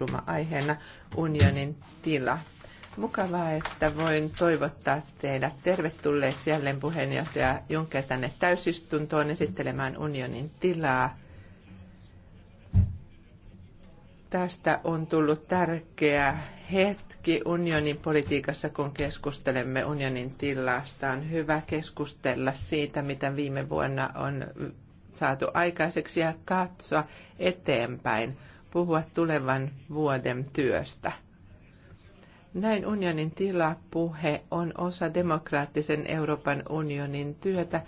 kutsuma aiheena unionin tila. Mukavaa, että voin toivottaa teidät tervetulleeksi jälleen puheenjohtaja Juncker tänne täysistuntoon esittelemään unionin tilaa. Tästä on tullut tärkeä hetki unionin politiikassa, kun keskustelemme unionin tilasta. On hyvä keskustella siitä, mitä viime vuonna on saatu aikaiseksi ja katsoa eteenpäin puhua tulevan vuoden työstä. Näin unionin tilapuhe on osa demokraattisen Euroopan unionin työtä.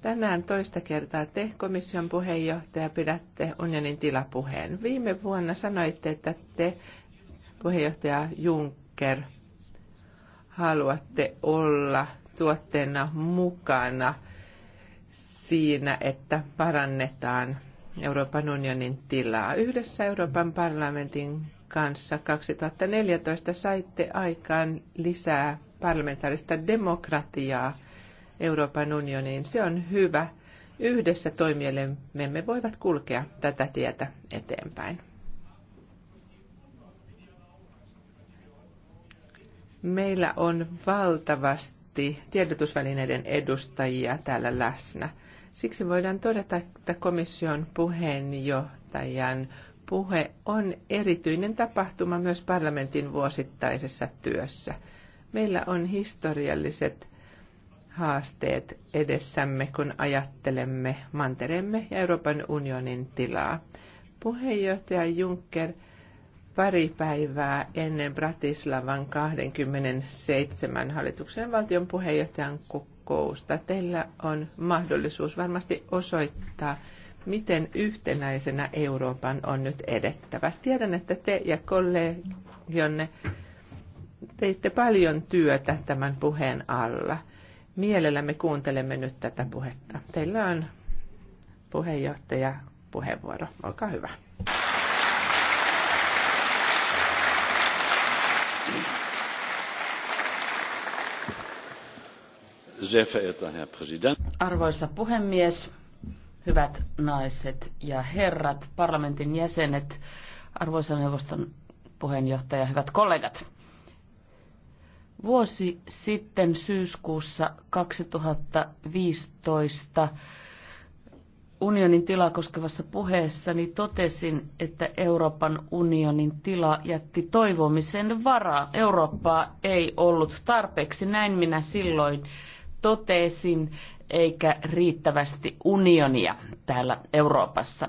Tänään toista kertaa te, komission puheenjohtaja, pidätte unionin tilapuheen. Viime vuonna sanoitte, että te, puheenjohtaja Juncker, haluatte olla tuotteena mukana siinä, että parannetaan – Euroopan unionin tilaa. Yhdessä Euroopan parlamentin kanssa 2014 saitte aikaan lisää parlamentaarista demokratiaa Euroopan unioniin. Se on hyvä. Yhdessä me voivat kulkea tätä tietä eteenpäin. Meillä on valtavasti tiedotusvälineiden edustajia täällä läsnä – Siksi voidaan todeta, että komission puheenjohtajan puhe on erityinen tapahtuma myös parlamentin vuosittaisessa työssä. Meillä on historialliset haasteet edessämme, kun ajattelemme mantereemme ja Euroopan unionin tilaa. Puheenjohtaja Juncker pari päivää ennen Bratislavan 27 hallituksen valtion puheenjohtajan kokousta. Teillä on mahdollisuus varmasti osoittaa, miten yhtenäisenä Euroopan on nyt edettävä. Tiedän, että te ja kollegionne teitte paljon työtä tämän puheen alla. Mielellämme kuuntelemme nyt tätä puhetta. Teillä on puheenjohtaja puheenvuoro. Olkaa hyvä. Arvoisa puhemies, hyvät naiset ja herrat, parlamentin jäsenet, arvoisa neuvoston puheenjohtaja, hyvät kollegat. Vuosi sitten syyskuussa 2015 unionin tilaa koskevassa puheessani totesin, että Euroopan unionin tila jätti toivomisen varaa. Eurooppaa ei ollut tarpeeksi, näin minä silloin totesin, eikä riittävästi unionia täällä Euroopassa.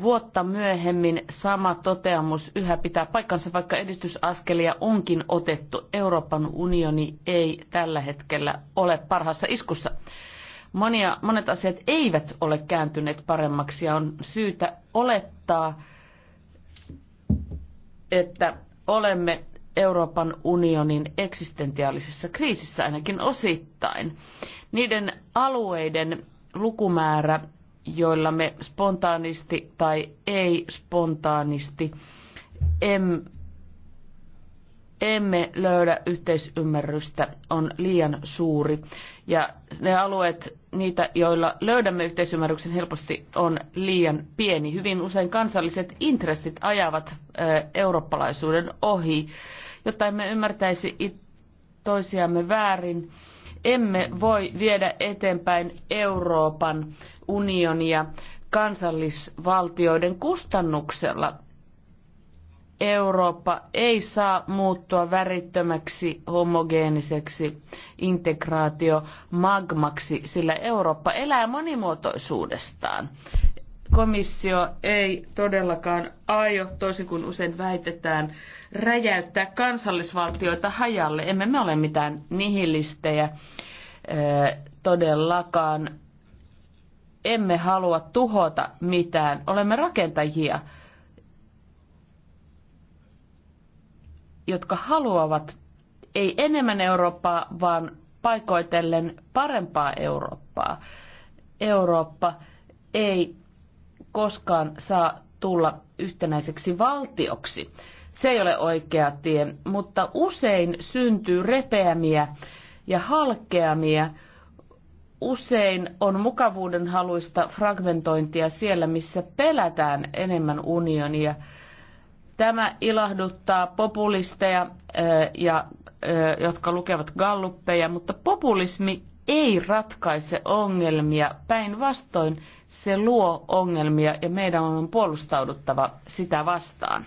Vuotta myöhemmin sama toteamus yhä pitää paikkansa, vaikka edistysaskelia onkin otettu. Euroopan unioni ei tällä hetkellä ole parhaassa iskussa. Monia, monet asiat eivät ole kääntyneet paremmaksi ja on syytä olettaa, että olemme Euroopan unionin eksistentiaalisessa kriisissä ainakin osittain. Niiden alueiden lukumäärä, joilla me spontaanisti tai ei spontaanisti em, emme löydä yhteisymmärrystä, on liian suuri. Ja ne alueet, niitä, joilla löydämme yhteisymmärryksen helposti, on liian pieni. Hyvin usein kansalliset intressit ajavat eurooppalaisuuden ohi jotta emme ymmärtäisi toisiamme väärin. Emme voi viedä eteenpäin Euroopan unionia kansallisvaltioiden kustannuksella. Eurooppa ei saa muuttua värittömäksi, homogeeniseksi integraatio magmaksi, sillä Eurooppa elää monimuotoisuudestaan komissio ei todellakaan aio, toisin kuin usein väitetään, räjäyttää kansallisvaltioita hajalle. Emme me ole mitään nihilistejä todellakaan. Emme halua tuhota mitään. Olemme rakentajia, jotka haluavat ei enemmän Eurooppaa, vaan paikoitellen parempaa Eurooppaa. Eurooppa ei koskaan saa tulla yhtenäiseksi valtioksi. Se ei ole oikea tie, mutta usein syntyy repeämiä ja halkeamia. Usein on mukavuuden haluista fragmentointia siellä, missä pelätään enemmän unionia. Tämä ilahduttaa populisteja, ja, jotka lukevat galluppeja, mutta populismi ei ratkaise ongelmia. Päinvastoin se luo ongelmia ja meidän on puolustauduttava sitä vastaan.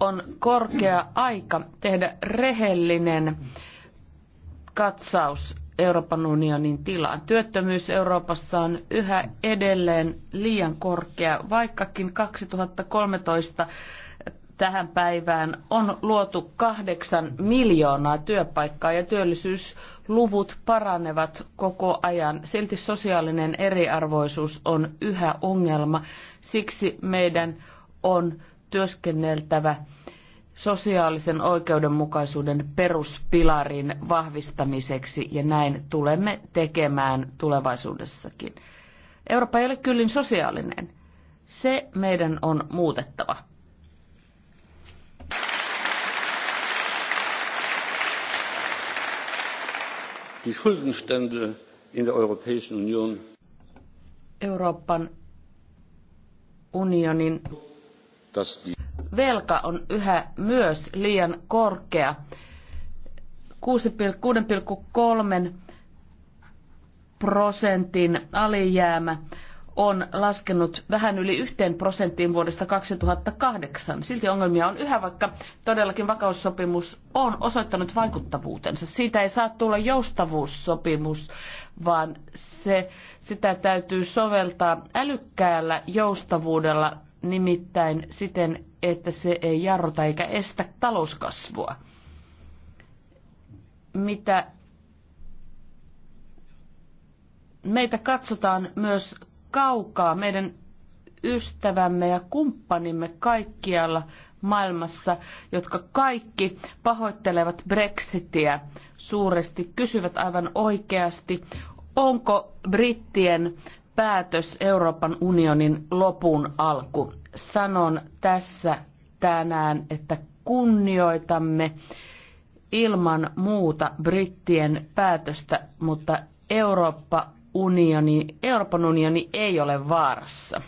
On korkea aika tehdä rehellinen katsaus Euroopan unionin tilaan. Työttömyys Euroopassa on yhä edelleen liian korkea, vaikkakin 2013 tähän päivään on luotu kahdeksan miljoonaa työpaikkaa ja työllisyysluvut paranevat koko ajan. Silti sosiaalinen eriarvoisuus on yhä ongelma. Siksi meidän on työskenneltävä sosiaalisen oikeudenmukaisuuden peruspilarin vahvistamiseksi ja näin tulemme tekemään tulevaisuudessakin. Eurooppa ei ole kyllin sosiaalinen. Se meidän on muutettava. die Schuldenstände in der Europäischen Union. Euroopan unionin velka on yhä myös liian korkea. 6,3 prosentin alijäämä on laskenut vähän yli yhteen prosenttiin vuodesta 2008. Silti ongelmia on yhä, vaikka todellakin vakaussopimus on osoittanut vaikuttavuutensa. Siitä ei saa tulla joustavuussopimus, vaan se, sitä täytyy soveltaa älykkäällä joustavuudella, nimittäin siten, että se ei jarruta eikä estä talouskasvua. Mitä meitä katsotaan myös kaukaa meidän ystävämme ja kumppanimme kaikkialla maailmassa, jotka kaikki pahoittelevat Brexitiä suuresti, kysyvät aivan oikeasti, onko brittien päätös Euroopan unionin lopun alku. Sanon tässä tänään, että kunnioitamme ilman muuta brittien päätöstä, mutta Eurooppa unioni, Euroopan unioni ei ole vaarassa.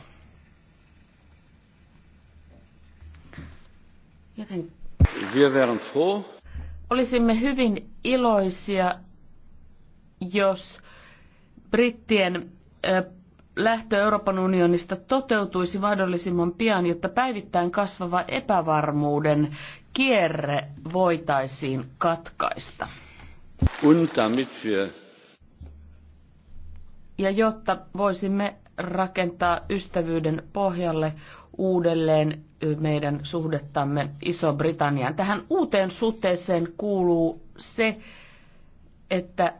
Joten olisimme hyvin iloisia, jos brittien lähtö Euroopan unionista toteutuisi mahdollisimman pian, jotta päivittäin kasvava epävarmuuden kierre voitaisiin katkaista. Und damit wir ja jotta voisimme rakentaa ystävyyden pohjalle uudelleen meidän suhdettamme Iso-Britanniaan. Tähän uuteen suhteeseen kuuluu se, että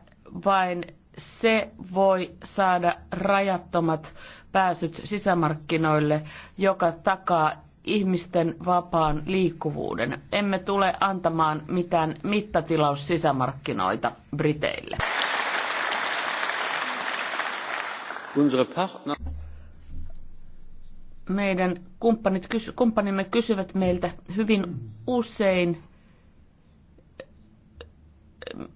vain se voi saada rajattomat pääsyt sisämarkkinoille, joka takaa ihmisten vapaan liikkuvuuden. Emme tule antamaan mitään mittatilaus sisämarkkinoita Briteille. Meidän kumppanit, kumppanimme kysyvät meiltä hyvin usein,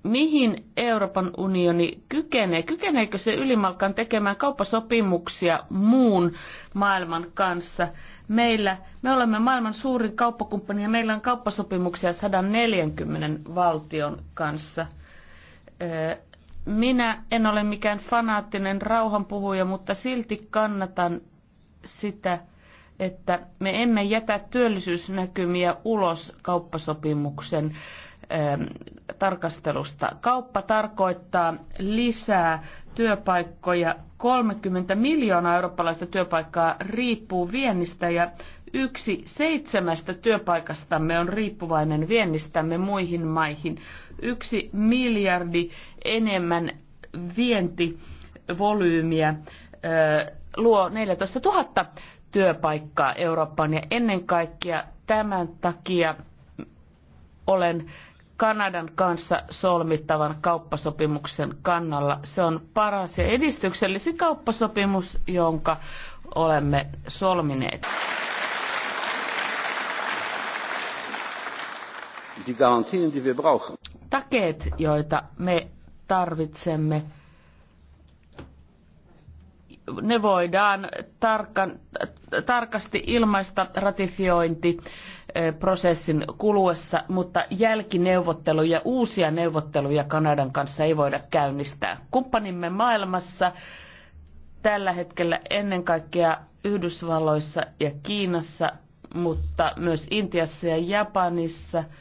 mihin Euroopan unioni kykenee? Kykeneekö se ylimalkaan tekemään kauppasopimuksia muun maailman kanssa? Meillä, me olemme maailman suurin kauppakumppani ja meillä on kauppasopimuksia 140 valtion kanssa. Minä en ole mikään fanaattinen rauhanpuhuja, mutta silti kannatan sitä, että me emme jätä työllisyysnäkymiä ulos kauppasopimuksen ähm, tarkastelusta. Kauppa tarkoittaa lisää työpaikkoja. 30 miljoonaa eurooppalaista työpaikkaa riippuu viennistä ja yksi seitsemästä työpaikastamme on riippuvainen viennistämme muihin maihin yksi miljardi enemmän vientivolyymiä luo 14 000 työpaikkaa Eurooppaan ja ennen kaikkea tämän takia olen Kanadan kanssa solmittavan kauppasopimuksen kannalla. Se on paras ja edistyksellisin kauppasopimus, jonka olemme solmineet. die Garantien, die wir brauchen. Takeet, joita me tarvitsemme, ne voidaan tarkan, tarkasti ilmaista ratifiointiprosessin kuluessa, mutta jälkineuvotteluja, uusia neuvotteluja Kanadan kanssa ei voida käynnistää. Kumppanimme maailmassa tällä hetkellä ennen kaikkea Yhdysvalloissa ja Kiinassa, mutta myös Intiassa ja Japanissa –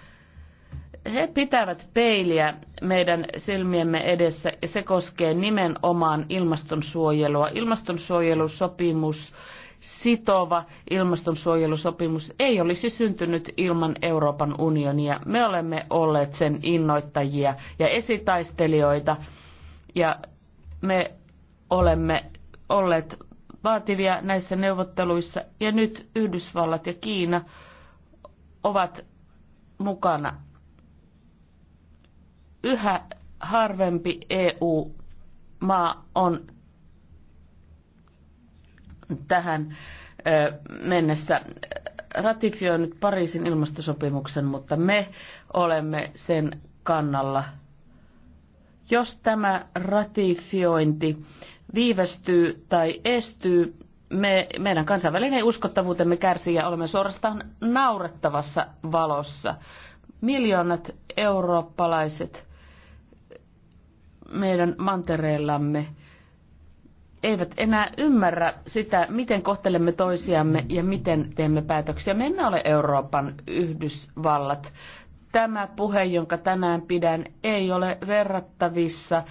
he pitävät peiliä meidän silmiemme edessä ja se koskee nimenomaan ilmastonsuojelua. Ilmastonsuojelusopimus, sitova ilmastonsuojelusopimus ei olisi syntynyt ilman Euroopan unionia. Me olemme olleet sen innoittajia ja esitaistelijoita ja me olemme olleet vaativia näissä neuvotteluissa ja nyt Yhdysvallat ja Kiina ovat mukana Yhä harvempi EU-maa on tähän mennessä ratifioinut Pariisin ilmastosopimuksen, mutta me olemme sen kannalla. Jos tämä ratifiointi viivästyy tai estyy, me, meidän kansainvälinen uskottavuutemme kärsii ja olemme suorastaan naurettavassa valossa. Miljoonat eurooppalaiset meidän mantereellamme eivät enää ymmärrä sitä, miten kohtelemme toisiamme ja miten teemme päätöksiä. Me emme ole Euroopan Yhdysvallat. Tämä puhe, jonka tänään pidän, ei ole verrattavissa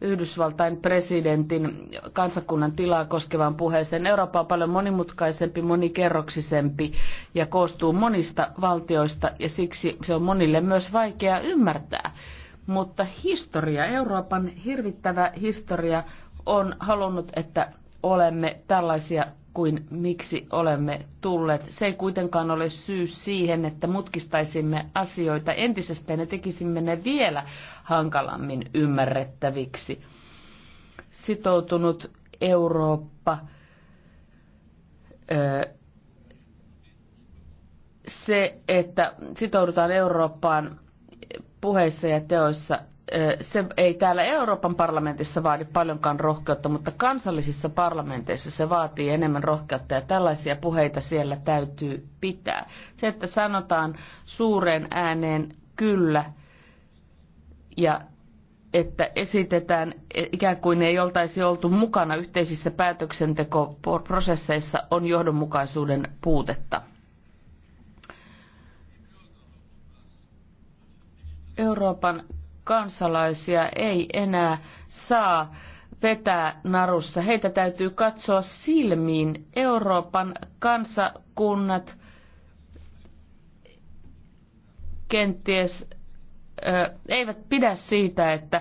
Yhdysvaltain presidentin kansakunnan tilaa koskevaan puheeseen. Eurooppa on paljon monimutkaisempi, monikerroksisempi ja koostuu monista valtioista ja siksi se on monille myös vaikea ymmärtää mutta historia, Euroopan hirvittävä historia on halunnut, että olemme tällaisia kuin miksi olemme tulleet. Se ei kuitenkaan ole syy siihen, että mutkistaisimme asioita entisestä ja tekisimme ne vielä hankalammin ymmärrettäviksi. Sitoutunut Eurooppa, se, että sitoudutaan Eurooppaan puheissa ja teoissa. Se ei täällä Euroopan parlamentissa vaadi paljonkaan rohkeutta, mutta kansallisissa parlamenteissa se vaatii enemmän rohkeutta ja tällaisia puheita siellä täytyy pitää. Se, että sanotaan suureen ääneen kyllä ja että esitetään e, ikään kuin ei oltaisi oltu mukana yhteisissä päätöksentekoprosesseissa on johdonmukaisuuden puutetta. Euroopan kansalaisia ei enää saa vetää narussa. Heitä täytyy katsoa silmiin. Euroopan kansakunnat kenties eivät pidä siitä, että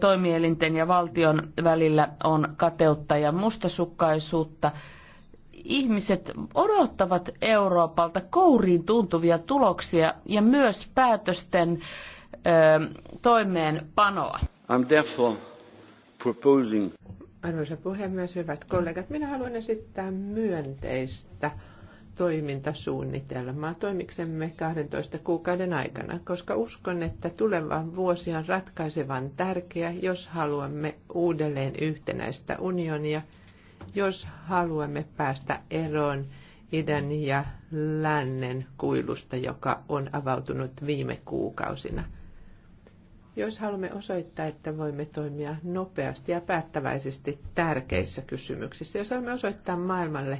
toimielinten ja valtion välillä on kateutta ja mustasukkaisuutta ihmiset odottavat Euroopalta kouriin tuntuvia tuloksia ja myös päätösten ö, toimeenpanoa. I'm therefore proposing... Arvoisa puhemies, hyvät kollegat, minä haluan esittää myönteistä toimintasuunnitelmaa toimiksemme 12 kuukauden aikana, koska uskon, että tuleva vuosi on ratkaisevan tärkeä, jos haluamme uudelleen yhtenäistä unionia – jos haluamme päästä eroon idän ja lännen kuilusta, joka on avautunut viime kuukausina. Jos haluamme osoittaa, että voimme toimia nopeasti ja päättäväisesti tärkeissä kysymyksissä, jos haluamme osoittaa maailmalle,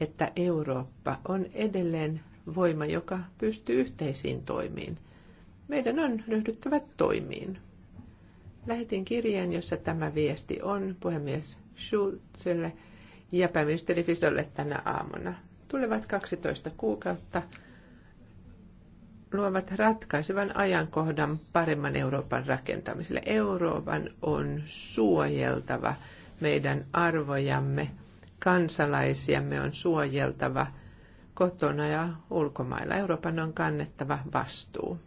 että Eurooppa on edelleen voima, joka pystyy yhteisiin toimiin, meidän on ryhdyttävä toimiin. Lähetin kirjeen, jossa tämä viesti on puhemies Schulzelle ja pääministeri Fisolle tänä aamuna. Tulevat 12 kuukautta luovat ratkaisevan ajankohdan paremman Euroopan rakentamiselle. Euroopan on suojeltava meidän arvojamme, kansalaisiamme on suojeltava kotona ja ulkomailla. Euroopan on kannettava vastuu.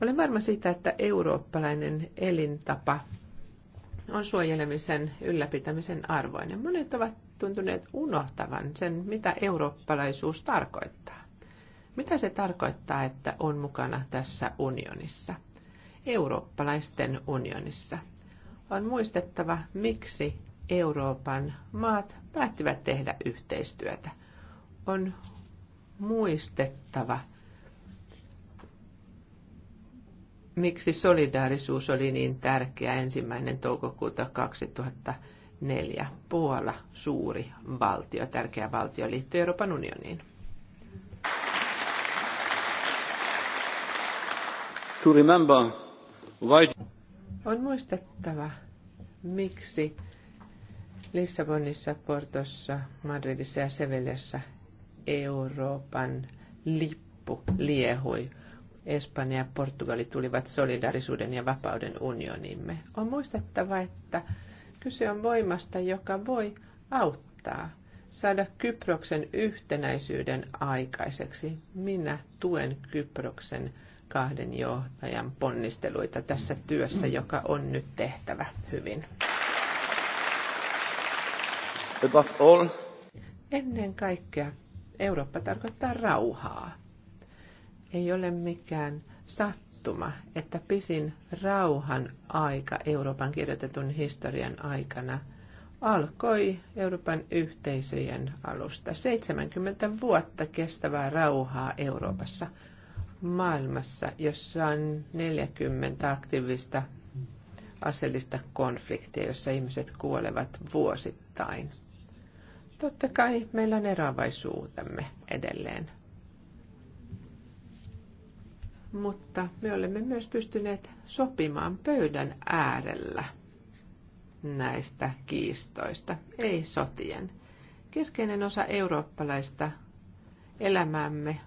Olen varma siitä, että eurooppalainen elintapa on suojelemisen ylläpitämisen arvoinen. Monet ovat tuntuneet unohtavan sen, mitä eurooppalaisuus tarkoittaa. Mitä se tarkoittaa, että on mukana tässä unionissa? Eurooppalaisten unionissa. On muistettava, miksi Euroopan maat päättivät tehdä yhteistyötä. On muistettava, miksi solidaarisuus oli niin tärkeä ensimmäinen toukokuuta 2004. Puola, suuri valtio, tärkeä valtio, liittyy Euroopan unioniin. To remember why... On muistettava, miksi Lissabonissa, Portossa, Madridissa ja Sevillessä Euroopan lippu liehui Espanja ja Portugali tulivat solidarisuuden ja vapauden unionimme. On muistettava, että kyse on voimasta, joka voi auttaa saada Kyproksen yhtenäisyyden aikaiseksi. Minä tuen Kyproksen kahden johtajan ponnisteluita tässä työssä, joka on nyt tehtävä hyvin. Ennen kaikkea Eurooppa tarkoittaa rauhaa ei ole mikään sattuma, että pisin rauhan aika Euroopan kirjoitetun historian aikana alkoi Euroopan yhteisöjen alusta. 70 vuotta kestävää rauhaa Euroopassa, maailmassa, jossa on 40 aktiivista aseellista konfliktia, jossa ihmiset kuolevat vuosittain. Totta kai meillä on eroavaisuutemme edelleen mutta me olemme myös pystyneet sopimaan pöydän äärellä näistä kiistoista, ei sotien. Keskeinen osa eurooppalaista elämäämme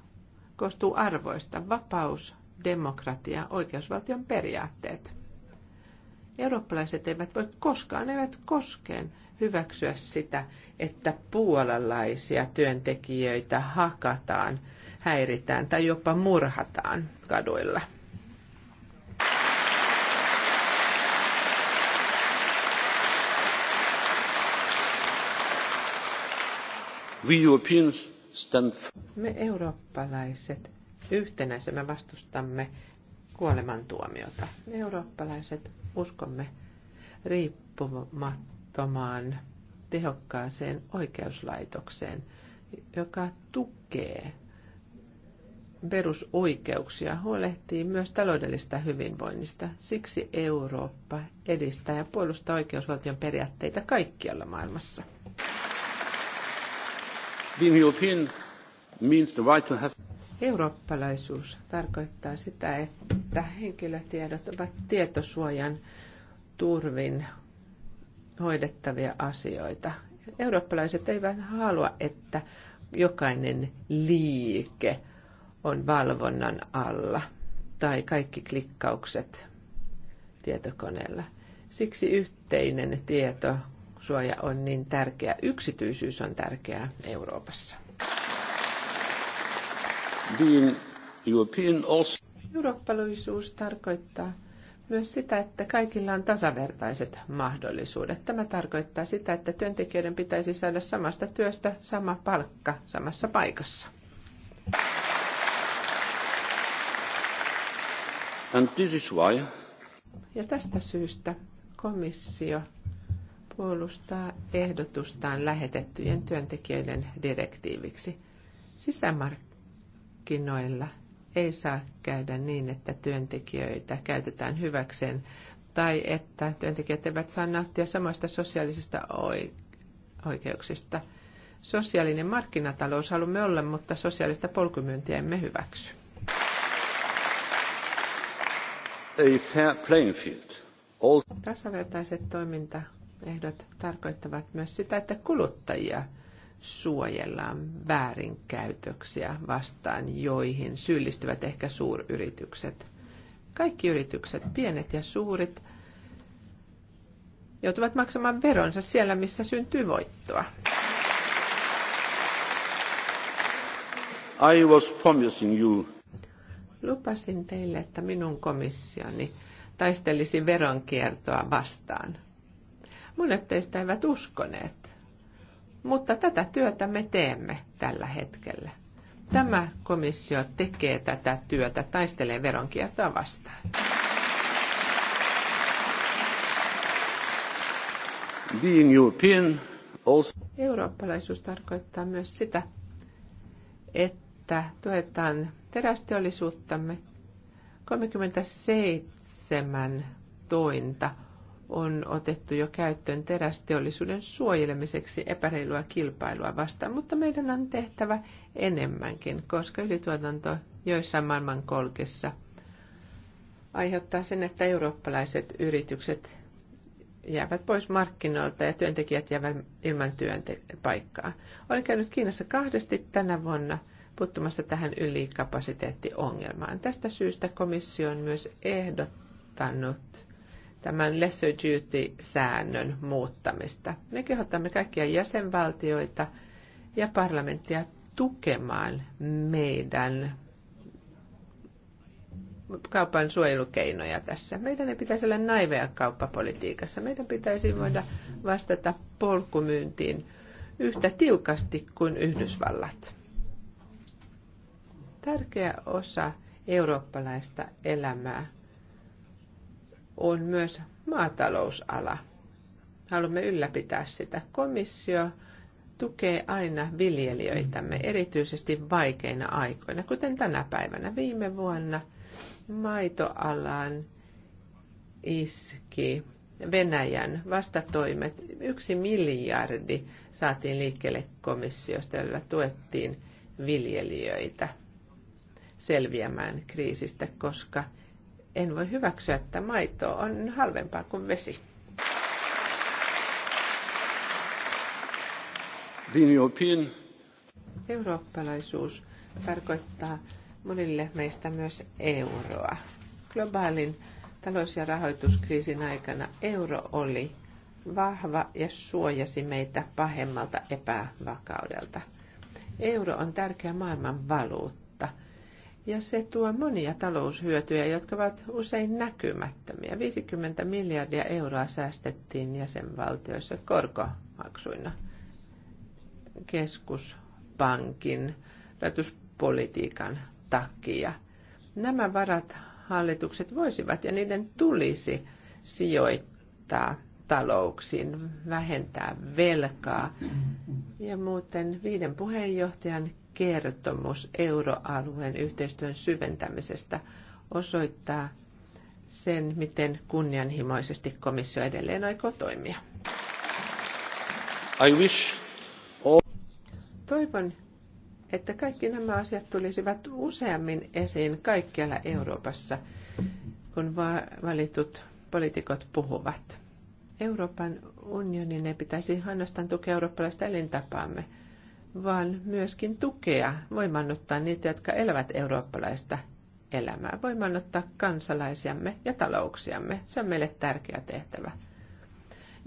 koostuu arvoista vapaus, demokratia, oikeusvaltion periaatteet. Eurooppalaiset eivät voi koskaan, eivät koskeen hyväksyä sitä, että puolalaisia työntekijöitä hakataan – häiritään tai jopa murhataan kaduilla. Me eurooppalaiset yhtenäisemme vastustamme kuolemantuomiota. Me eurooppalaiset uskomme riippumattomaan tehokkaaseen oikeuslaitokseen, joka tukee perusoikeuksia, huolehtii myös taloudellista hyvinvoinnista. Siksi Eurooppa edistää ja puolustaa oikeusvaltion periaatteita kaikkialla maailmassa. Eurooppalaisuus tarkoittaa sitä, että henkilötiedot ovat tietosuojan turvin hoidettavia asioita. Eurooppalaiset eivät halua, että jokainen liike – on valvonnan alla tai kaikki klikkaukset tietokoneella. Siksi yhteinen tietosuoja on niin tärkeä, yksityisyys on tärkeää Euroopassa. also... Eurooppalaisuus tarkoittaa myös sitä, että kaikilla on tasavertaiset mahdollisuudet. Tämä tarkoittaa sitä, että työntekijöiden pitäisi saada samasta työstä sama palkka samassa paikassa. And this is why... Ja tästä syystä komissio puolustaa ehdotustaan lähetettyjen työntekijöiden direktiiviksi. Sisämarkkinoilla ei saa käydä niin, että työntekijöitä käytetään hyväkseen tai että työntekijät eivät saa nauttia samoista sosiaalisista oikeuksista. Sosiaalinen markkinatalous haluamme olla, mutta sosiaalista polkumyyntiä emme hyväksy. a fair playing field. All... Tasavertaiset toimintaehdot tarkoittavat myös sitä, että kuluttajia suojellaan väärinkäytöksiä vastaan, joihin syyllistyvät ehkä suuryritykset. Kaikki yritykset, pienet ja suuret, joutuvat maksamaan veronsa siellä, missä syntyy voittoa. I was promising you. Lupasin teille, että minun komissioni taistelisi veronkiertoa vastaan. Monet teistä eivät uskoneet, mutta tätä työtä me teemme tällä hetkellä. Tämä komissio tekee tätä työtä, taistelee veronkiertoa vastaan. Being European also... Eurooppalaisuus tarkoittaa myös sitä, että että tuetaan terästeollisuuttamme. 37 tointa on otettu jo käyttöön terästeollisuuden suojelemiseksi epäreilua kilpailua vastaan, mutta meidän on tehtävä enemmänkin, koska ylituotanto joissain maailmankolkissa aiheuttaa sen, että eurooppalaiset yritykset jäävät pois markkinoilta ja työntekijät jäävät ilman työpaikkaa. Olen käynyt Kiinassa kahdesti tänä vuonna – puuttumassa tähän ylikapasiteettiongelmaan. Tästä syystä komissio on myös ehdottanut tämän lesser duty-säännön muuttamista. Me kehotamme kaikkia jäsenvaltioita ja parlamenttia tukemaan meidän kaupan suojelukeinoja tässä. Meidän ei pitäisi olla naiveja kauppapolitiikassa. Meidän pitäisi voida vastata polkumyyntiin yhtä tiukasti kuin Yhdysvallat. Tärkeä osa eurooppalaista elämää on myös maatalousala. Haluamme ylläpitää sitä. Komissio tukee aina viljelijöitämme, erityisesti vaikeina aikoina, kuten tänä päivänä. Viime vuonna maitoalan iski Venäjän vastatoimet. Yksi miljardi saatiin liikkeelle komissiosta, jolla tuettiin viljelijöitä – selviämään kriisistä, koska en voi hyväksyä, että maito on halvempaa kuin vesi. Eurooppalaisuus tarkoittaa monille meistä myös euroa. Globaalin talous- ja rahoituskriisin aikana euro oli vahva ja suojasi meitä pahemmalta epävakaudelta. Euro on tärkeä maailman valuutta ja se tuo monia taloushyötyjä, jotka ovat usein näkymättömiä. 50 miljardia euroa säästettiin jäsenvaltioissa korkomaksuina keskuspankin rajoituspolitiikan takia. Nämä varat hallitukset voisivat ja niiden tulisi sijoittaa talouksiin, vähentää velkaa. Ja muuten viiden puheenjohtajan kertomus euroalueen yhteistyön syventämisestä osoittaa sen, miten kunnianhimoisesti komissio edelleen aikoo toimia. I wish all... Toivon, että kaikki nämä asiat tulisivat useammin esiin kaikkialla Euroopassa, kun valitut poliitikot puhuvat. Euroopan unionin ei pitäisi ainoastaan tukea eurooppalaista elintapaamme – vaan myöskin tukea, voimannuttaa niitä, jotka elävät eurooppalaista elämää, voimannuttaa kansalaisiamme ja talouksiamme. Se on meille tärkeä tehtävä.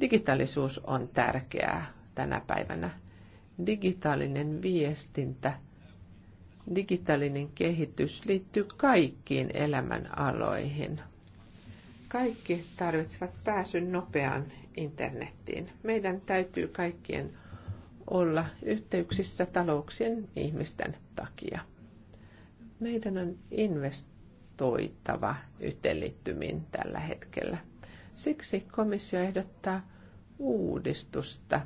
Digitaalisuus on tärkeää tänä päivänä. Digitaalinen viestintä, digitaalinen kehitys liittyy kaikkiin elämän aloihin. Kaikki tarvitsevat pääsyn nopeaan internettiin. Meidän täytyy kaikkien olla yhteyksissä talouksien ihmisten takia. Meidän on investoitava yhteenliittymiin tällä hetkellä. Siksi komissio ehdottaa uudistusta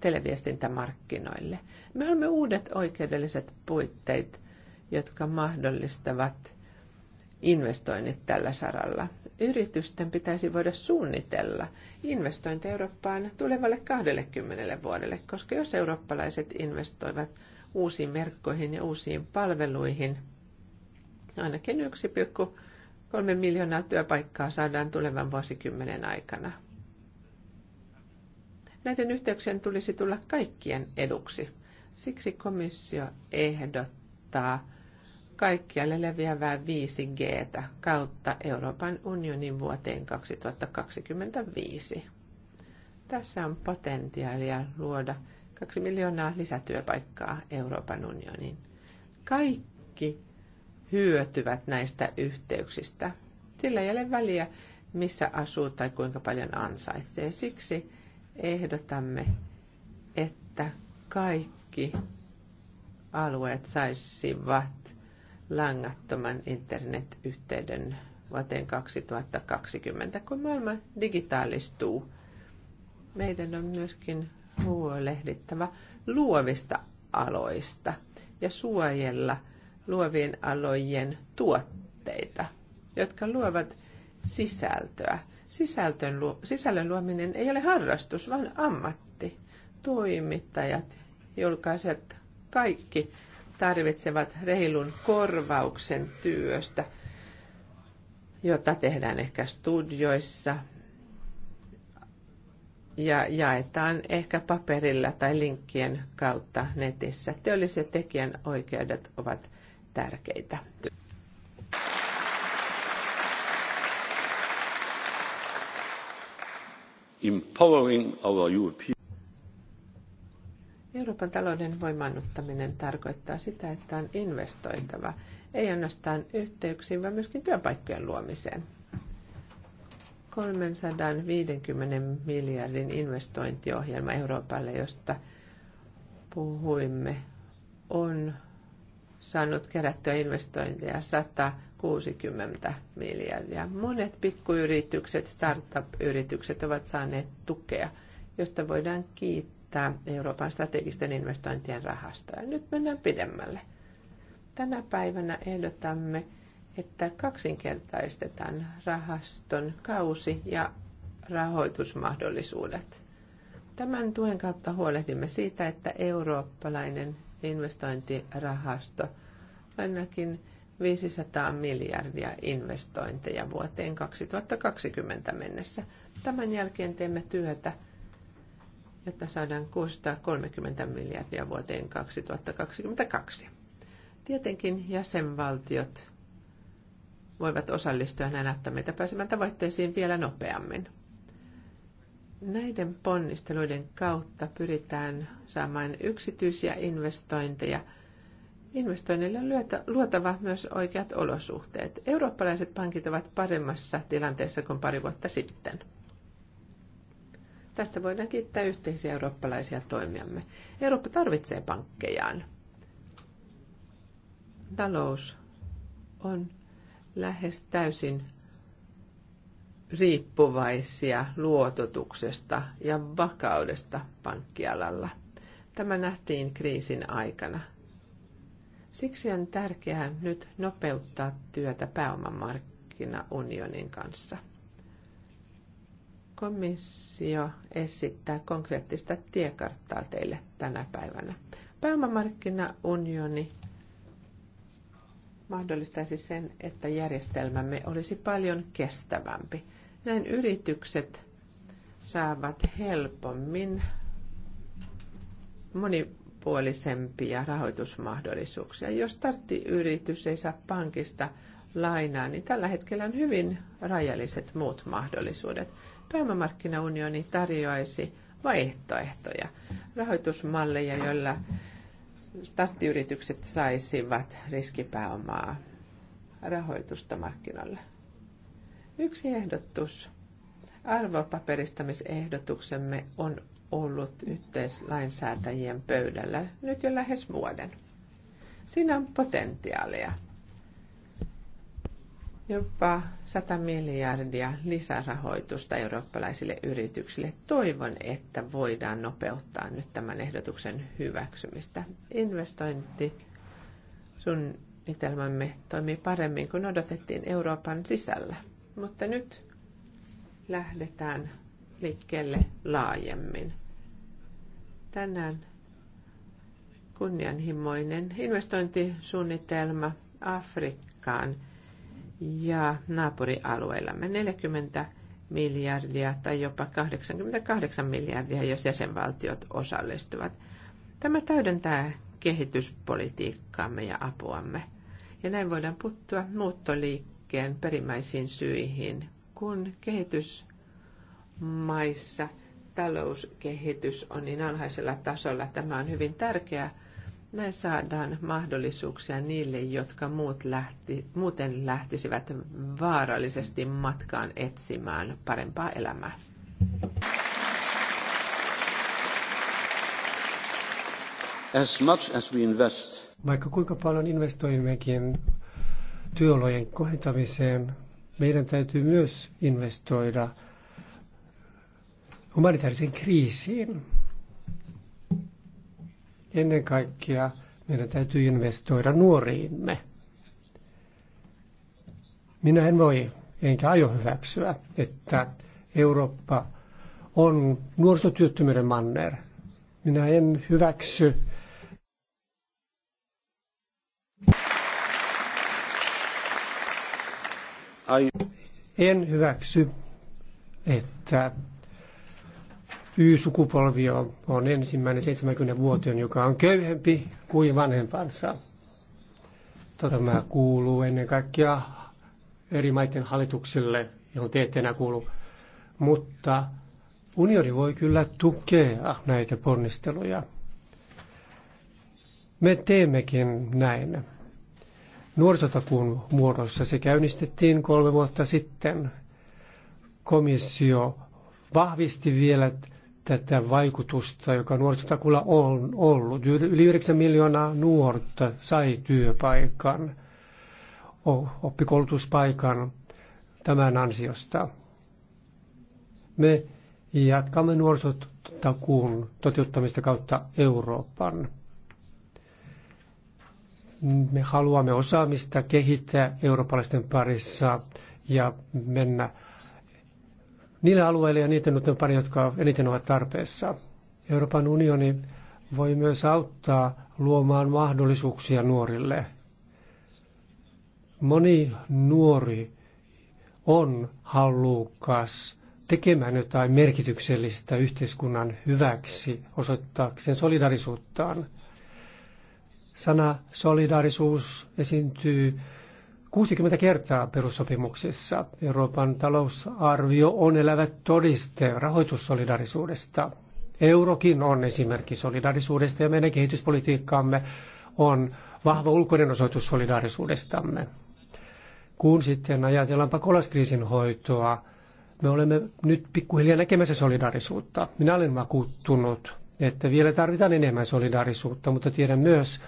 televiestintämarkkinoille. Me olemme uudet oikeudelliset puitteet, jotka mahdollistavat investoinnit tällä saralla. Yritysten pitäisi voida suunnitella investointi Eurooppaan tulevalle 20 vuodelle, koska jos eurooppalaiset investoivat uusiin verkkoihin ja uusiin palveluihin, ainakin 1,3 miljoonaa työpaikkaa saadaan tulevan vuosikymmenen aikana. Näiden yhteyksien tulisi tulla kaikkien eduksi. Siksi komissio ehdottaa kaikkialle leviävää 5Gtä kautta Euroopan unionin vuoteen 2025. Tässä on potentiaalia luoda 2 miljoonaa lisätyöpaikkaa Euroopan unioniin. Kaikki hyötyvät näistä yhteyksistä. Sillä ei ole väliä, missä asuu tai kuinka paljon ansaitsee. Siksi ehdotamme, että kaikki alueet saisivat langattoman internetyhteyden vuoteen 2020, kun maailma digitaalistuu. Meidän on myöskin huolehdittava luovista aloista ja suojella luovien alojen tuotteita, jotka luovat sisältöä. Sisältön, sisällön luominen ei ole harrastus, vaan ammatti. Toimittajat, julkaiset kaikki tarvitsevat reilun korvauksen työstä, jota tehdään ehkä studioissa ja jaetaan ehkä paperilla tai linkkien kautta netissä. Teolliset tekijän oikeudet ovat tärkeitä. Empowering our European Euroopan talouden voimannuttaminen tarkoittaa sitä, että on investoitava ei ainoastaan yhteyksiin, vaan myöskin työpaikkojen luomiseen. 350 miljardin investointiohjelma Euroopalle, josta puhuimme, on saanut kerättyä investointeja 160 miljardia. Monet pikkuyritykset, startup-yritykset ovat saaneet tukea, josta voidaan kiittää käyttää Euroopan strategisten investointien Ja Nyt mennään pidemmälle. Tänä päivänä ehdotamme, että kaksinkertaistetaan rahaston kausi ja rahoitusmahdollisuudet. Tämän tuen kautta huolehdimme siitä, että eurooppalainen investointirahasto ainakin 500 miljardia investointeja vuoteen 2020 mennessä. Tämän jälkeen teemme työtä – että saadaan 630 miljardia vuoteen 2022. Tietenkin jäsenvaltiot voivat osallistua ja näyttää meitä pääsemään tavoitteisiin vielä nopeammin. Näiden ponnisteluiden kautta pyritään saamaan yksityisiä investointeja. Investoinnille on luotava myös oikeat olosuhteet. Eurooppalaiset pankit ovat paremmassa tilanteessa kuin pari vuotta sitten. Tästä voidaan kiittää yhteisiä eurooppalaisia toimiamme. Eurooppa tarvitsee pankkejaan. Talous on lähes täysin riippuvaisia luototuksesta ja vakaudesta pankkialalla. Tämä nähtiin kriisin aikana. Siksi on tärkeää nyt nopeuttaa työtä pääomamarkkinaunionin kanssa komissio esittää konkreettista tiekarttaa teille tänä päivänä. Pääomamarkkinaunioni mahdollistaisi sen, että järjestelmämme olisi paljon kestävämpi. Näin yritykset saavat helpommin monipuolisempia rahoitusmahdollisuuksia. Jos starttiyritys ei saa pankista lainaa, niin tällä hetkellä on hyvin rajalliset muut mahdollisuudet. Pääomamarkkinaunioni tarjoaisi vaihtoehtoja, rahoitusmalleja, joilla starttiyritykset saisivat riskipääomaa rahoitusta markkinoille. Yksi ehdotus arvopaperistamisehdotuksemme on ollut yhteislainsäätäjien pöydällä nyt jo lähes vuoden. Siinä on potentiaalia – jopa 100 miljardia lisärahoitusta eurooppalaisille yrityksille. Toivon, että voidaan nopeuttaa nyt tämän ehdotuksen hyväksymistä. Investointi suunnitelmamme toimii paremmin kuin odotettiin Euroopan sisällä, mutta nyt lähdetään liikkeelle laajemmin. Tänään kunnianhimoinen investointisuunnitelma Afrikkaan – ja naapurialueillamme 40 miljardia tai jopa 88 miljardia, jos jäsenvaltiot osallistuvat. Tämä täydentää kehityspolitiikkaamme ja apuamme. Ja näin voidaan puuttua muuttoliikkeen perimmäisiin syihin, kun kehitysmaissa talouskehitys on niin alhaisella tasolla. Tämä on hyvin tärkeää näin saadaan mahdollisuuksia niille, jotka muut lähti, muuten lähtisivät vaarallisesti matkaan etsimään parempaa elämää. As much as we invest. Vaikka kuinka paljon investoimmekin työolojen kohentamiseen, meidän täytyy myös investoida humanitaarisen kriisiin Ennen kaikkea meidän täytyy investoida nuoriimme. Minä en voi enkä aio hyväksyä, että Eurooppa on nuorisotyöttömyyden manner. Minä en hyväksy En hyväksy, että Y-sukupolvi on, on ensimmäinen 70-vuotiaan, joka on köyhempi kuin vanhempansa. Tämä kuuluu ennen kaikkea eri maiden hallituksille, johon te ette enää kuulu. Mutta unioni voi kyllä tukea näitä ponnisteluja. Me teemmekin näin. Nuorisotakuun muodossa se käynnistettiin kolme vuotta sitten. Komissio vahvisti vielä tätä vaikutusta, joka nuorisotakulla on ollut. Yli 9 miljoonaa nuorta sai työpaikan, oppikoulutuspaikan tämän ansiosta. Me jatkamme nuorisotakuun toteuttamista kautta Euroopan. Me haluamme osaamista kehittää eurooppalaisten parissa ja mennä niille alueille ja niiden nuorten pari, jotka eniten ovat tarpeessa. Euroopan unioni voi myös auttaa luomaan mahdollisuuksia nuorille. Moni nuori on halukas tekemään jotain merkityksellistä yhteiskunnan hyväksi, osoittaakseen solidarisuuttaan. Sana solidarisuus esiintyy 60 kertaa perussopimuksissa. Euroopan talousarvio on elävä todiste rahoitussolidarisuudesta. Eurokin on esimerkki solidarisuudesta ja meidän kehityspolitiikkaamme on vahva ulkoinen osoitus solidarisuudestamme. Kun sitten ajatellaan pakolaiskriisin hoitoa, me olemme nyt pikkuhiljaa näkemässä solidarisuutta. Minä olen vakuuttunut, että vielä tarvitaan enemmän solidarisuutta, mutta tiedän myös,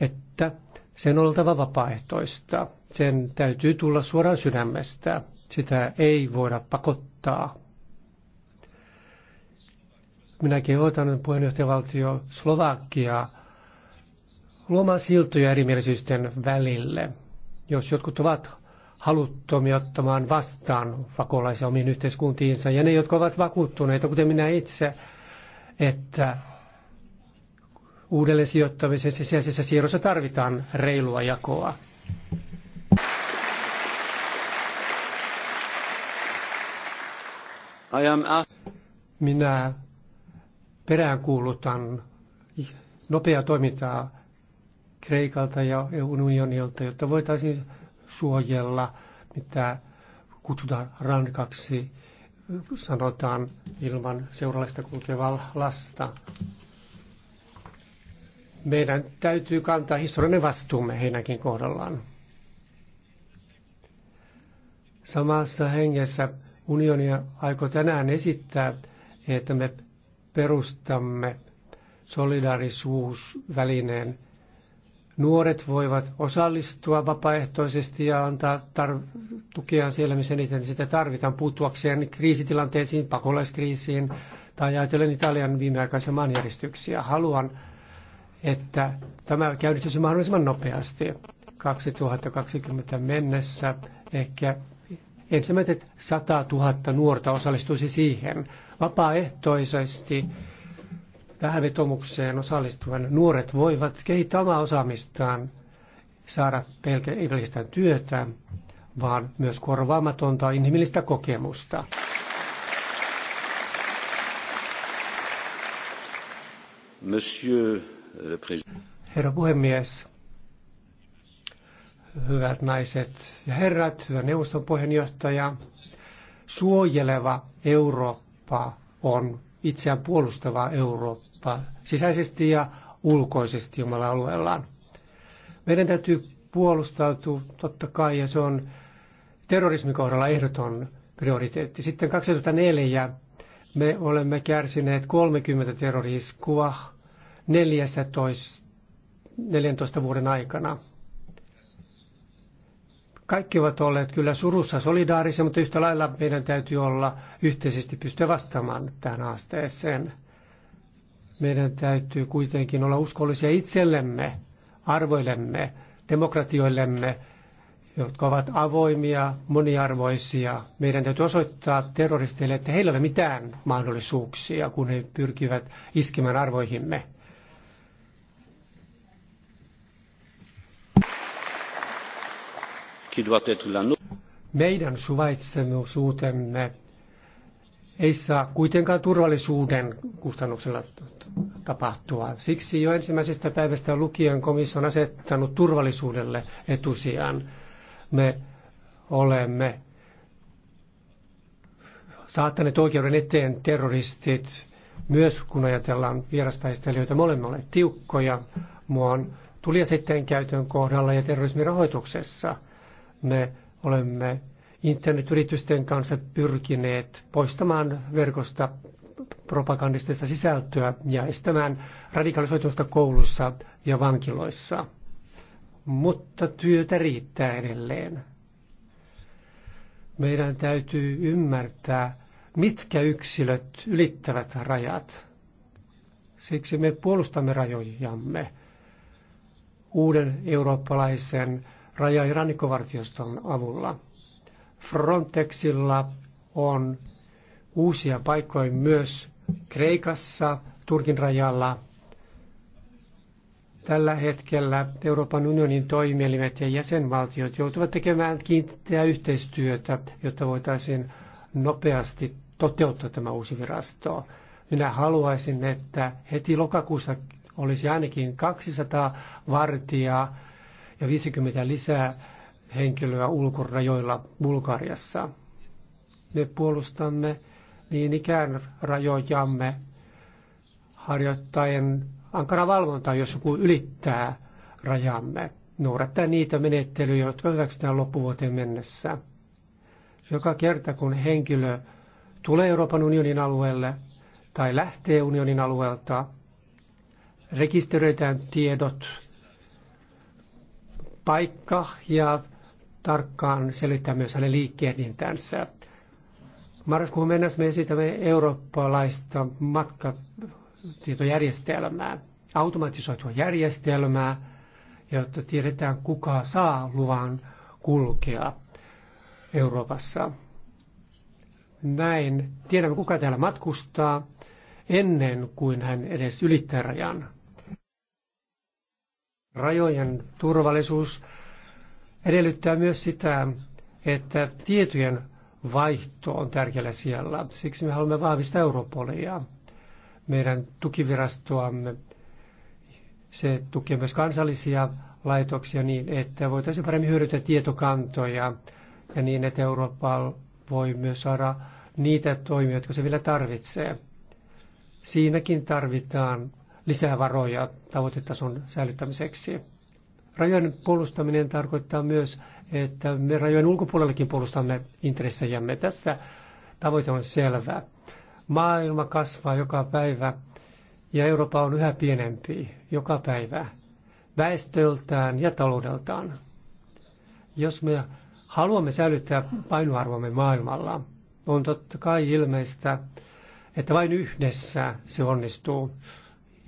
että sen oltava vapaaehtoista. Sen täytyy tulla suoraan sydämestä. Sitä ei voida pakottaa. Minäkin otan puheenjohtajavaltio Slovakiaa luomaan siltoja erimielisyysten välille. Jos jotkut ovat haluttomia ottamaan vastaan pakolaisia omiin yhteiskuntiinsa, ja ne, jotka ovat vakuuttuneita, kuten minä itse, että uudelle sijoittamisessa sisäisessä siirrossa tarvitaan reilua jakoa. Minä peräänkuulutan nopeaa toimintaa Kreikalta ja EUn unionilta, jotta voitaisiin suojella, mitä kutsutaan rankaksi, sanotaan ilman seuralaista kulkevaa lasta meidän täytyy kantaa historiallinen vastuumme heidänkin kohdallaan. Samassa hengessä unionia aiko tänään esittää, että me perustamme solidarisuusvälineen. Nuoret voivat osallistua vapaaehtoisesti ja antaa tar- tukea siellä, missä niitä sitä tarvitaan, puuttuakseen kriisitilanteisiin, pakolaiskriisiin tai ajatellen Italian viimeaikaisia maanjäristyksiä. Haluan että tämä käynnistyisi mahdollisimman nopeasti 2020 mennessä. Ehkä ensimmäiset 100 000 nuorta osallistuisi siihen vapaaehtoisesti. Tähän vetomukseen osallistuvan nuoret voivat kehittää omaa osaamistaan, saada pelkä, ei pelkästään työtä, vaan myös korvaamatonta inhimillistä kokemusta. Monsieur Herra puhemies, hyvät naiset ja herrat, hyvä neuvoston puheenjohtaja, suojeleva Eurooppa on itseään puolustava Eurooppa sisäisesti ja ulkoisesti omalla alueellaan. Meidän täytyy puolustautua totta kai ja se on terrorismin kohdalla ehdoton prioriteetti. Sitten 2004 me olemme kärsineet 30 terroriskua 14, 14 vuoden aikana. Kaikki ovat olleet kyllä surussa solidaarisia, mutta yhtä lailla meidän täytyy olla yhteisesti pystyä vastaamaan tähän haasteeseen. Meidän täytyy kuitenkin olla uskollisia itsellemme, arvoillemme, demokratioillemme, jotka ovat avoimia, moniarvoisia. Meidän täytyy osoittaa terroristeille, että heillä ei ole mitään mahdollisuuksia, kun he pyrkivät iskemään arvoihimme. Meidän suvaitsemusuutemme ei saa kuitenkaan turvallisuuden kustannuksella tapahtua. Siksi jo ensimmäisestä päivästä lukien komissio on asettanut turvallisuudelle etusijan. Me olemme saattaneet oikeuden eteen terroristit, myös kun ajatellaan vierastaistelijoita. Me olemme olleet tiukkoja muun tuli sitten käytön kohdalla ja terrorismin rahoituksessa – me olemme internetyritysten kanssa pyrkineet poistamaan verkosta propagandistista sisältöä ja estämään radikalisoitumista kouluissa ja vankiloissa. Mutta työtä riittää edelleen. Meidän täytyy ymmärtää, mitkä yksilöt ylittävät rajat. Siksi me puolustamme rajojamme uuden eurooppalaisen raja- ja rannikkovartioston avulla. Frontexilla on uusia paikkoja myös Kreikassa, Turkin rajalla. Tällä hetkellä Euroopan unionin toimielimet ja jäsenvaltiot joutuvat tekemään kiinteää yhteistyötä, jotta voitaisiin nopeasti toteuttaa tämä uusi virasto. Minä haluaisin, että heti lokakuussa olisi ainakin 200 vartijaa ja 50 lisää henkilöä ulkorajoilla Bulgariassa. Me puolustamme niin ikään rajojamme harjoittaen ankara valvontaa, jos joku ylittää rajamme, noudattaa niitä menettelyjä, jotka hyväksytään loppuvuoteen mennessä. Joka kerta, kun henkilö tulee Euroopan unionin alueelle tai lähtee unionin alueelta, rekisteröitään tiedot paikka ja tarkkaan selittää myös hänen liikkeendintänsä. Marraskuun mennessä me esitämme eurooppalaista matkatietojärjestelmää, automatisoitua järjestelmää, jotta tiedetään kuka saa luvan kulkea Euroopassa. Näin tiedämme kuka täällä matkustaa ennen kuin hän edes ylittää rajan. Rajojen turvallisuus edellyttää myös sitä, että tietojen vaihto on tärkeällä siellä. Siksi me haluamme vahvistaa Europolia, meidän tukivirastoamme. Se tukee myös kansallisia laitoksia niin, että voitaisiin paremmin hyödyntää tietokantoja ja niin, että Eurooppa voi myös saada niitä toimia, jotka se vielä tarvitsee. Siinäkin tarvitaan lisää varoja tavoitetason säilyttämiseksi. Rajojen puolustaminen tarkoittaa myös, että me rajojen ulkopuolellakin puolustamme intressejämme. Tässä tavoite on selvä. Maailma kasvaa joka päivä ja Eurooppa on yhä pienempi joka päivä väestöltään ja taloudeltaan. Jos me haluamme säilyttää painoarvomme maailmalla, on totta kai ilmeistä, että vain yhdessä se onnistuu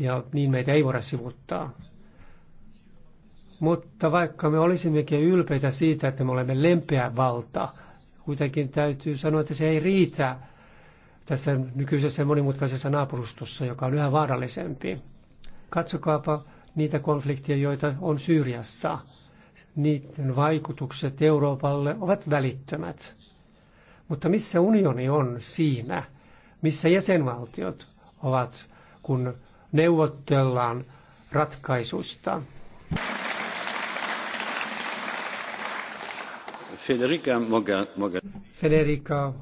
ja niin meitä ei voida sivuttaa. Mutta vaikka me olisimmekin ylpeitä siitä, että me olemme lempeä valta, kuitenkin täytyy sanoa, että se ei riitä tässä nykyisessä monimutkaisessa naapurustossa, joka on yhä vaarallisempi. Katsokaapa niitä konflikteja, joita on Syyriassa. Niiden vaikutukset Euroopalle ovat välittömät. Mutta missä unioni on siinä? Missä jäsenvaltiot ovat, kun neuvotellaan ratkaisusta. Federica, Moga, Moga. Federica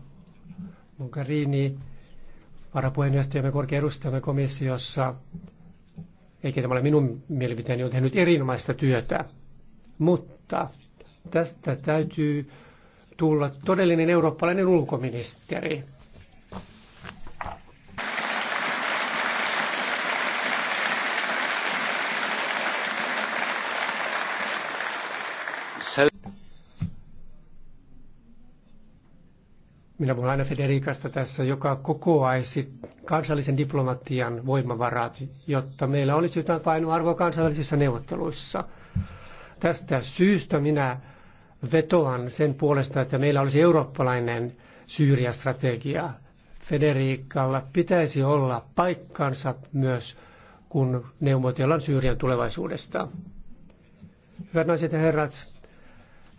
Mogherini, varapuheenjohtajamme korkea edustajamme komissiossa, eikä tämä ole minun mielipiteeni, on tehnyt erinomaista työtä. Mutta tästä täytyy tulla todellinen eurooppalainen ulkoministeri. minä puhun aina Federikasta tässä, joka kokoaisi kansallisen diplomatian voimavarat, jotta meillä olisi jotain painoarvoa kansainvälisissä neuvotteluissa. Tästä syystä minä vetoan sen puolesta, että meillä olisi eurooppalainen Syyria-strategia. Federikalla pitäisi olla paikkansa myös, kun neuvotellaan Syyrian tulevaisuudesta. Hyvät naiset ja herrat,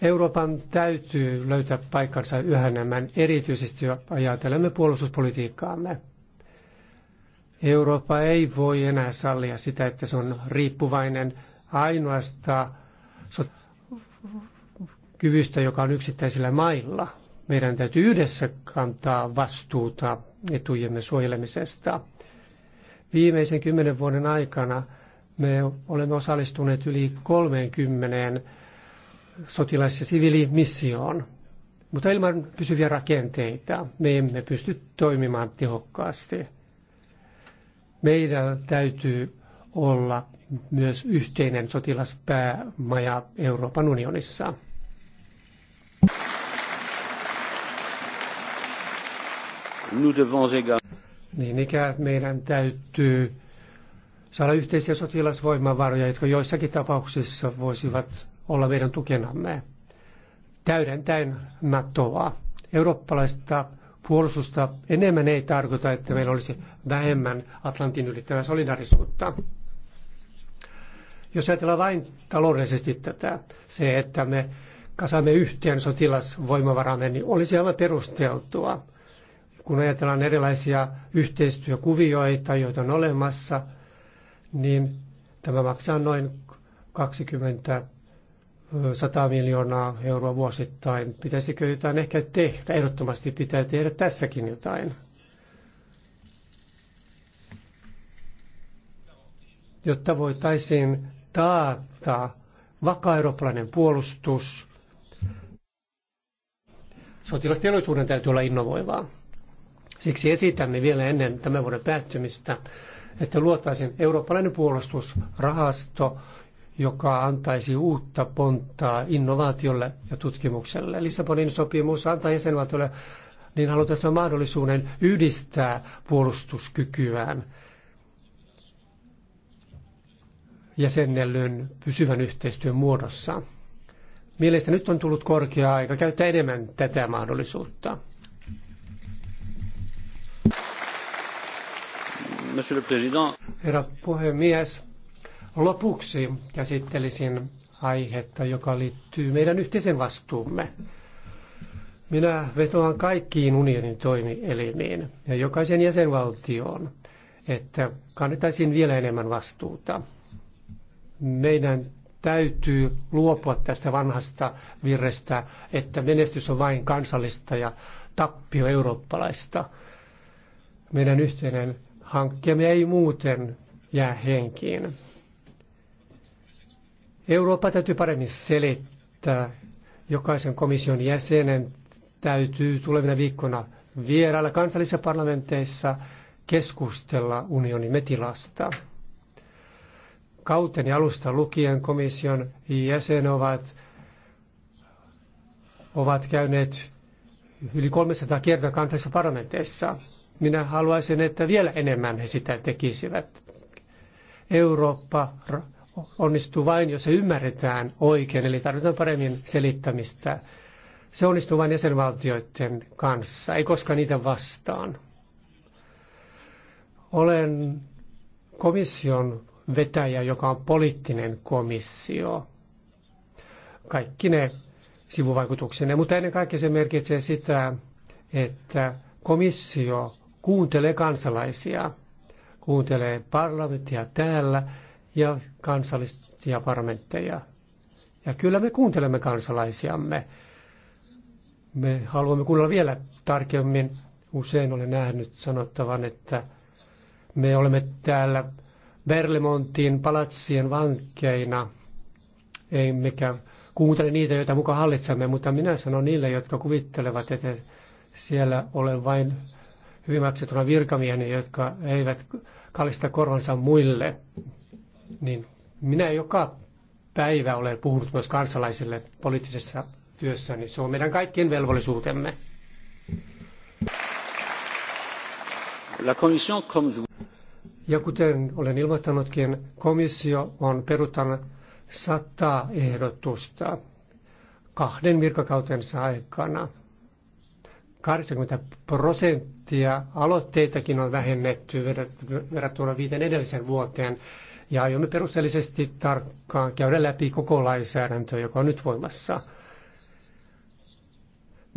Euroopan täytyy löytää paikkansa yhä enemmän, erityisesti ajatellemme puolustuspolitiikkaamme. Eurooppa ei voi enää sallia sitä, että se on riippuvainen ainoastaan kyvystä, joka on yksittäisillä mailla. Meidän täytyy yhdessä kantaa vastuuta etujemme suojelemisesta. Viimeisen kymmenen vuoden aikana me olemme osallistuneet yli 30 sotilas- ja siviilimissioon. Mutta ilman pysyviä rakenteita me emme pysty toimimaan tehokkaasti. Meidän täytyy olla myös yhteinen sotilaspäämaja Euroopan unionissa. Niin ikään meidän täytyy saada yhteisiä sotilasvoimavaroja, jotka joissakin tapauksissa voisivat olla meidän tukenamme täydentäen NATOa. Eurooppalaista puolustusta enemmän ei tarkoita, että meillä olisi vähemmän Atlantin ylittävää solidarisuutta. Jos ajatellaan vain taloudellisesti tätä, se, että me kasaamme yhteen sotilasvoimavaramme, niin olisi aivan perusteltua. Kun ajatellaan erilaisia yhteistyökuvioita, joita on olemassa, niin tämä maksaa noin 20 100 miljoonaa euroa vuosittain. Pitäisikö jotain ehkä tehdä? Ehdottomasti pitää tehdä tässäkin jotain. Jotta voitaisiin taata vakaa eurooppalainen puolustus. Sotilasteollisuuden täytyy olla innovoivaa. Siksi esitämme vielä ennen tämän vuoden päättymistä, että luotaisiin eurooppalainen puolustusrahasto, joka antaisi uutta ponttaa innovaatiolle ja tutkimukselle. Lissabonin sopimus antaa jäsenvaltiolle niin halutessa mahdollisuuden yhdistää puolustuskykyään jäsennellyn pysyvän yhteistyön muodossa. Mielestäni nyt on tullut korkea aika käyttää enemmän tätä mahdollisuutta. Herra puhemies, Lopuksi käsittelisin aihetta, joka liittyy meidän yhteisen vastuumme. Minä vetoan kaikkiin unionin toimielimiin ja jokaisen jäsenvaltioon, että kannettaisiin vielä enemmän vastuuta. Meidän täytyy luopua tästä vanhasta virrestä, että menestys on vain kansallista ja tappio eurooppalaista. Meidän yhteinen hankkeemme ei muuten jää henkiin. Eurooppa täytyy paremmin selittää. Jokaisen komission jäsenen täytyy tulevina viikkoina vierailla kansallisissa parlamenteissa keskustella unionimme tilasta. Kauteni alusta lukien komission jäsen ovat, ovat käyneet yli 300 kertaa kansallisissa parlamenteissa. Minä haluaisin, että vielä enemmän he sitä tekisivät. Eurooppa onnistuu vain, jos se ymmärretään oikein, eli tarvitaan paremmin selittämistä. Se onnistuu vain jäsenvaltioiden kanssa, ei koskaan niitä vastaan. Olen komission vetäjä, joka on poliittinen komissio. Kaikki ne sivuvaikutuksenne, mutta ennen kaikkea se merkitsee sitä, että komissio kuuntelee kansalaisia, kuuntelee parlamenttia täällä ja kansallisia parlamentteja. Ja kyllä me kuuntelemme kansalaisiamme. Me haluamme kuulla vielä tarkemmin. Usein olen nähnyt sanottavan, että me olemme täällä Berlemontin palatsien vankeina. Ei mikä kuuntele niitä, joita mukaan hallitsemme, mutta minä sanon niille, jotka kuvittelevat, että siellä olen vain hyvin maksettuna virkamiehiä, jotka eivät kallista korvansa muille niin minä joka päivä olen puhunut myös kansalaisille poliittisessa työssä, niin se on meidän kaikkien velvollisuutemme. Ja kuten olen ilmoittanutkin, komissio on peruttanut sata ehdotusta kahden virkakautensa aikana. 80 prosenttia aloitteitakin on vähennetty verrattuna viiden edellisen vuoteen ja aiomme perusteellisesti tarkkaan käydä läpi koko lainsäädäntöä, joka on nyt voimassa.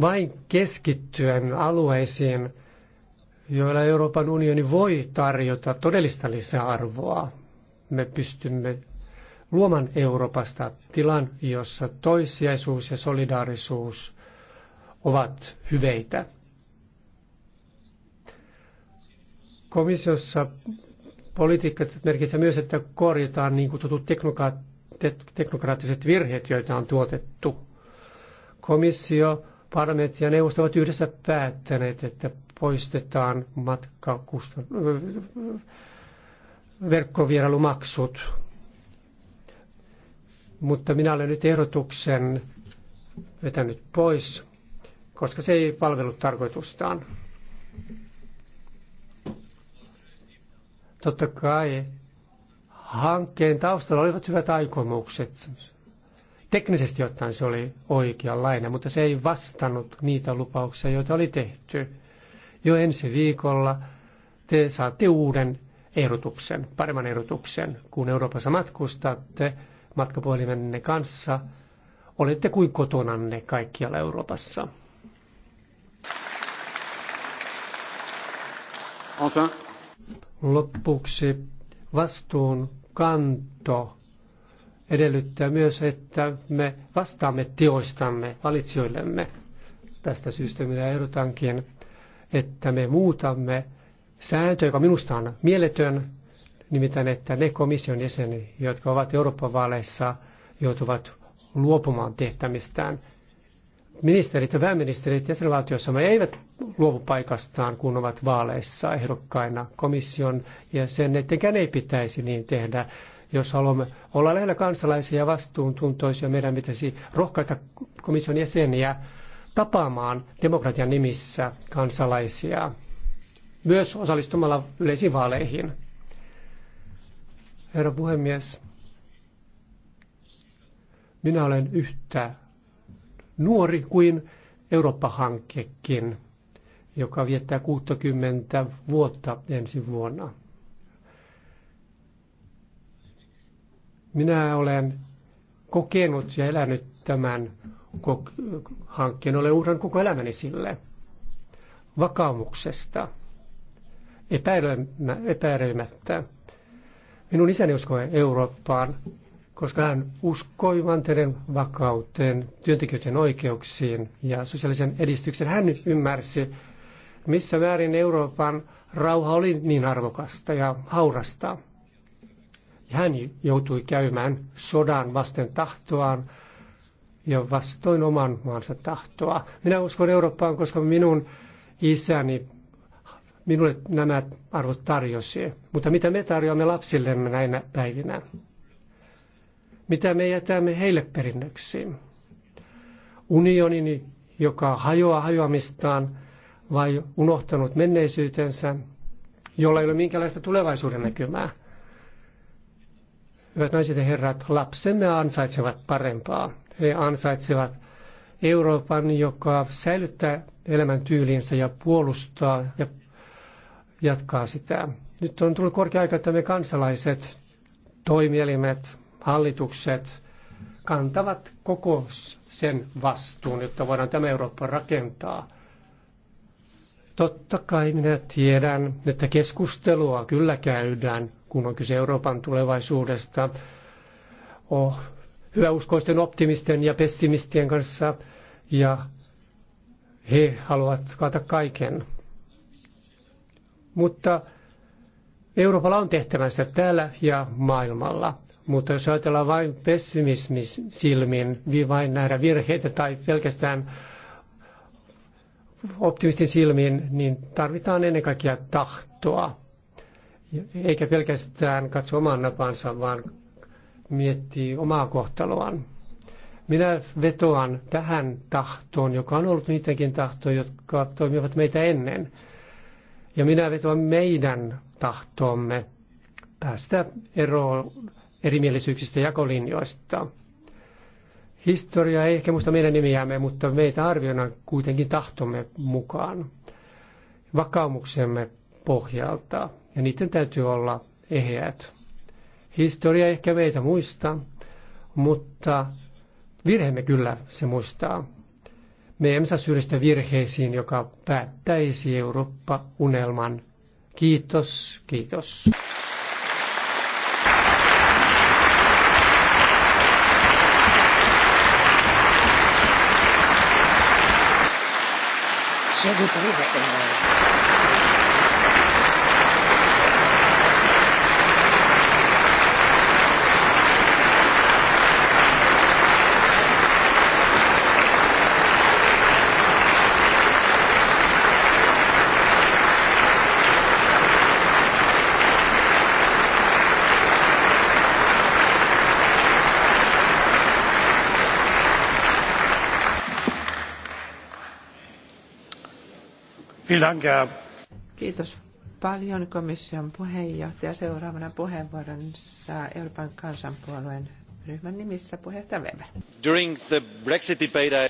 Vain keskittyen alueisiin, joilla Euroopan unioni voi tarjota todellista lisäarvoa, me pystymme luomaan Euroopasta tilan, jossa toissijaisuus ja solidaarisuus ovat hyveitä. Komissiossa Politiikka merkitsee myös, että korjataan niin kutsutut teknokraattiset virheet, joita on tuotettu. Komissio, parlamentti ja neuvosto ovat yhdessä päättäneet, että poistetaan matkakustan verkkovierailumaksut. Mutta minä olen nyt ehdotuksen vetänyt pois, koska se ei palvelu tarkoitustaan. Totta kai hankkeen taustalla olivat hyvät aikomukset. Teknisesti ottaen se oli oikeanlainen, mutta se ei vastannut niitä lupauksia, joita oli tehty. Jo ensi viikolla te saatte uuden ehdotuksen, paremman ehdotuksen, kun Euroopassa matkustatte matkapuhelimenne kanssa. Olette kuin kotonanne kaikkialla Euroopassa. Enfin, Lopuksi vastuun kanto edellyttää myös, että me vastaamme teoistamme valitsijoillemme. Tästä syystä minä ehdotankin, että me muutamme sääntöä, joka minusta on mieletön, nimittäin että ne komission jäsenet, jotka ovat Euroopan vaaleissa, joutuvat luopumaan tehtämistään – ministerit ja pääministerit jäsenvaltioissa eivät luovu paikastaan, kun ovat vaaleissa ehdokkaina komission ja sen, ettenkään ei pitäisi niin tehdä. Jos haluamme olla lähellä kansalaisia ja vastuuntuntoisia, meidän pitäisi rohkaista komission jäseniä tapaamaan demokratian nimissä kansalaisia, myös osallistumalla yleisiin vaaleihin. Herra puhemies, minä olen yhtä nuori kuin Eurooppa-hankkekin, joka viettää 60 vuotta ensi vuonna. Minä olen kokenut ja elänyt tämän hankkeen, olen uhran koko elämäni sille vakaumuksesta, epäröimättä. Minun isäni uskoi Eurooppaan koska hän uskoi mantereen vakauteen, työntekijöiden oikeuksiin ja sosiaalisen edistyksen. Hän ymmärsi, missä määrin Euroopan rauha oli niin arvokasta ja haurasta. Hän joutui käymään sodan vasten tahtoaan ja vastoin oman maansa tahtoa. Minä uskon Eurooppaan, koska minun isäni minulle nämä arvot tarjosi. Mutta mitä me tarjoamme lapsillemme näinä päivinä? mitä me jätämme heille perinnöksi. Unionini, joka hajoaa hajoamistaan vai unohtanut menneisyytensä, jolla ei ole minkäänlaista tulevaisuuden näkymää. Hyvät naiset ja herrat, lapsemme ansaitsevat parempaa. He ansaitsevat Euroopan, joka säilyttää elämäntyylinsä ja puolustaa ja jatkaa sitä. Nyt on tullut korkea aika, että me kansalaiset, toimielimet, hallitukset kantavat koko sen vastuun, jotta voidaan tämä Eurooppa rakentaa. Totta kai minä tiedän, että keskustelua kyllä käydään, kun on kyse Euroopan tulevaisuudesta. Oh, hyväuskoisten optimisten ja pessimistien kanssa, ja he haluavat kaata kaiken. Mutta Euroopalla on tehtävänsä täällä ja maailmalla. Mutta jos ajatellaan vain pessimismisilmin, silmin, vain nähdä virheitä tai pelkästään optimistin silmin, niin tarvitaan ennen kaikkea tahtoa. Eikä pelkästään katso oman napansa, vaan miettii omaa kohtaloaan. Minä vetoan tähän tahtoon, joka on ollut niidenkin tahto, jotka toimivat meitä ennen. Ja minä vetoan meidän tahtoomme päästä eroon erimielisyyksistä ja jakolinjoista. Historia ei ehkä muista meidän nimiämme, mutta meitä arvioidaan kuitenkin tahtomme mukaan, vakaumuksemme pohjalta, ja niiden täytyy olla eheät. Historia ei ehkä meitä muista, mutta virheemme kyllä se muistaa. Me emme saa syyllistä virheisiin, joka päättäisi Eurooppa-unelman. Kiitos, kiitos. czego pan zażądał? Kiitos paljon komission puheenjohtaja. Seuraavana puheenvuoron saa Euroopan kansanpuolueen ryhmän nimissä puheenjohtaja Weber. During the Brexit debate I...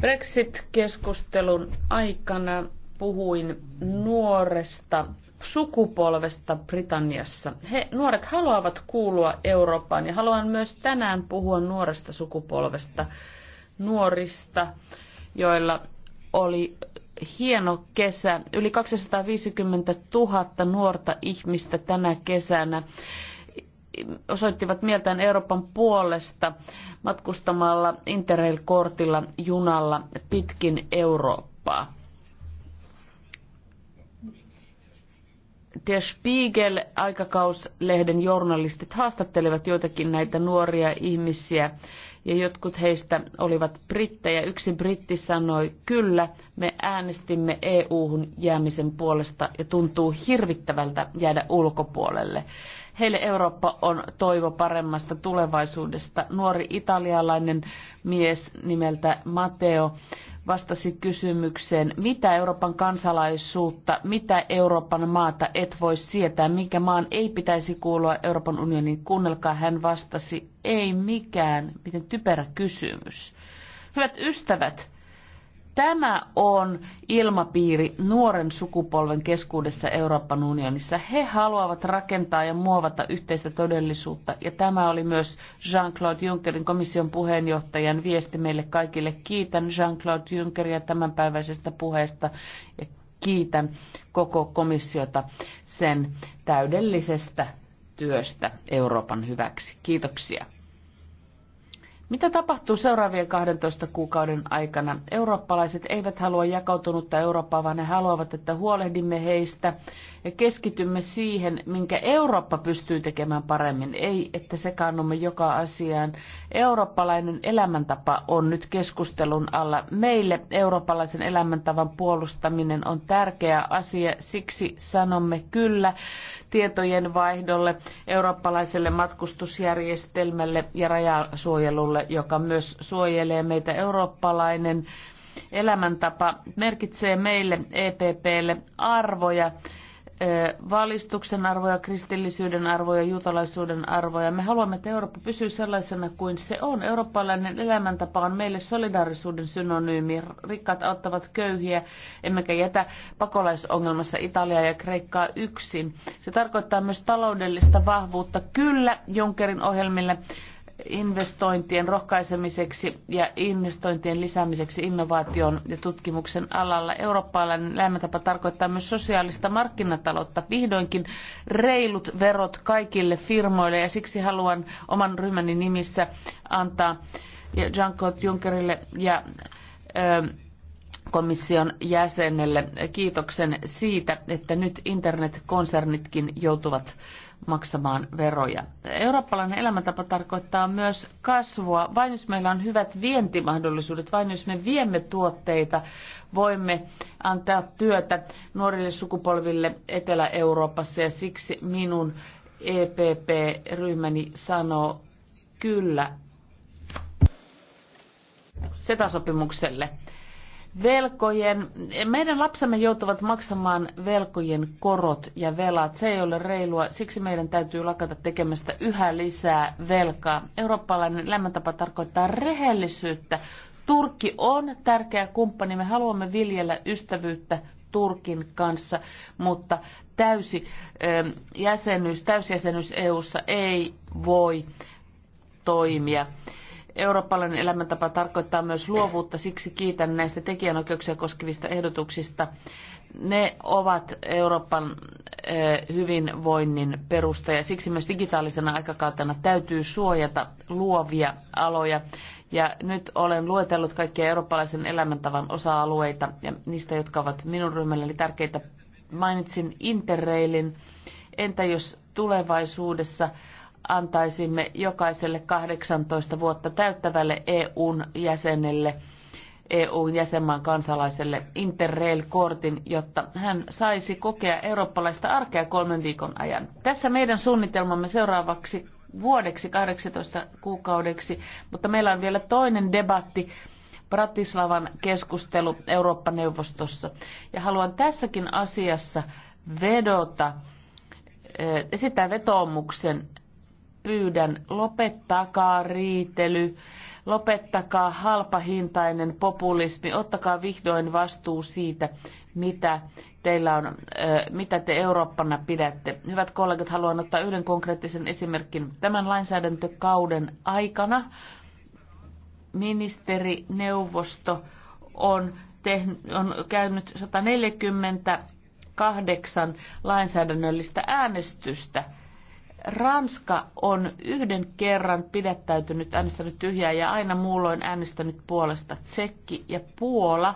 Brexit-keskustelun aikana puhuin nuoresta sukupolvesta Britanniassa. He nuoret haluavat kuulua Eurooppaan ja haluan myös tänään puhua nuoresta sukupolvesta, nuorista, joilla oli hieno kesä. Yli 250 000 nuorta ihmistä tänä kesänä osoittivat mieltään Euroopan puolesta matkustamalla Interrail-kortilla junalla pitkin Eurooppaa. Der Spiegel aikakauslehden journalistit haastattelevat joitakin näitä nuoria ihmisiä ja jotkut heistä olivat brittejä. Yksi britti sanoi, kyllä, me äänestimme EU-hun jäämisen puolesta ja tuntuu hirvittävältä jäädä ulkopuolelle. Heille Eurooppa on toivo paremmasta tulevaisuudesta. Nuori italialainen mies nimeltä Matteo vastasi kysymykseen, mitä Euroopan kansalaisuutta, mitä Euroopan maata et voi sietää, minkä maan ei pitäisi kuulua Euroopan unioniin. Kuunnelkaa, hän vastasi, ei mikään, miten typerä kysymys. Hyvät ystävät, Tämä on ilmapiiri nuoren sukupolven keskuudessa Euroopan unionissa. He haluavat rakentaa ja muovata yhteistä todellisuutta, ja tämä oli myös Jean-Claude Junckerin komission puheenjohtajan viesti meille kaikille. Kiitän Jean-Claude Junckeria tämänpäiväisestä puheesta ja kiitän koko komissiota sen täydellisestä työstä Euroopan hyväksi. Kiitoksia. Mitä tapahtuu seuraavien 12 kuukauden aikana? Eurooppalaiset eivät halua jakautunutta Eurooppaa, vaan ne haluavat, että huolehdimme heistä ja keskitymme siihen, minkä Eurooppa pystyy tekemään paremmin. Ei, että sekaannumme joka asiaan. Eurooppalainen elämäntapa on nyt keskustelun alla. Meille eurooppalaisen elämäntavan puolustaminen on tärkeä asia, siksi sanomme kyllä tietojen vaihdolle, eurooppalaiselle matkustusjärjestelmälle ja rajasuojelulle, joka myös suojelee meitä eurooppalainen elämäntapa merkitsee meille EPPlle arvoja valistuksen arvoja, kristillisyyden arvoja, juutalaisuuden arvoja. Me haluamme, että Eurooppa pysyy sellaisena kuin se on. Eurooppalainen elämäntapa on meille solidaarisuuden synonyymi. Rikkaat auttavat köyhiä, emmekä jätä pakolaisongelmassa Italiaa ja Kreikkaa yksin. Se tarkoittaa myös taloudellista vahvuutta. Kyllä Junckerin ohjelmille investointien rohkaisemiseksi ja investointien lisäämiseksi innovaation ja tutkimuksen alalla. Eurooppalainen lämmätapa tarkoittaa myös sosiaalista markkinataloutta. Vihdoinkin reilut verot kaikille firmoille ja siksi haluan oman ryhmäni nimissä antaa Jean-Claude Junckerille ja komission jäsenelle kiitoksen siitä, että nyt internetkonsernitkin joutuvat maksamaan veroja. Eurooppalainen elämäntapa tarkoittaa myös kasvua. Vain jos meillä on hyvät vientimahdollisuudet, vain jos me viemme tuotteita, voimme antaa työtä nuorille sukupolville Etelä-Euroopassa ja siksi minun EPP-ryhmäni sanoo kyllä ceta sopimukselle Velkojen, meidän lapsemme joutuvat maksamaan velkojen korot ja velat. Se ei ole reilua, siksi meidän täytyy lakata tekemästä yhä lisää velkaa. Eurooppalainen lämmöntapa tarkoittaa rehellisyyttä. Turkki on tärkeä kumppani. Me haluamme viljellä ystävyyttä Turkin kanssa, mutta täysi ähm, jäsenyys, täysjäsenyys EU:ssa ei voi toimia. Eurooppalainen elämäntapa tarkoittaa myös luovuutta, siksi kiitän näistä tekijänoikeuksia koskevista ehdotuksista. Ne ovat Euroopan eh, hyvinvoinnin perusta ja siksi myös digitaalisena aikakautena täytyy suojata luovia aloja. Ja nyt olen luetellut kaikkia eurooppalaisen elämäntavan osa-alueita ja niistä, jotka ovat minun ryhmälleni tärkeitä. Mainitsin Interrailin. Entä jos tulevaisuudessa antaisimme jokaiselle 18 vuotta täyttävälle EUn jäsenelle, EUn jäsenmaan kansalaiselle Interrail-kortin, jotta hän saisi kokea eurooppalaista arkea kolmen viikon ajan. Tässä meidän suunnitelmamme seuraavaksi vuodeksi, 18 kuukaudeksi, mutta meillä on vielä toinen debatti, Bratislavan keskustelu Eurooppa-neuvostossa. Ja haluan tässäkin asiassa vedota, eh, esittää vetoomuksen pyydän, lopettakaa riitely, lopettakaa halpahintainen populismi, ottakaa vihdoin vastuu siitä, mitä, teillä on, mitä te Eurooppana pidätte. Hyvät kollegat, haluan ottaa yhden konkreettisen esimerkin. Tämän lainsäädäntökauden aikana ministerineuvosto on, tehnyt, on käynyt 148 lainsäädännöllistä äänestystä – Ranska on yhden kerran pidättäytynyt, äänestänyt tyhjää ja aina muulloin äänestänyt puolesta. Tsekki ja Puola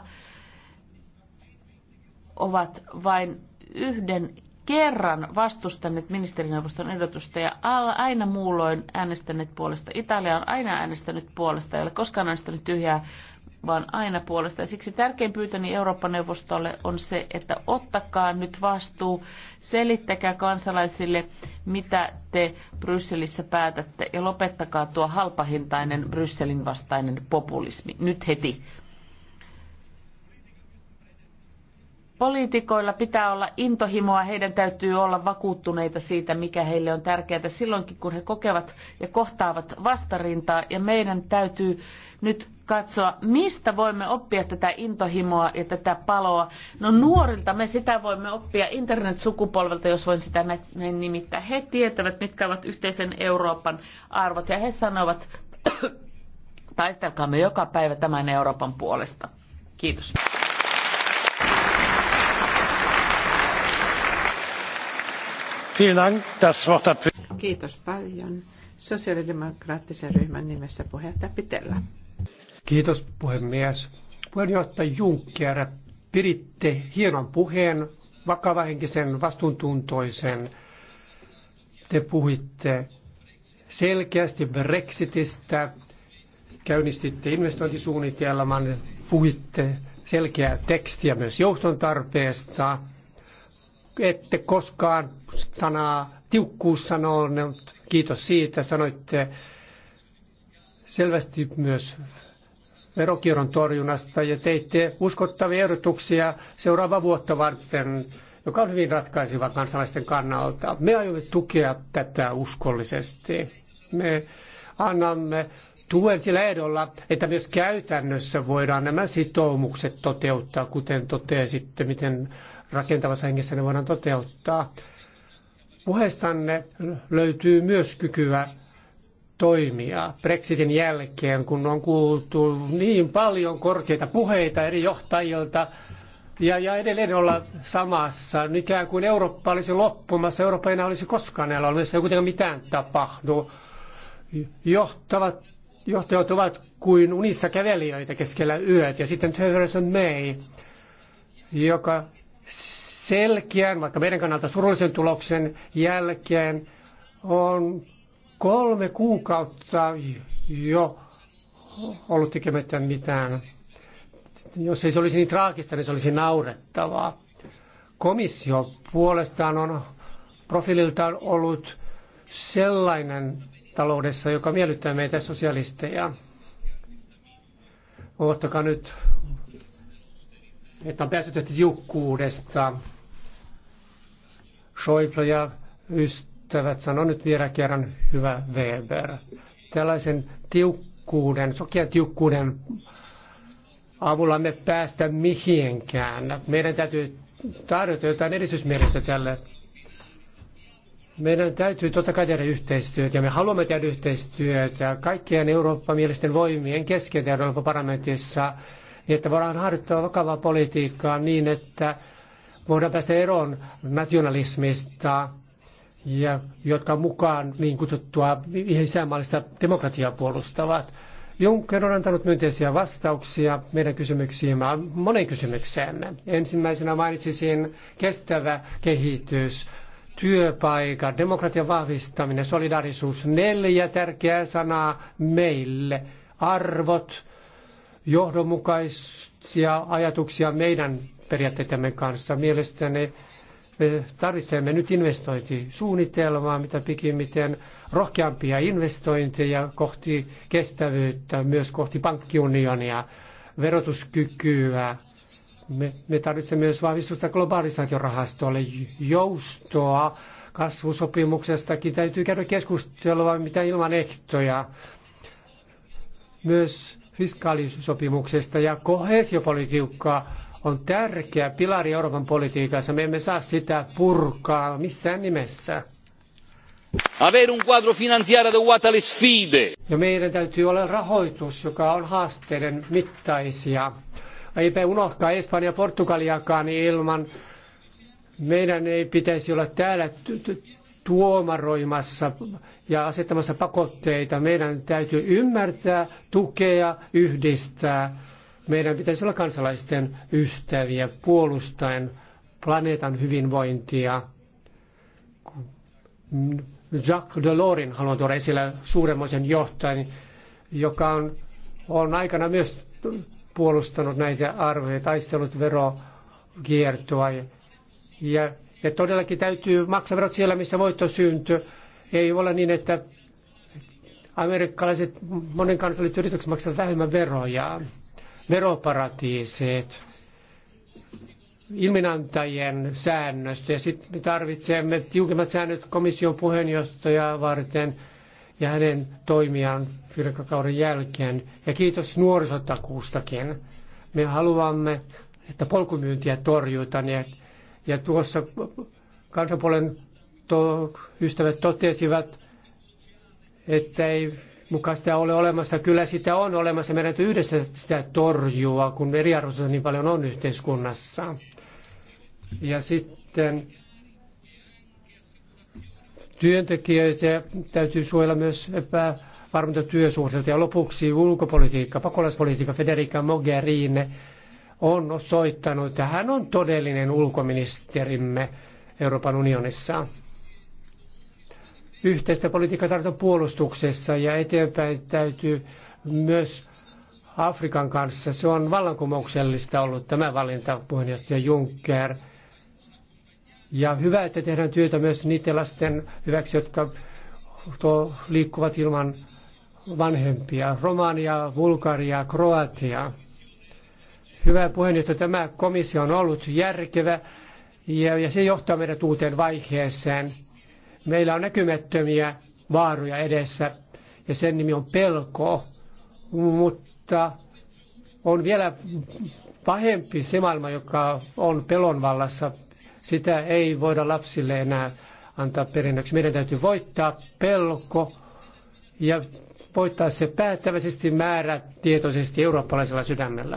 ovat vain yhden kerran vastustaneet ministerineuvoston ehdotusta ja aina muulloin äänestäneet puolesta. Italia on aina äänestänyt puolesta, ei ole koskaan äänestänyt tyhjää vaan aina puolesta. Ja siksi tärkein pyytäni Eurooppa-neuvostolle on se, että ottakaa nyt vastuu, selittäkää kansalaisille, mitä te Brysselissä päätätte ja lopettakaa tuo halpahintainen Brysselin vastainen populismi nyt heti. Poliitikoilla pitää olla intohimoa, heidän täytyy olla vakuuttuneita siitä, mikä heille on tärkeää silloinkin, kun he kokevat ja kohtaavat vastarintaa. Ja meidän täytyy nyt katsoa, mistä voimme oppia tätä intohimoa ja tätä paloa. No nuorilta me sitä voimme oppia internet internet-sukupolvelta, jos voin sitä näin nimittää. He tietävät, mitkä ovat yhteisen Euroopan arvot ja he sanovat, taistelkaamme joka päivä tämän Euroopan puolesta. Kiitos. Kiitos paljon. Sosiaalidemokraattisen ryhmän nimessä puheenjohtaja Pitellä. Kiitos puhemies. Puheenjohtaja Juncker, piditte hienon puheen, vakavahenkisen, vastuuntuntoisen. Te puhuitte selkeästi Brexitistä, käynnistitte investointisuunnitelman, puhuitte selkeää tekstiä myös jouston tarpeesta – ette koskaan sanaa tiukkuus sanonut. Kiitos siitä. Sanoitte selvästi myös verokierron torjunnasta ja teitte uskottavia ehdotuksia seuraava vuotta varten, joka on hyvin ratkaiseva kansalaisten kannalta. Me aiomme tukea tätä uskollisesti. Me annamme tuen sillä ehdolla, että myös käytännössä voidaan nämä sitoumukset toteuttaa, kuten totesitte, miten rakentavassa hengessä ne voidaan toteuttaa. Puheestanne löytyy myös kykyä toimia Brexitin jälkeen, kun on kuultu niin paljon korkeita puheita eri johtajilta ja, ja edelleen olla samassa, ikään kuin Eurooppa olisi loppumassa, Eurooppa ei enää olisi koskaan enää ollut, ei kuitenkaan mitään tapahdu. Johtavat, johtajat ovat kuin unissa kävelijöitä keskellä yöt ja sitten Theresa May, joka selkeän, vaikka meidän kannalta surullisen tuloksen jälkeen on kolme kuukautta jo ollut tekemättä mitään. Jos ei se olisi niin traagista, niin se olisi naurettavaa. Komissio puolestaan on profiililtaan ollut sellainen taloudessa, joka miellyttää meitä sosialisteja. Ottakaa nyt että on päässyt tästä tiukkuudesta. Schäuble ja ystävät sanoo nyt vielä kerran hyvä Weber. Tällaisen tiukkuuden, sokean tiukkuuden avulla me päästä mihinkään. Meidän täytyy tarjota jotain edistysmielestä tälle. Meidän täytyy totta kai tehdä yhteistyötä ja me haluamme tehdä yhteistyötä kaikkien Eurooppa-mielisten voimien kesken Euroopan parlamentissa niin että voidaan harjoittaa vakavaa politiikkaa niin, että voidaan päästä eroon nationalismista, ja jotka mukaan niin kutsuttua isänmaallista demokratiaa puolustavat. Juncker on antanut myönteisiä vastauksia meidän kysymyksiimme, monen kysymykseen. Ensimmäisenä mainitsisin kestävä kehitys, työpaikka, demokratian vahvistaminen, solidarisuus, neljä tärkeää sanaa meille, arvot, johdonmukaisia ajatuksia meidän periaatteemme kanssa. Mielestäni me tarvitsemme nyt investointisuunnitelmaa, mitä pikimmiten rohkeampia investointeja kohti kestävyyttä, myös kohti pankkiunionia, verotuskykyä. Me, me tarvitsemme myös vahvistusta globalisaatiorahastolle, joustoa, kasvusopimuksestakin täytyy käydä keskustelua mitä ilman ehtoja. Myös fiskaalisopimuksesta ja koheesiopolitiikka on tärkeä pilari Euroopan politiikassa. Me emme saa sitä purkaa missään nimessä. Avere un quadro finanziario adeguato alle sfide. Ja meidän täytyy olla rahoitus, joka on haasteiden mittaisia. Eipä unohtaa Espanja ja Portugaliakaan ilman. Meidän ei pitäisi olla täällä tuomaroimassa ja asettamassa pakotteita. Meidän täytyy ymmärtää, tukea, yhdistää. Meidän pitäisi olla kansalaisten ystäviä puolustaen planeetan hyvinvointia. Jacques Delorsin haluan tuoda esille suuremmoisen johtajan, joka on, on aikana myös puolustanut näitä arvoja, taistellut verokiertoa ja ja todellakin täytyy maksaa verot siellä, missä voitto syntyy. Ei ole niin, että amerikkalaiset monen kansalliset yritykset maksavat vähemmän veroja. veroparatiiseet ilminantajien säännöstä ja sitten me tarvitsemme tiukemmat säännöt komission puheenjohtajaa varten ja hänen toimiaan virkakauden jälkeen. Ja kiitos nuorisotakuustakin. Me haluamme, että polkumyyntiä torjutaan ja ja tuossa kansapuolen to- ystävät totesivat, että ei mukaan sitä ole olemassa. Kyllä sitä on olemassa. Meidän täytyy yhdessä sitä torjua, kun eriarvoisuus niin paljon on yhteiskunnassa. Ja sitten työntekijöitä täytyy suojella myös epävarmuutta työsuhteilta. Ja lopuksi ulkopolitiikka, pakolaispolitiikka, Federica Mogherini on osoittanut, että hän on todellinen ulkoministerimme Euroopan unionissa. Yhteistä politiikkaa tarvitaan puolustuksessa ja eteenpäin täytyy myös Afrikan kanssa. Se on vallankumouksellista ollut tämä valinta, puheenjohtaja Juncker. Ja hyvä, että tehdään työtä myös niiden lasten hyväksi, jotka liikkuvat ilman vanhempia. Romania, Bulgaria, Kroatia. Hyvä puheenjohtaja, tämä komissio on ollut järkevä ja, ja se johtaa meidät uuteen vaiheeseen. Meillä on näkymättömiä vaaroja edessä ja sen nimi on pelko, mutta on vielä pahempi se maailma, joka on pelon vallassa. Sitä ei voida lapsille enää antaa perinnöksi. Meidän täytyy voittaa pelko ja voittaa se päättävästi määrätietoisesti eurooppalaisella sydämellä.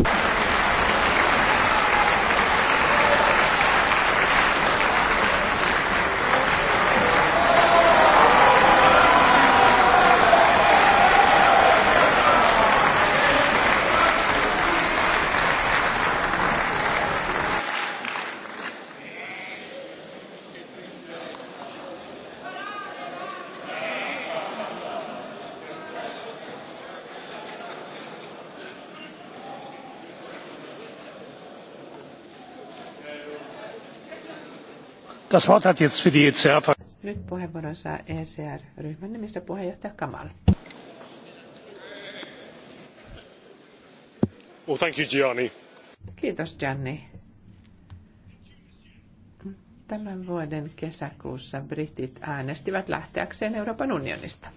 Das Wort hat jetzt für die ECR. Nyt puheenvuoron saa ECR-ryhmän nimissä puheenjohtaja Kamal. Well, thank you, Gianni. Kiitos Gianni. Tämän vuoden kesäkuussa britit äänestivät lähteäkseen Euroopan unionista.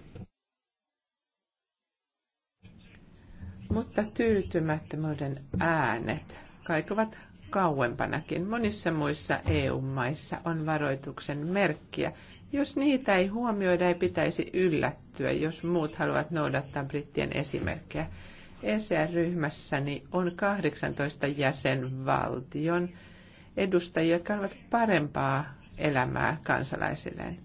Mutta tyytymättömyyden äänet kaikuvat kauempanakin. Monissa muissa EU-maissa on varoituksen merkkiä. Jos niitä ei huomioida, ei pitäisi yllättyä, jos muut haluavat noudattaa brittien esimerkkejä. ECR-ryhmässäni on 18 jäsenvaltion edustajia, jotka ovat parempaa elämää kansalaisilleen.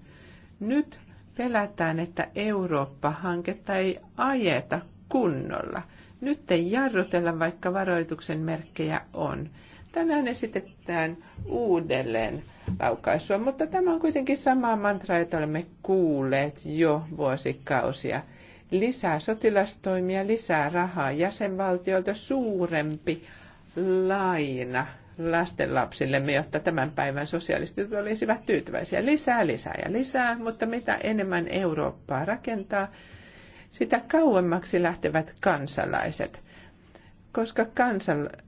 Nyt pelätään, että Eurooppa-hanketta ei ajeta kunnolla. Nyt ei jarrutella, vaikka varoituksen merkkejä on. Tänään esitetään uudelleen laukaisua, mutta tämä on kuitenkin sama mantra, jota olemme kuulleet jo vuosikausia. Lisää sotilastoimia, lisää rahaa jäsenvaltioilta, suurempi laina lastenlapsillemme, jotta tämän päivän sosialistit olisivat tyytyväisiä. Lisää, lisää ja lisää, mutta mitä enemmän Eurooppaa rakentaa, sitä kauemmaksi lähtevät kansalaiset, koska kansalaiset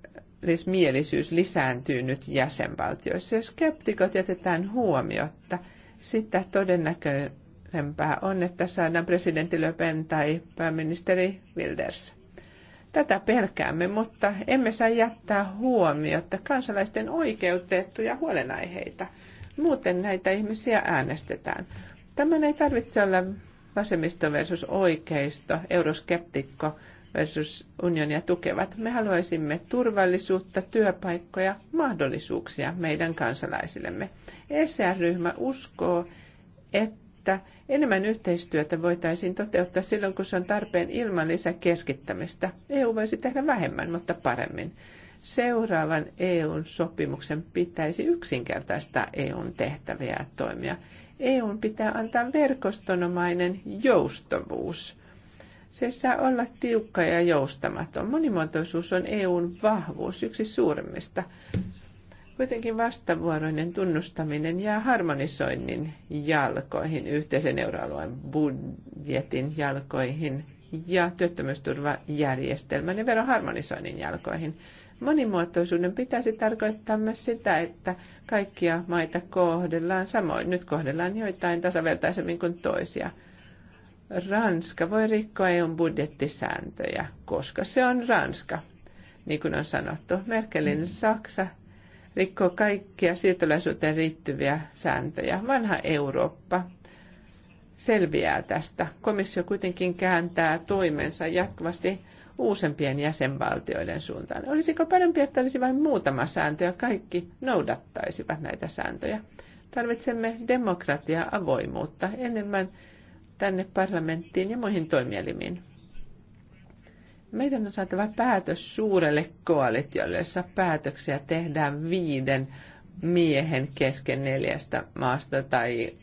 kansallismielisyys lisääntyy nyt jäsenvaltioissa. Jos skeptikot jätetään huomiotta, sitä todennäköisempää on, että saadaan presidentti Le Pen tai pääministeri Wilders. Tätä pelkäämme, mutta emme saa jättää huomiota kansalaisten oikeutettuja huolenaiheita. Muuten näitä ihmisiä äänestetään. Tämän ei tarvitse olla vasemmisto versus oikeisto, euroskeptikko versus unionia tukevat. Me haluaisimme turvallisuutta, työpaikkoja, mahdollisuuksia meidän kansalaisillemme. esr ryhmä uskoo, että enemmän yhteistyötä voitaisiin toteuttaa silloin, kun se on tarpeen ilman lisäkeskittämistä. EU voisi tehdä vähemmän, mutta paremmin. Seuraavan EUn sopimuksen pitäisi yksinkertaistaa EUn tehtäviä ja toimia. EUn pitää antaa verkostonomainen joustavuus – se saa olla tiukka ja joustamaton. Monimuotoisuus on EUn vahvuus, yksi suurimmista. Kuitenkin vastavuoroinen tunnustaminen ja harmonisoinnin jalkoihin, yhteisen euroalueen budjetin jalkoihin ja työttömyysturvajärjestelmän ja veroharmonisoinnin jalkoihin. Monimuotoisuuden pitäisi tarkoittaa myös sitä, että kaikkia maita kohdellaan samoin. Nyt kohdellaan joitain tasavertaisemmin kuin toisia – Ranska voi rikkoa EUn budjettisääntöjä, koska se on Ranska. Niin kuin on sanottu, Merkelin Saksa rikkoo kaikkia siirtolaisuuteen riittyviä sääntöjä. Vanha Eurooppa selviää tästä. Komissio kuitenkin kääntää toimensa jatkuvasti uusempien jäsenvaltioiden suuntaan. Olisiko parempi, että olisi vain muutama sääntö ja kaikki noudattaisivat näitä sääntöjä? Tarvitsemme demokratiaa, avoimuutta, enemmän tänne parlamenttiin ja muihin toimielimiin. Meidän on saatava päätös suurelle koalitiolle, jossa päätöksiä tehdään viiden miehen kesken neljästä maasta tai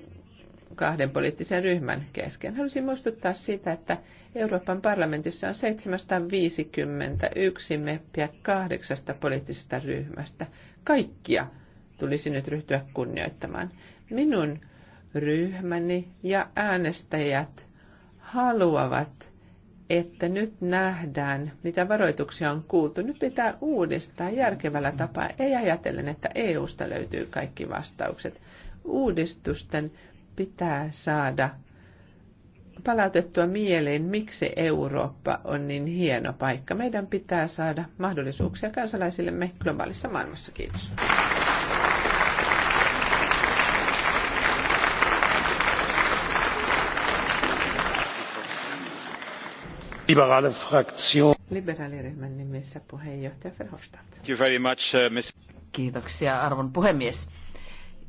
kahden poliittisen ryhmän kesken. Haluaisin muistuttaa siitä, että Euroopan parlamentissa on 751 meppiä kahdeksasta poliittisesta ryhmästä. Kaikkia tulisi nyt ryhtyä kunnioittamaan. Minun ryhmäni ja äänestäjät haluavat, että nyt nähdään, mitä varoituksia on kuultu. Nyt pitää uudistaa järkevällä tapaa, ei ajatellen, että EUsta löytyy kaikki vastaukset. Uudistusten pitää saada palautettua mieleen, miksi Eurooppa on niin hieno paikka. Meidän pitää saada mahdollisuuksia kansalaisillemme globaalissa maailmassa. Kiitos. Liberaale fraktion. Liberaaliryhmän nimissä puheenjohtaja Verhofstadt. Uh, Kiitoksia arvon puhemies.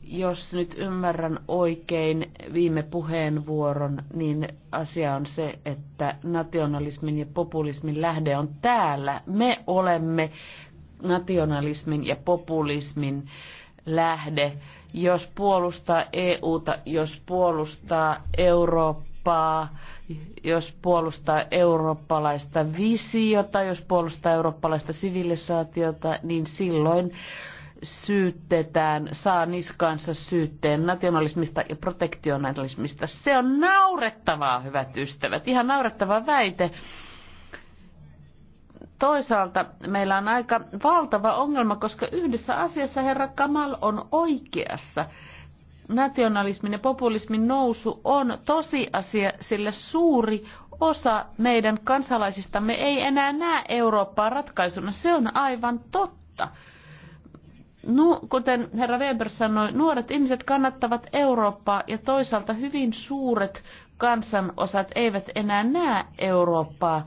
Jos nyt ymmärrän oikein viime puheenvuoron, niin asia on se, että nationalismin ja populismin lähde on täällä. Me olemme nationalismin ja populismin lähde. Jos puolustaa EUta, jos puolustaa Eurooppaa, Eurooppaa, jos puolustaa eurooppalaista visiota, jos puolustaa eurooppalaista sivilisaatiota, niin silloin syytetään, saa niskansa syytteen nationalismista ja protektionalismista. Se on naurettavaa, hyvät ystävät, ihan naurettava väite. Toisaalta meillä on aika valtava ongelma, koska yhdessä asiassa herra Kamal on oikeassa – nationalismin ja populismin nousu on tosiasia, sillä suuri osa meidän kansalaisistamme ei enää näe Eurooppaa ratkaisuna. Se on aivan totta. No, kuten herra Weber sanoi, nuoret ihmiset kannattavat Eurooppaa ja toisaalta hyvin suuret kansanosat eivät enää näe Eurooppaa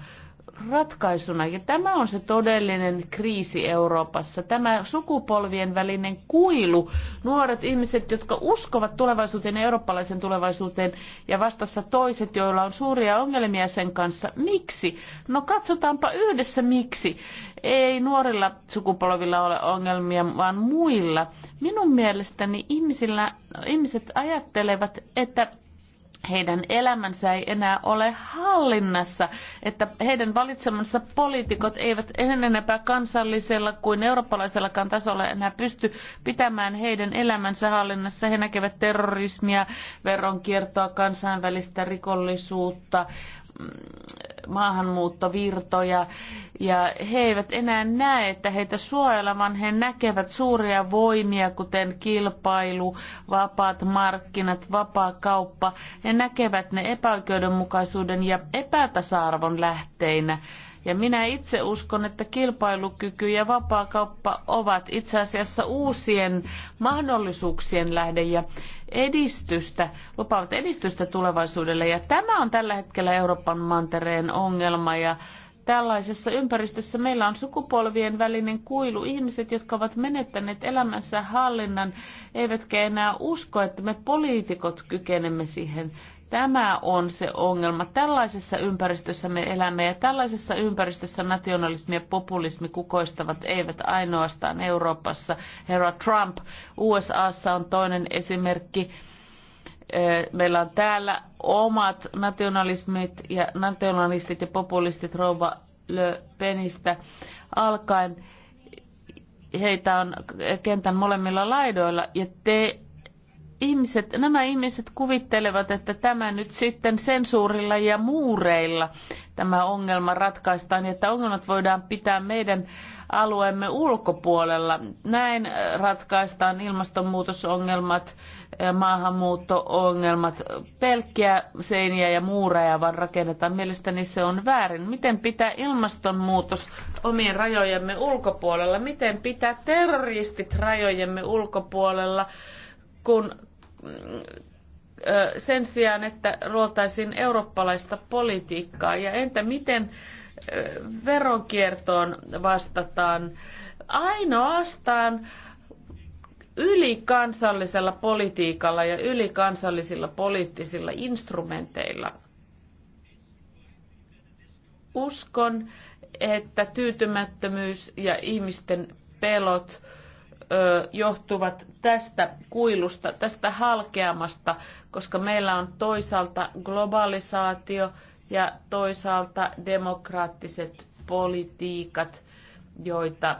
ratkaisuna. Ja tämä on se todellinen kriisi Euroopassa, tämä sukupolvien välinen kuilu. Nuoret ihmiset, jotka uskovat tulevaisuuteen ja eurooppalaisen tulevaisuuteen, ja vastassa toiset, joilla on suuria ongelmia sen kanssa. Miksi? No katsotaanpa yhdessä miksi. Ei nuorilla sukupolvilla ole ongelmia, vaan muilla. Minun mielestäni ihmisillä, ihmiset ajattelevat, että heidän elämänsä ei enää ole hallinnassa, että heidän valitsemansa poliitikot eivät enempää kansallisella kuin eurooppalaisellakaan tasolla enää pysty pitämään heidän elämänsä hallinnassa. He näkevät terrorismia, veronkiertoa, kansainvälistä rikollisuutta, mm, maahanmuuttovirtoja ja he eivät enää näe, että heitä suojellaan, vaan he näkevät suuria voimia, kuten kilpailu, vapaat markkinat, vapaa kauppa. He näkevät ne epäoikeudenmukaisuuden ja epätasa-arvon lähteinä ja minä itse uskon, että kilpailukyky ja vapaakauppa ovat itse asiassa uusien mahdollisuuksien lähde ja edistystä, lupaavat edistystä tulevaisuudelle. Ja tämä on tällä hetkellä Euroopan mantereen ongelma ja tällaisessa ympäristössä meillä on sukupolvien välinen kuilu. Ihmiset, jotka ovat menettäneet elämänsä hallinnan, eivätkä enää usko, että me poliitikot kykenemme siihen. Tämä on se ongelma. Tällaisessa ympäristössä me elämme ja tällaisessa ympäristössä nationalismi ja populismi kukoistavat eivät ainoastaan Euroopassa. Herra Trump, USAssa on toinen esimerkki. Meillä on täällä omat nationalismit ja nationalistit ja populistit rouva Le Penistä alkaen. Heitä on kentän molemmilla laidoilla ja te ihmiset, nämä ihmiset kuvittelevat, että tämä nyt sitten sensuurilla ja muureilla tämä ongelma ratkaistaan, että ongelmat voidaan pitää meidän alueemme ulkopuolella. Näin äh, ratkaistaan ilmastonmuutosongelmat, äh, maahanmuutto-ongelmat, pelkkiä seiniä ja muureja vaan rakennetaan. Mielestäni se on väärin. Miten pitää ilmastonmuutos omien rajojemme ulkopuolella? Miten pitää terroristit rajojemme ulkopuolella? kun sen sijaan, että luotaisiin eurooppalaista politiikkaa. Ja entä miten veronkiertoon vastataan? Ainoastaan ylikansallisella politiikalla ja ylikansallisilla poliittisilla instrumenteilla. Uskon, että tyytymättömyys ja ihmisten pelot johtuvat tästä kuilusta, tästä halkeamasta, koska meillä on toisaalta globalisaatio ja toisaalta demokraattiset politiikat, joita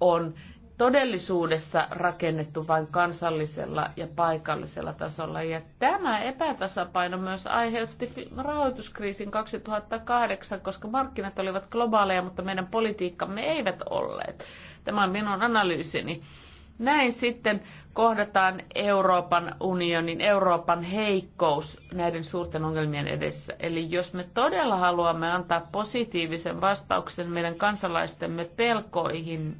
on todellisuudessa rakennettu vain kansallisella ja paikallisella tasolla. Ja tämä epätasapaino myös aiheutti rahoituskriisin 2008, koska markkinat olivat globaaleja, mutta meidän politiikkamme eivät olleet. Tämä on minun analyysini. Näin sitten kohdataan Euroopan unionin, Euroopan heikkous näiden suurten ongelmien edessä. Eli jos me todella haluamme antaa positiivisen vastauksen meidän kansalaistemme pelkoihin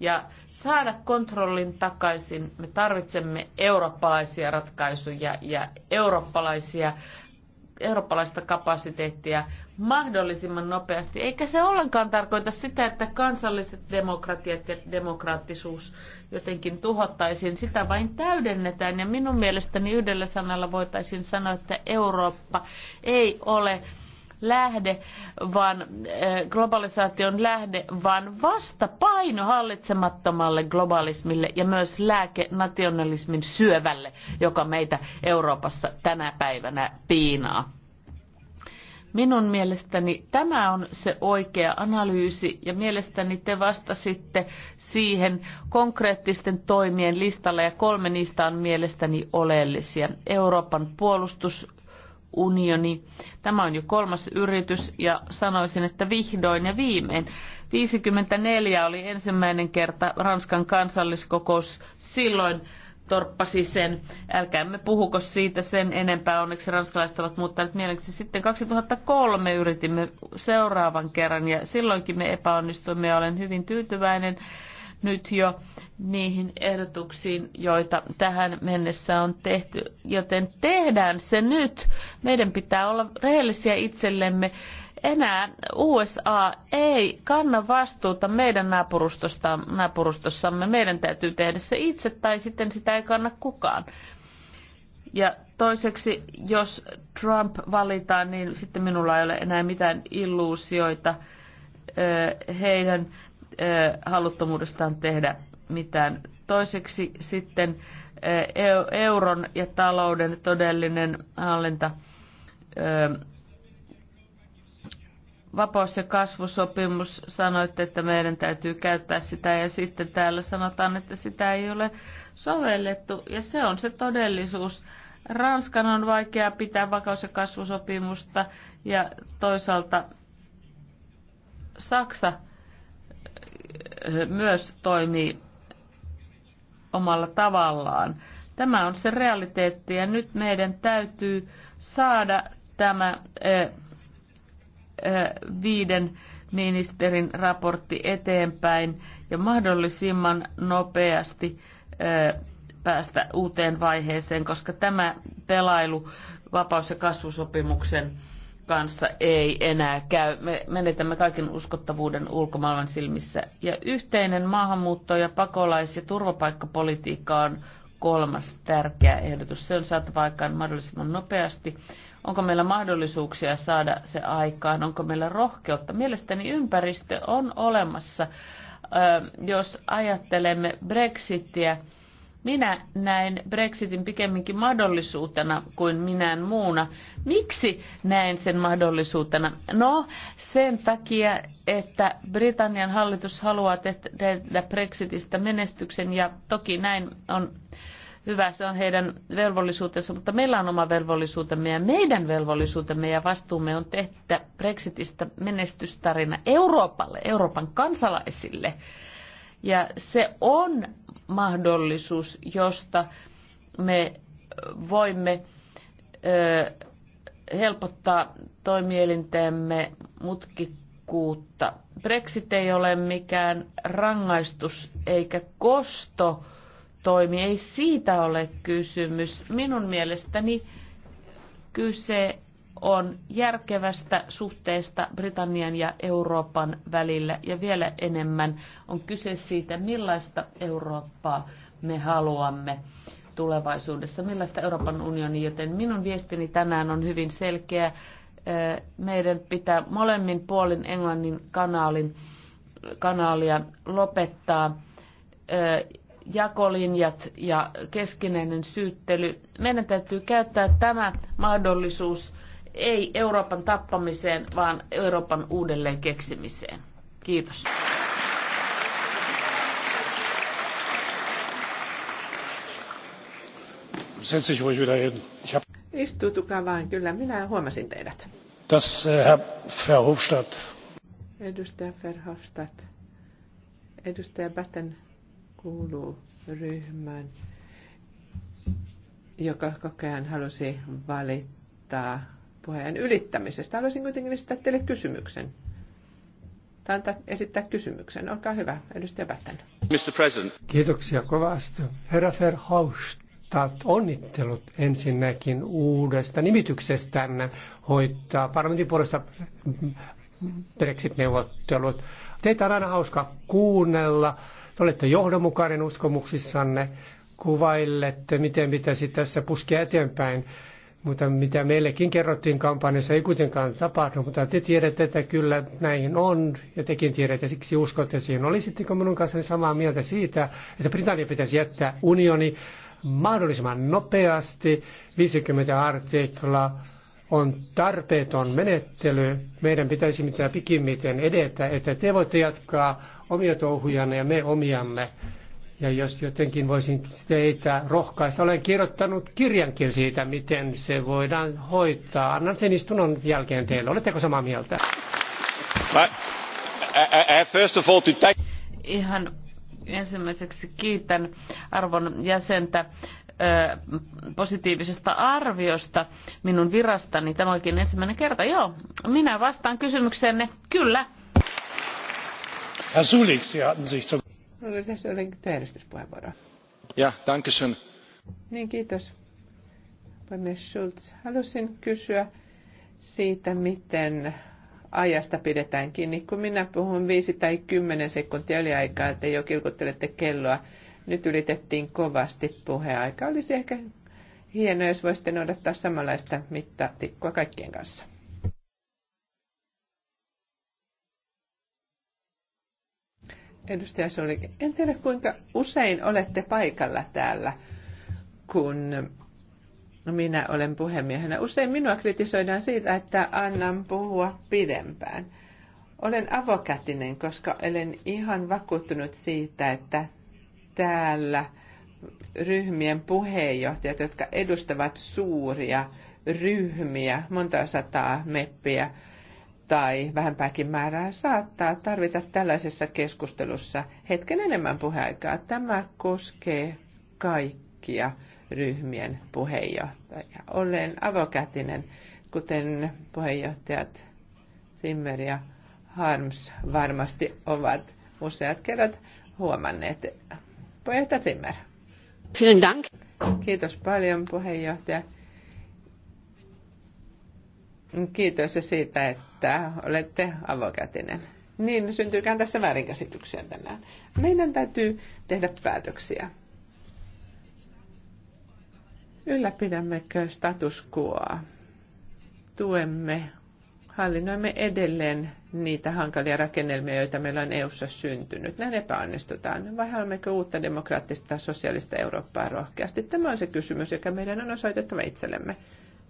ja saada kontrollin takaisin, me tarvitsemme eurooppalaisia ratkaisuja ja eurooppalaisia eurooppalaista kapasiteettia mahdollisimman nopeasti. Eikä se ollenkaan tarkoita sitä, että kansalliset demokratiat ja demokraattisuus jotenkin tuhottaisiin. Sitä vain täydennetään ja minun mielestäni yhdellä sanalla voitaisiin sanoa, että Eurooppa ei ole lähde, vaan eh, globalisaation lähde, vaan vastapaino hallitsemattomalle globalismille ja myös lääkenationalismin syövälle, joka meitä Euroopassa tänä päivänä piinaa. Minun mielestäni tämä on se oikea analyysi ja mielestäni te vastasitte siihen konkreettisten toimien listalla ja kolme niistä on mielestäni oleellisia. Euroopan puolustus unioni. Tämä on jo kolmas yritys ja sanoisin, että vihdoin ja viimein. 54 oli ensimmäinen kerta Ranskan kansalliskokous. Silloin torppasi sen. Älkäämme puhuko siitä sen enempää. Onneksi ranskalaiset ovat muuttaneet mieleksi. Sitten 2003 yritimme seuraavan kerran ja silloinkin me epäonnistuimme ja olen hyvin tyytyväinen nyt jo niihin ehdotuksiin, joita tähän mennessä on tehty. Joten tehdään se nyt. Meidän pitää olla rehellisiä itsellemme. Enää USA ei kanna vastuuta meidän naapurustossamme. Meidän täytyy tehdä se itse tai sitten sitä ei kanna kukaan. Ja toiseksi, jos Trump valitaan, niin sitten minulla ei ole enää mitään illuusioita heidän haluttomuudestaan tehdä mitään. Toiseksi sitten euron ja talouden todellinen hallinta. Vapaus- ja kasvusopimus, sanoitte, että meidän täytyy käyttää sitä ja sitten täällä sanotaan, että sitä ei ole sovellettu ja se on se todellisuus. Ranskan on vaikea pitää vakaus- ja kasvusopimusta ja toisaalta Saksa myös toimi omalla tavallaan. Tämä on se realiteetti ja nyt meidän täytyy saada tämä eh, eh, viiden ministerin raportti eteenpäin ja mahdollisimman nopeasti eh, päästä uuteen vaiheeseen, koska tämä pelailu vapaus- ja kasvusopimuksen kanssa ei enää käy. Me menetämme kaiken uskottavuuden ulkomaailman silmissä. Ja yhteinen maahanmuutto- ja pakolais- ja turvapaikkapolitiikka on kolmas tärkeä ehdotus. Se on saatava aikaan mahdollisimman nopeasti. Onko meillä mahdollisuuksia saada se aikaan? Onko meillä rohkeutta? Mielestäni ympäristö on olemassa. Jos ajattelemme Brexitiä, minä näen Brexitin pikemminkin mahdollisuutena kuin minään muuna. Miksi näen sen mahdollisuutena? No, sen takia, että Britannian hallitus haluaa tehdä Brexitistä menestyksen ja toki näin on hyvä, se on heidän velvollisuutensa, mutta meillä on oma velvollisuutemme ja meidän velvollisuutemme ja vastuumme on tehdä Brexitistä menestystarina Euroopalle, Euroopan kansalaisille. Ja se on mahdollisuus, josta me voimme helpottaa toimielintemme mutkikkuutta. Brexit ei ole mikään rangaistus eikä kosto toimi, ei siitä ole kysymys. Minun mielestäni kyse on järkevästä suhteesta Britannian ja Euroopan välillä ja vielä enemmän on kyse siitä, millaista Eurooppaa me haluamme tulevaisuudessa, millaista Euroopan unioni, joten minun viestini tänään on hyvin selkeä. Meidän pitää molemmin puolin Englannin kanaalin, kanaalia lopettaa jakolinjat ja keskinäinen syyttely. Meidän täytyy käyttää tämä mahdollisuus ei Euroopan tappamiseen, vaan Euroopan uudelleen keksimiseen. Kiitos. Istutukaa vain kyllä minä huomasin teidät. Das, äh, Herr Verhofstadt. Edustaja Verhofstadt. Edustaja Batten kuuluu ryhmään, joka koko ajan halusi valittaa puheen ylittämisestä. Haluaisin kuitenkin esittää teille kysymyksen. tämä esittää kysymyksen. Olkaa hyvä, edustaja Pätten. Mr. President. Kiitoksia kovasti. Herra Verhaustat, onnittelut ensinnäkin uudesta nimityksestänne hoitaa parlamentin puolesta Brexit-neuvottelut. Teitä on aina hauska kuunnella. Te olette johdonmukainen uskomuksissanne. Kuvailette, miten pitäisi tässä puskea eteenpäin mutta mitä meillekin kerrottiin kampanjassa, ei kuitenkaan tapahdu, mutta te tiedätte, että kyllä näin on, ja tekin tiedätte, siksi uskotte siihen. Olisitteko minun kanssani samaa mieltä siitä, että Britannia pitäisi jättää unioni mahdollisimman nopeasti, 50 artikla on tarpeeton menettely, meidän pitäisi mitä pikimmiten edetä, että te voitte jatkaa omia touhujanne ja me omiamme. Ja jos jotenkin voisin teitä rohkaista, olen kirjoittanut kirjankin siitä, miten se voidaan hoitaa. Annan sen istunnon jälkeen teille. Oletteko samaa mieltä? Ihan ensimmäiseksi kiitän arvon jäsentä positiivisesta arviosta minun virastani. Tämä onkin ensimmäinen kerta. Joo, minä vastaan kysymykseenne. Kyllä. Herr Sulik, Sie hatten sich zu... Tässä oli työjärjestyspuheenvuoro. Ja, dankeschön. Niin, kiitos. Puhemies Schulz, halusin kysyä siitä, miten ajasta pidetään kiinni. Kun minä puhun viisi tai kymmenen sekuntia aikaa, että jo kilkuttelette kelloa, nyt ylitettiin kovasti puheaika. Olisi ehkä hienoa, jos voisitte noudattaa samanlaista mittatikkoa kaikkien kanssa. edustaja Sulik. En tiedä kuinka usein olette paikalla täällä, kun minä olen puhemiehenä. Usein minua kritisoidaan siitä, että annan puhua pidempään. Olen avokätinen, koska olen ihan vakuuttunut siitä, että täällä ryhmien puheenjohtajat, jotka edustavat suuria ryhmiä, monta sataa meppiä, tai vähempääkin määrää saattaa tarvita tällaisessa keskustelussa hetken enemmän puheaikaa. Tämä koskee kaikkia ryhmien puheenjohtajia. Olen avokätinen, kuten puheenjohtajat Simmer ja Harms varmasti ovat useat kerrat huomanneet. Puheenjohtaja Simmer. Kiitos paljon puheenjohtaja. Kiitos siitä, että olette avokätinen. Niin, syntyykään tässä väärinkäsityksiä tänään. Meidän täytyy tehdä päätöksiä. Ylläpidämmekö status quoa? Tuemme, hallinnoimme edelleen niitä hankalia rakennelmia, joita meillä on EU-ssa syntynyt. Näin epäonnistutaan. Vai haluammeko uutta demokraattista sosiaalista Eurooppaa rohkeasti? Tämä on se kysymys, joka meidän on osoitettava itsellemme.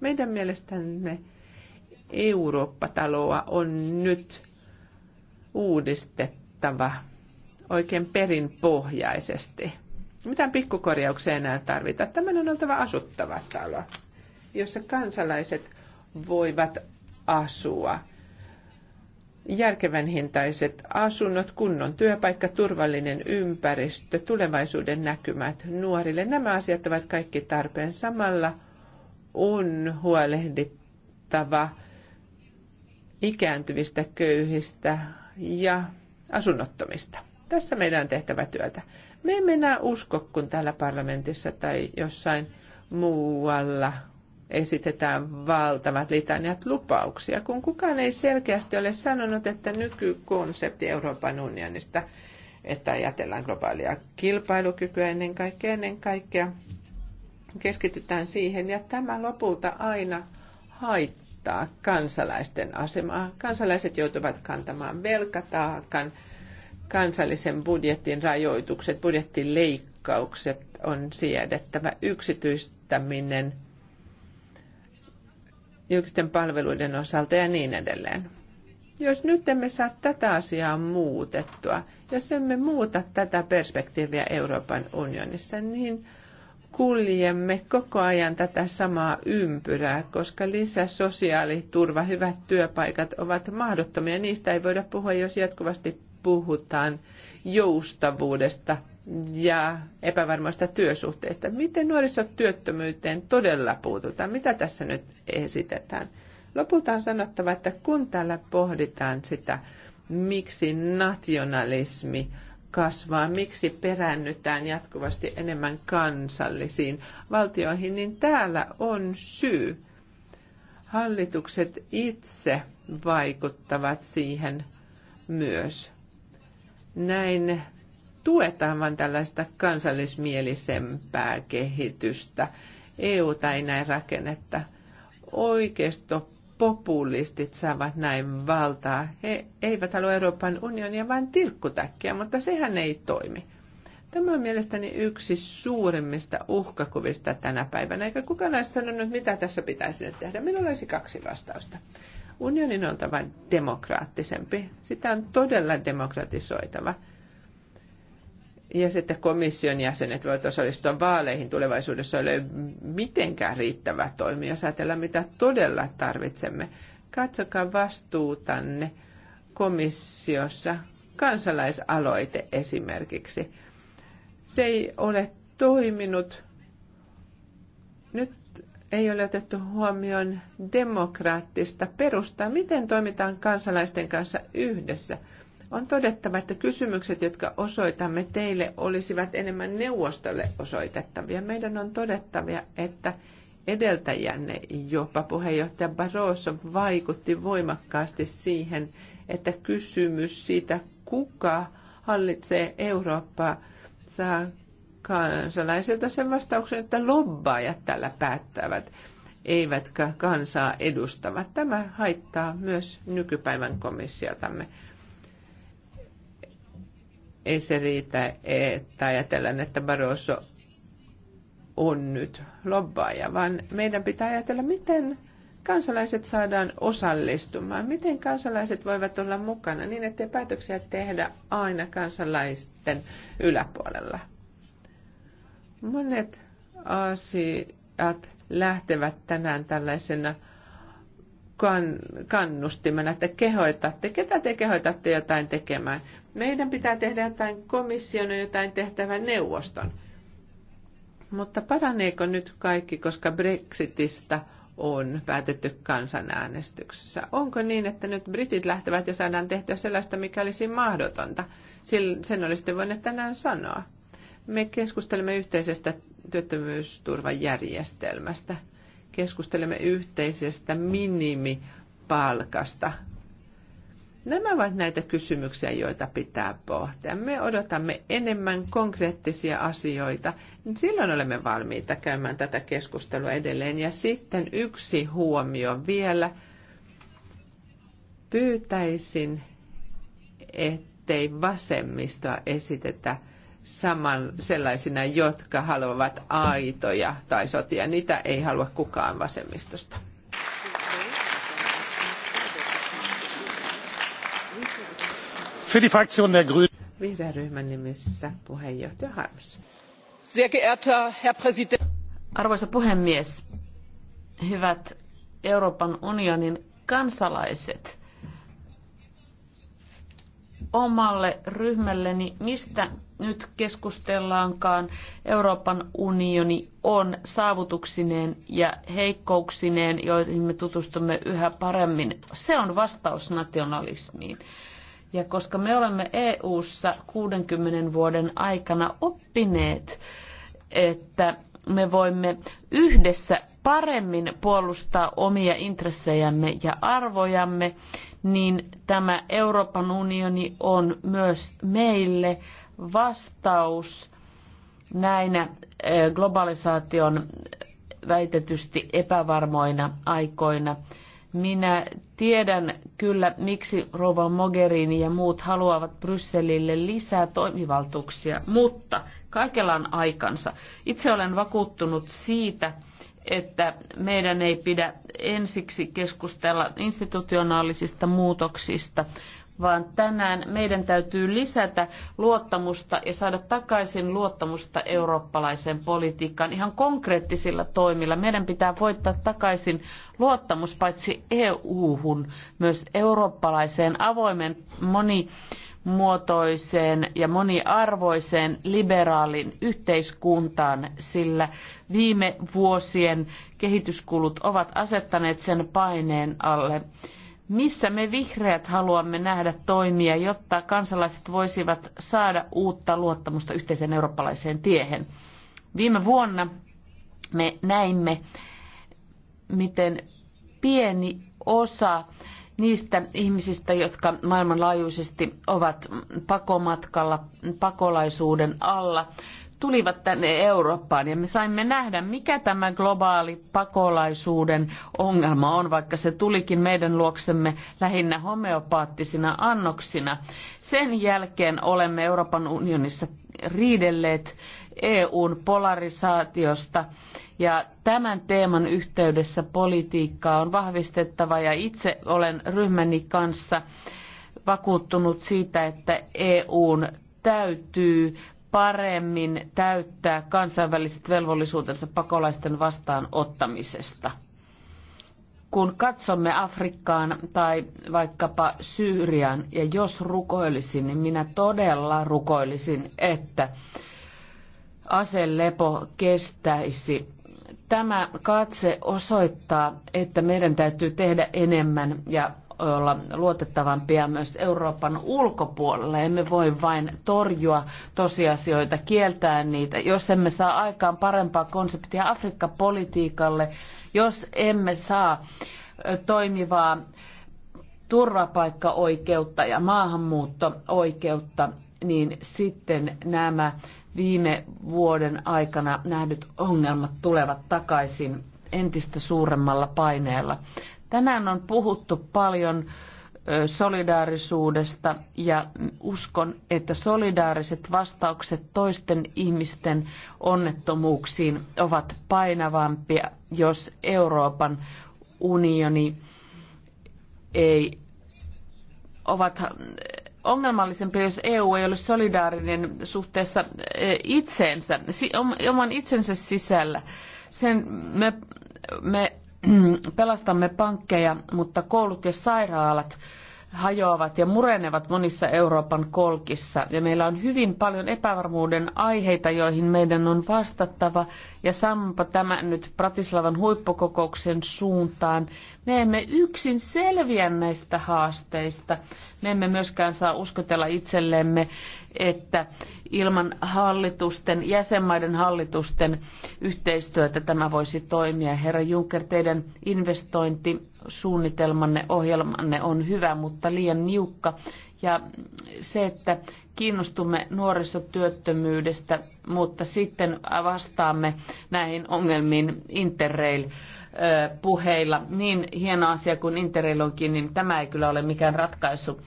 Meidän mielestämme Eurooppa-taloa on nyt uudistettava oikein perinpohjaisesti. Mitään pikkukorjauksia enää tarvita. Tämän on oltava asuttava talo, jossa kansalaiset voivat asua. Järkevän hintaiset asunnot, kunnon työpaikka, turvallinen ympäristö, tulevaisuuden näkymät nuorille. Nämä asiat ovat kaikki tarpeen. Samalla on huolehdittava ikääntyvistä köyhistä ja asunnottomista. Tässä meidän on tehtävä työtä. Me emme enää usko, kun täällä parlamentissa tai jossain muualla esitetään valtavat litaniat lupauksia, kun kukaan ei selkeästi ole sanonut, että nykykonsepti Euroopan unionista, että ajatellaan globaalia kilpailukykyä ennen kaikkea, ennen kaikkea keskitytään siihen, ja tämä lopulta aina haittaa parantaa kansalaisten asemaa. Kansalaiset joutuvat kantamaan velkataakan, kansallisen budjetin rajoitukset, leikkaukset on siedettävä, yksityistäminen julkisten palveluiden osalta ja niin edelleen. Jos nyt emme saa tätä asiaa muutettua, jos emme muuta tätä perspektiiviä Euroopan unionissa, niin kuljemme koko ajan tätä samaa ympyrää, koska lisä sosiaaliturva, hyvät työpaikat ovat mahdottomia. Niistä ei voida puhua, jos jatkuvasti puhutaan joustavuudesta ja epävarmoista työsuhteista. Miten nuorisotyöttömyyteen todella puututaan? Mitä tässä nyt esitetään? Lopulta on sanottava, että kun täällä pohditaan sitä, miksi nationalismi kasvaa, miksi perännytään jatkuvasti enemmän kansallisiin valtioihin, niin täällä on syy. Hallitukset itse vaikuttavat siihen myös. Näin tuetaan vain tällaista kansallismielisempää kehitystä. EU ei näin rakennetta. Oikeisto populistit saavat näin valtaa. He eivät halua Euroopan unionia vain tilkkutäkkiä, mutta sehän ei toimi. Tämä on mielestäni yksi suurimmista uhkakuvista tänä päivänä, eikä kukaan ole sanonut, mitä tässä pitäisi nyt tehdä. Minulla olisi kaksi vastausta. Unionin on oltava demokraattisempi. Sitä on todella demokratisoitava – ja sitten komission jäsenet voivat osallistua vaaleihin tulevaisuudessa ole mitenkään riittävä toimi, jos ajatellaan mitä todella tarvitsemme. Katsokaa vastuutanne komissiossa, kansalaisaloite esimerkiksi. Se ei ole toiminut. Nyt ei ole otettu huomioon demokraattista perustaa, miten toimitaan kansalaisten kanssa yhdessä – on todettava, että kysymykset, jotka osoitamme teille, olisivat enemmän neuvostolle osoitettavia. Meidän on todettavia, että edeltäjänne, jopa puheenjohtaja Barroso, vaikutti voimakkaasti siihen, että kysymys siitä, kuka hallitsee Eurooppaa, saa kansalaisilta sen vastauksen, että lobbaajat tällä päättävät, eivätkä kansaa edustavat. Tämä haittaa myös nykypäivän komissiotamme. Ei se riitä, että ajatellaan, että Barroso on nyt lobbaaja, vaan meidän pitää ajatella, miten kansalaiset saadaan osallistumaan, miten kansalaiset voivat olla mukana niin, ettei päätöksiä tehdä aina kansalaisten yläpuolella. Monet asiat lähtevät tänään tällaisena kannustimena, että kehoitatte, ketä te kehoitatte jotain tekemään. Meidän pitää tehdä jotain komission ja jotain tehtävän neuvoston. Mutta paraneeko nyt kaikki, koska Brexitistä on päätetty kansanäänestyksessä? Onko niin, että nyt britit lähtevät ja saadaan tehtyä sellaista, mikä olisi mahdotonta? Sen olisitte voineet tänään sanoa. Me keskustelemme yhteisestä työttömyysturvajärjestelmästä. Keskustelemme yhteisestä minimipalkasta Nämä ovat näitä kysymyksiä, joita pitää pohtia. Me odotamme enemmän konkreettisia asioita. niin Silloin olemme valmiita käymään tätä keskustelua edelleen. Ja sitten yksi huomio vielä. Pyytäisin, ettei vasemmistoa esitetä saman sellaisina, jotka haluavat aitoja tai sotia. Niitä ei halua kukaan vasemmistosta. Vihreän ryhmän nimissä puheenjohtaja Harms. Herr Arvoisa puhemies, hyvät Euroopan unionin kansalaiset, omalle ryhmälleni, mistä nyt keskustellaankaan, Euroopan unioni on saavutuksineen ja heikkouksineen, joihin me tutustumme yhä paremmin. Se on vastaus nationalismiin. Ja koska me olemme EU-ssa 60 vuoden aikana oppineet, että me voimme yhdessä paremmin puolustaa omia intressejämme ja arvojamme, niin tämä Euroopan unioni on myös meille vastaus näinä e, globalisaation väitetysti epävarmoina aikoina. Minä tiedän kyllä, miksi Rova Mogherini ja muut haluavat Brysselille lisää toimivaltuuksia, mutta kaikella on aikansa. Itse olen vakuuttunut siitä, että meidän ei pidä ensiksi keskustella institutionaalisista muutoksista, vaan tänään meidän täytyy lisätä luottamusta ja saada takaisin luottamusta eurooppalaiseen politiikkaan ihan konkreettisilla toimilla. Meidän pitää voittaa takaisin luottamus paitsi EU-hun, myös eurooppalaiseen avoimen moni muotoiseen ja moniarvoiseen liberaalin yhteiskuntaan, sillä viime vuosien kehityskulut ovat asettaneet sen paineen alle missä me vihreät haluamme nähdä toimia, jotta kansalaiset voisivat saada uutta luottamusta yhteiseen eurooppalaiseen tiehen? Viime vuonna me näimme, miten pieni osa niistä ihmisistä, jotka maailmanlaajuisesti ovat pakomatkalla pakolaisuuden alla, tulivat tänne Eurooppaan ja me saimme nähdä, mikä tämä globaali pakolaisuuden ongelma on, vaikka se tulikin meidän luoksemme lähinnä homeopaattisina annoksina. Sen jälkeen olemme Euroopan unionissa riidelleet EUn polarisaatiosta ja tämän teeman yhteydessä politiikkaa on vahvistettava ja itse olen ryhmäni kanssa vakuuttunut siitä, että EUn täytyy paremmin täyttää kansainväliset velvollisuutensa pakolaisten vastaanottamisesta. Kun katsomme Afrikkaan tai vaikkapa Syyrian, ja jos rukoilisin, niin minä todella rukoilisin, että aselepo kestäisi. Tämä katse osoittaa, että meidän täytyy tehdä enemmän ja olla luotettavampia myös Euroopan ulkopuolella. Emme voi vain torjua tosiasioita, kieltää niitä, jos emme saa aikaan parempaa konseptia Afrikka-politiikalle, jos emme saa toimivaa turvapaikkaoikeutta ja maahanmuutto-oikeutta, niin sitten nämä viime vuoden aikana nähdyt ongelmat tulevat takaisin entistä suuremmalla paineella. Tänään on puhuttu paljon solidaarisuudesta ja uskon, että solidaariset vastaukset toisten ihmisten onnettomuuksiin ovat painavampia, jos Euroopan unioni ei ovat ongelmallisempia, jos EU ei ole solidaarinen suhteessa itseensä, oman itsensä sisällä. Sen me, me Mm, pelastamme pankkeja, mutta koulut ja sairaalat hajoavat ja murenevat monissa Euroopan kolkissa. Ja meillä on hyvin paljon epävarmuuden aiheita, joihin meidän on vastattava. Ja sampa tämä nyt Pratislavan huippukokouksen suuntaan. Me emme yksin selviä näistä haasteista. Me emme myöskään saa uskotella itsellemme että ilman hallitusten, jäsenmaiden hallitusten yhteistyötä tämä voisi toimia. Herra Juncker, teidän investointisuunnitelmanne, ohjelmanne on hyvä, mutta liian niukka. Ja se, että kiinnostumme nuorisotyöttömyydestä, mutta sitten vastaamme näihin ongelmiin Interrail puheilla. Niin hieno asia kuin Interrail onkin, niin tämä ei kyllä ole mikään ratkaisu.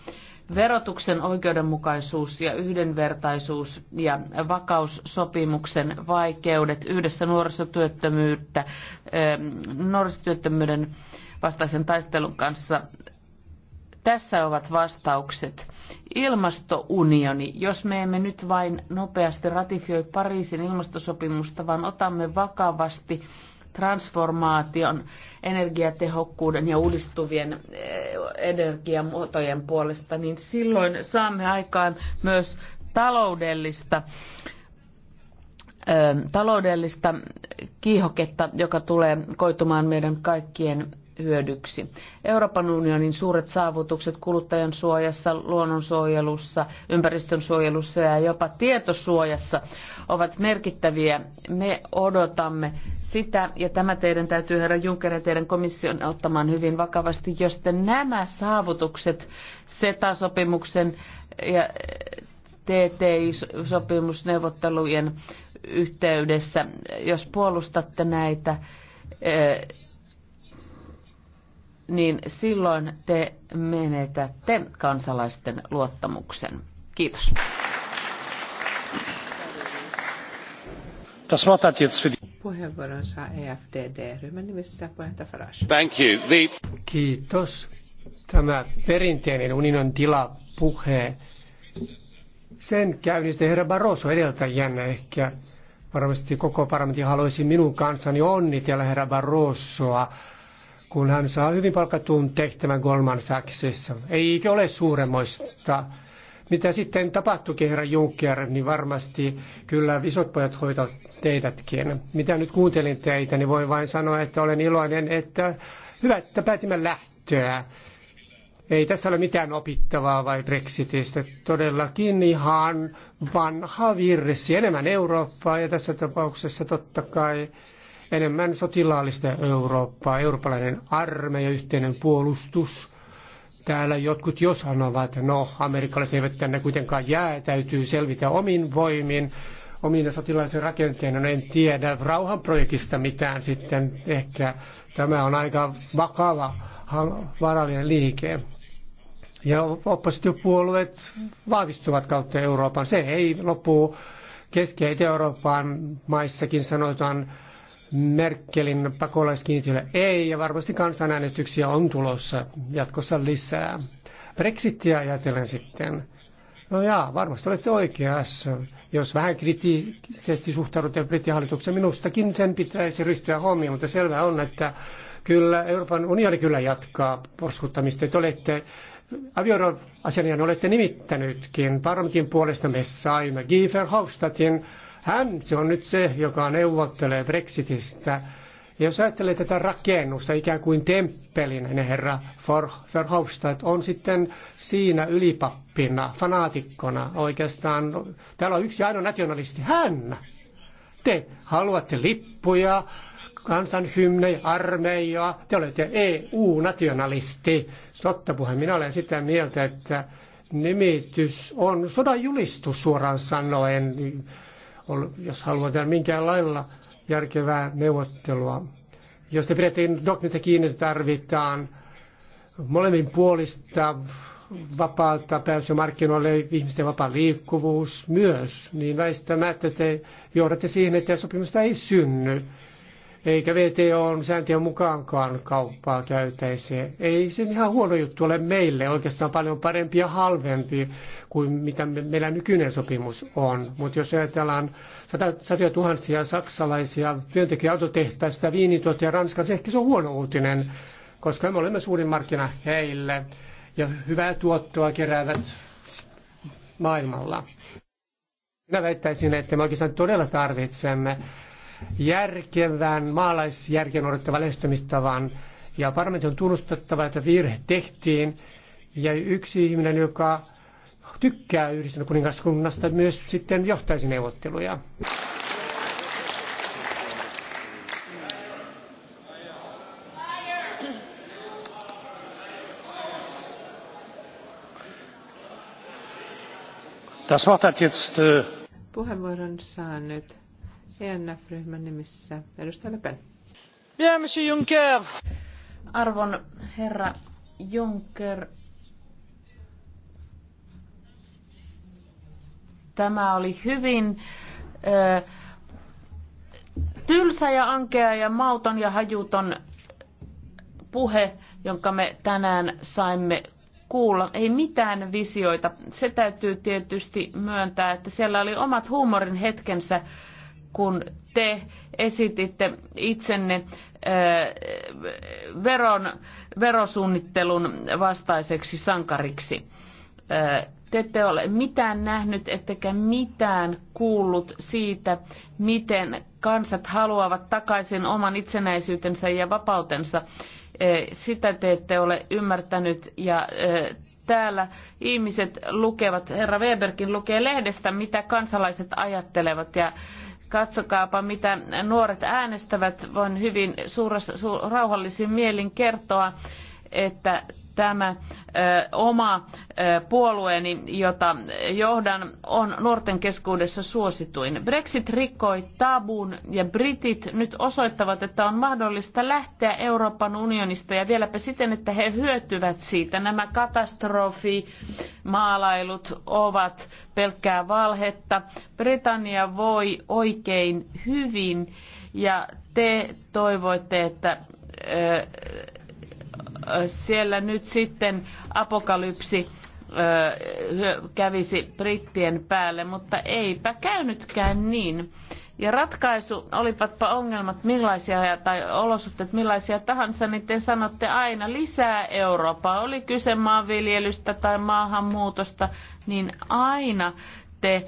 Verotuksen oikeudenmukaisuus ja yhdenvertaisuus ja vakaussopimuksen vaikeudet yhdessä nuorisotyöttömyyttä, ähm, nuorisotyöttömyyden vastaisen taistelun kanssa tässä ovat vastaukset. Ilmastounioni. Jos me emme nyt vain nopeasti ratifioi Pariisin ilmastosopimusta, vaan otamme vakavasti transformaation, energiatehokkuuden ja uudistuvien eh, energiamuotojen puolesta, niin silloin saamme aikaan myös taloudellista eh, taloudellista kiihoketta, joka tulee koitumaan meidän kaikkien hyödyksi. Euroopan unionin suuret saavutukset kuluttajan suojassa, luonnonsuojelussa, ympäristön suojelussa ja jopa tietosuojassa ovat merkittäviä. Me odotamme sitä, ja tämä teidän täytyy, herra Juncker, ja teidän komission ottamaan hyvin vakavasti, jos te nämä saavutukset SETA-sopimuksen ja TTI-sopimusneuvottelujen yhteydessä, jos puolustatte näitä, eh, niin silloin te menetätte kansalaisten luottamuksen. Kiitos. E Thank you. Kiitos. Tämä perinteinen unionin tila puhe, sen käynnisti herra Barroso edeltäjänne ehkä. Varmasti koko parlamentti haluaisi minun kanssani onnitella herra Barrosoa, kun hän saa hyvin palkatun tehtävän Goldman Sachsissa. Eikö ole suuremmoista mitä sitten tapahtuikin, herra Juncker, niin varmasti kyllä isot pojat hoitavat teidätkin. Mitä nyt kuuntelin teitä, niin voi vain sanoa, että olen iloinen, että hyvä, että päätimme lähtöä. Ei tässä ole mitään opittavaa vai Brexitistä. Todellakin ihan vanha virsi. Enemmän Eurooppaa ja tässä tapauksessa totta kai enemmän sotilaallista Eurooppaa, eurooppalainen armeija, yhteinen puolustus – Täällä jotkut jo sanovat, no amerikkalaiset eivät tänne kuitenkaan jää, täytyy selvitä omin voimin, omin sotilaisen rakenteen. No en tiedä rauhanprojektista mitään sitten ehkä. Tämä on aika vakava varallinen liike. Ja oppositiopuolueet vahvistuvat kautta Euroopan. Se ei lopu Keski- ja Itä-Euroopan maissakin sanotaan Merkelin pakolaiskiintiölle ei, ja varmasti kansanäänestyksiä on tulossa jatkossa lisää. Brexittiä ajatellen sitten. No jaa, varmasti olette oikeassa. Jos vähän kriittisesti suhtaudutte brittihallitukseen, minustakin sen pitäisi ryhtyä huomioon, mutta selvää on, että kyllä Euroopan unioni kyllä jatkaa porskuttamista. Te olette avioasianajan olette nimittänytkin. Parlamentin puolesta me saimme Giefer Hofstadtin hän se on nyt se, joka neuvottelee Brexitistä. Ja jos ajattelee tätä rakennusta ikään kuin temppelin, niin herra Verhofstadt on sitten siinä ylipappina, fanaatikkona oikeastaan. Täällä on yksi ainoa nationalisti, hän. Te haluatte lippuja, kansanhymnejä, armeijaa, te olette EU-nationalisti. Totta puhe, minä olen sitä mieltä, että nimitys on sodan julistus suoraan sanoen jos tehdä minkään lailla järkevää neuvottelua. Jos te pidätte dogmista kiinni, tarvitaan molemmin puolista vapaalta pääsyä markkinoille, ihmisten vapaa liikkuvuus myös, niin väistämättä te johdatte siihen, että sopimusta ei synny eikä VTOn sääntöjen mukaankaan kauppaa käytäisi. Ei se ihan huono juttu ole meille, oikeastaan paljon parempi ja halvempi kuin mitä meillä nykyinen sopimus on. Mutta jos ajatellaan sata, satoja tuhansia saksalaisia työntekijäautotehtaista, Ranskan, se ehkä se on huono uutinen, koska me olemme suurin markkina heille ja hyvää tuottoa keräävät maailmalla. Minä väittäisin, että me oikeastaan todella tarvitsemme järkevän, maalaisjärjen odottava lähestymistavan. Ja parlamentti on tunnustettava, että virhe tehtiin. Ja yksi ihminen, joka tykkää yhdistyneen kuningaskunnasta, myös sitten johtaisi neuvotteluja. Das Wort hat jetzt... Äh, Puheenvuoron saa nyt ENF-ryhmän nimissä edustaja Le Pen. Juncker. Arvon herra Juncker, tämä oli hyvin ö, tylsä ja ankea ja mauton ja hajuton puhe, jonka me tänään saimme kuulla. Ei mitään visioita. Se täytyy tietysti myöntää, että siellä oli omat huumorin hetkensä kun te esititte itsenne veron, verosuunnittelun vastaiseksi sankariksi. Te ette ole mitään nähnyt, ettekä mitään kuullut siitä, miten kansat haluavat takaisin oman itsenäisyytensä ja vapautensa. Sitä te ette ole ymmärtänyt ja täällä ihmiset lukevat, herra Weberkin lukee lehdestä, mitä kansalaiset ajattelevat ja Katsokaapa, mitä nuoret äänestävät. Voin hyvin suuressa, su, rauhallisin mielin kertoa, että tämä ö, oma ö, puolueeni, jota johdan, on nuorten keskuudessa suosituin. Brexit rikkoi tabun ja britit nyt osoittavat, että on mahdollista lähteä Euroopan unionista ja vieläpä siten, että he hyötyvät siitä. Nämä katastrofimaalailut ovat pelkkää valhetta. Britannia voi oikein hyvin ja te toivoitte, että siellä nyt sitten apokalypsi kävisi brittien päälle, mutta eipä käynytkään niin. Ja ratkaisu, olipatpa ongelmat millaisia tai olosuhteet millaisia tahansa, niin te sanotte aina lisää Eurooppaa. Oli kyse maanviljelystä tai maahanmuutosta, niin aina te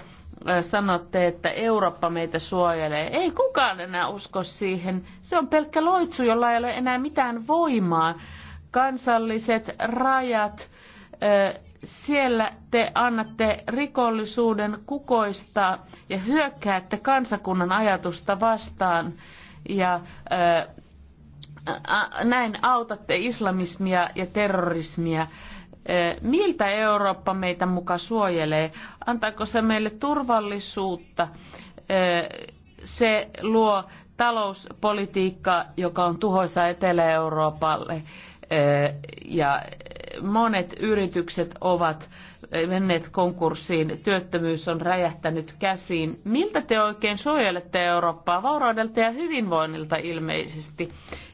sanotte, että Eurooppa meitä suojelee. Ei kukaan enää usko siihen. Se on pelkkä loitsu, jolla ei ole enää mitään voimaa kansalliset rajat, siellä te annatte rikollisuuden kukoista ja hyökkäätte kansakunnan ajatusta vastaan ja näin autatte islamismia ja terrorismia. Miltä Eurooppa meitä muka suojelee? Antaako se meille turvallisuutta? Se luo talouspolitiikkaa, joka on tuhoisa Etelä-Euroopalle ja monet yritykset ovat menneet konkurssiin, työttömyys on räjähtänyt käsiin. Miltä te oikein suojelette Eurooppaa vauraudelta ja hyvinvoinnilta ilmeisesti?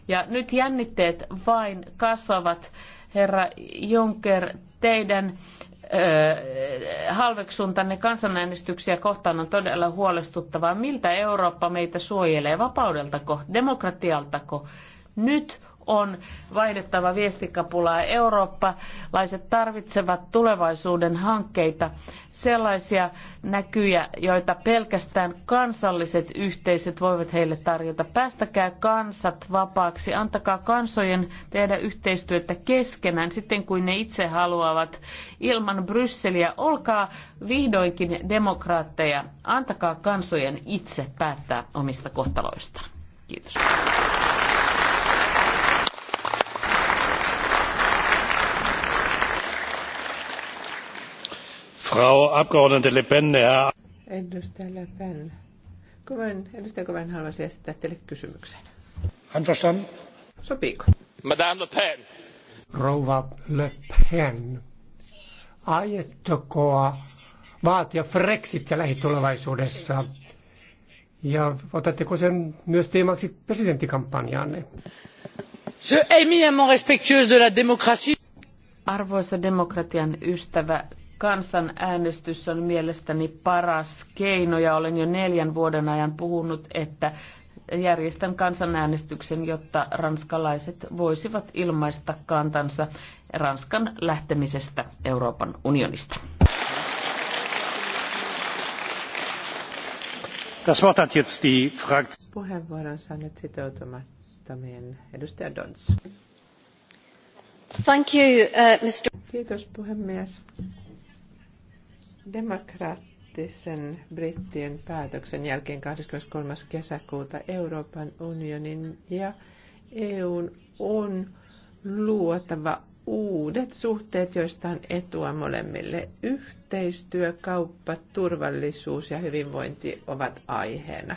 Ja nyt jännitteet vain kasvavat. Herra Juncker, teidän halveksuntanne kansanäänestyksiä kohtaan on todella huolestuttavaa. Miltä Eurooppa meitä suojelee? Vapaudeltako? Demokratialtako? Nyt on vaihdettava viestikapulaa. Eurooppalaiset tarvitsevat tulevaisuuden hankkeita, sellaisia näkyjä, joita pelkästään kansalliset yhteisöt voivat heille tarjota. Päästäkää kansat vapaaksi, antakaa kansojen tehdä yhteistyötä keskenään sitten kuin ne itse haluavat ilman Brysseliä. Olkaa vihdoinkin demokraatteja, antakaa kansojen itse päättää omista kohtaloistaan. Kiitos. Frau Abgeordnete Le Pen, Herr... Edustaja Le Pen. Kuvan, edustaja Kuvan haluaisi esittää teille kysymyksen. Hän verstanden? Sopiiko? Madame Le Pen. Rouva Le Pen, aiottakoa vaatia Brexittiä lähitulevaisuudessa? Ja otatteko sen myös teemaksi presidenttikampanjaanne? Arvoisa demokratian ystävä, Kansanäänestys on mielestäni paras keino ja olen jo neljän vuoden ajan puhunut, että järjestän kansanäänestyksen, jotta ranskalaiset voisivat ilmaista kantansa Ranskan lähtemisestä Euroopan unionista. Das Wort hat jetzt die Puheenvuoron saa nyt sitoutumattomien edustaja Dons. Thank you, uh, Mr. Kiitos puhemies demokraattisen brittien päätöksen jälkeen 23. kesäkuuta Euroopan unionin ja EUn on luotava uudet suhteet, joista on etua molemmille. Yhteistyö, kauppa, turvallisuus ja hyvinvointi ovat aiheena.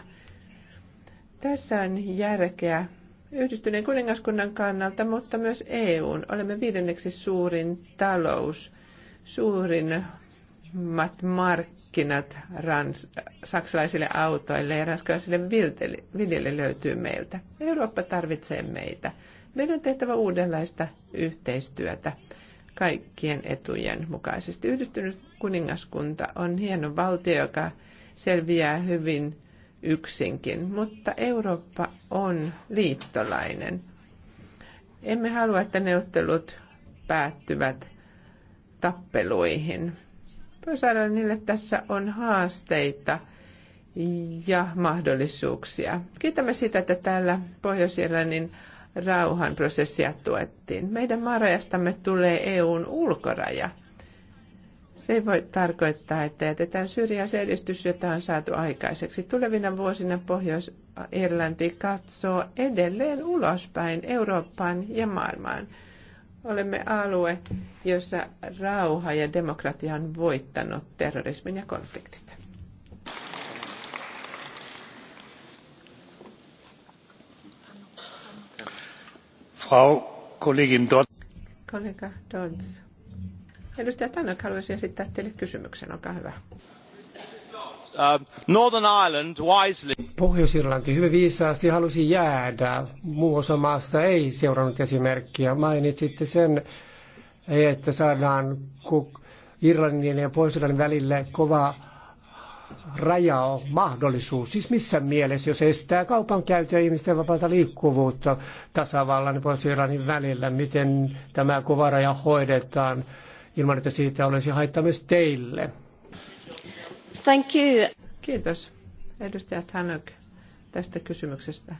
Tässä on järkeä yhdistyneen kuningaskunnan kannalta, mutta myös EUn. Olemme viidenneksi suurin talous, suurin Mat markkinat rans, saksalaisille autoille ja ranskalaisille viljelle löytyy meiltä. Eurooppa tarvitsee meitä. Meidän on tehtävä uudenlaista yhteistyötä kaikkien etujen mukaisesti. Yhdistynyt kuningaskunta on hieno valtio, joka selviää hyvin yksinkin, mutta Eurooppa on liittolainen. Emme halua, että neuvottelut päättyvät tappeluihin. Pyysarjanille tässä on haasteita ja mahdollisuuksia. Kiitämme sitä, että täällä Pohjois-Irlannin prosessia tuettiin. Meidän maarajastamme tulee EUn ulkoraja. Se ei voi tarkoittaa, että jätetään syrjään se edistys, jota on saatu aikaiseksi. Tulevina vuosina Pohjois-Irlanti katsoo edelleen ulospäin Eurooppaan ja maailmaan. Olemme alue, jossa rauha ja demokratia on voittanut terrorismin ja konfliktit. Frau Kollegin Dort. Kollega Dons. Edustaja Tanak, haluaisi esittää teille kysymyksen, olkaa hyvä. Uh, Northern Ireland wisely. Pohjois-Irlanti hyvin viisaasti halusi jäädä. Muu osa maasta ei seurannut esimerkkiä. Mainitsitte sen, että saadaan Irlannin ja Pohjois-Irlannin välille kova raja on mahdollisuus. Siis missä mielessä, jos estää kaupan ja ihmisten vapaata liikkuvuutta tasavallan ja Pohjois-Irlannin välillä, miten tämä kova raja hoidetaan ilman, että siitä olisi haittaa myös teille? Thank you. Kiitos, edustaja Tanuk, tästä kysymyksestä.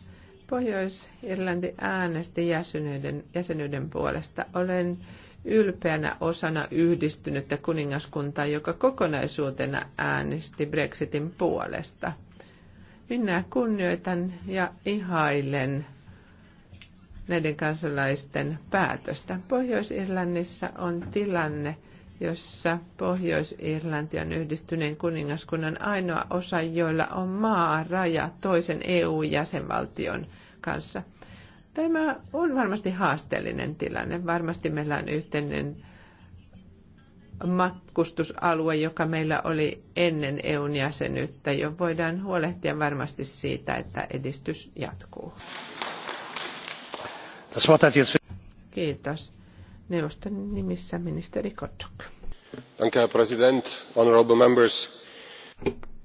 Pohjois-Irlanti äänesti jäsenyyden, jäsenyyden puolesta. Olen ylpeänä osana yhdistynyttä kuningaskuntaa, joka kokonaisuutena äänesti Brexitin puolesta. Minä kunnioitan ja ihailen näiden kansalaisten päätöstä. Pohjois-Irlannissa on tilanne, jossa Pohjois-Irlanti on yhdistyneen kuningaskunnan ainoa osa, joilla on maaraja toisen EU-jäsenvaltion kanssa. Tämä on varmasti haasteellinen tilanne. Varmasti meillä on yhteinen matkustusalue, joka meillä oli ennen EUn jäsenyyttä, jo voidaan huolehtia varmasti siitä, että edistys jatkuu. Kiitos. Neuvoston nimissä ministeri Kotsuk.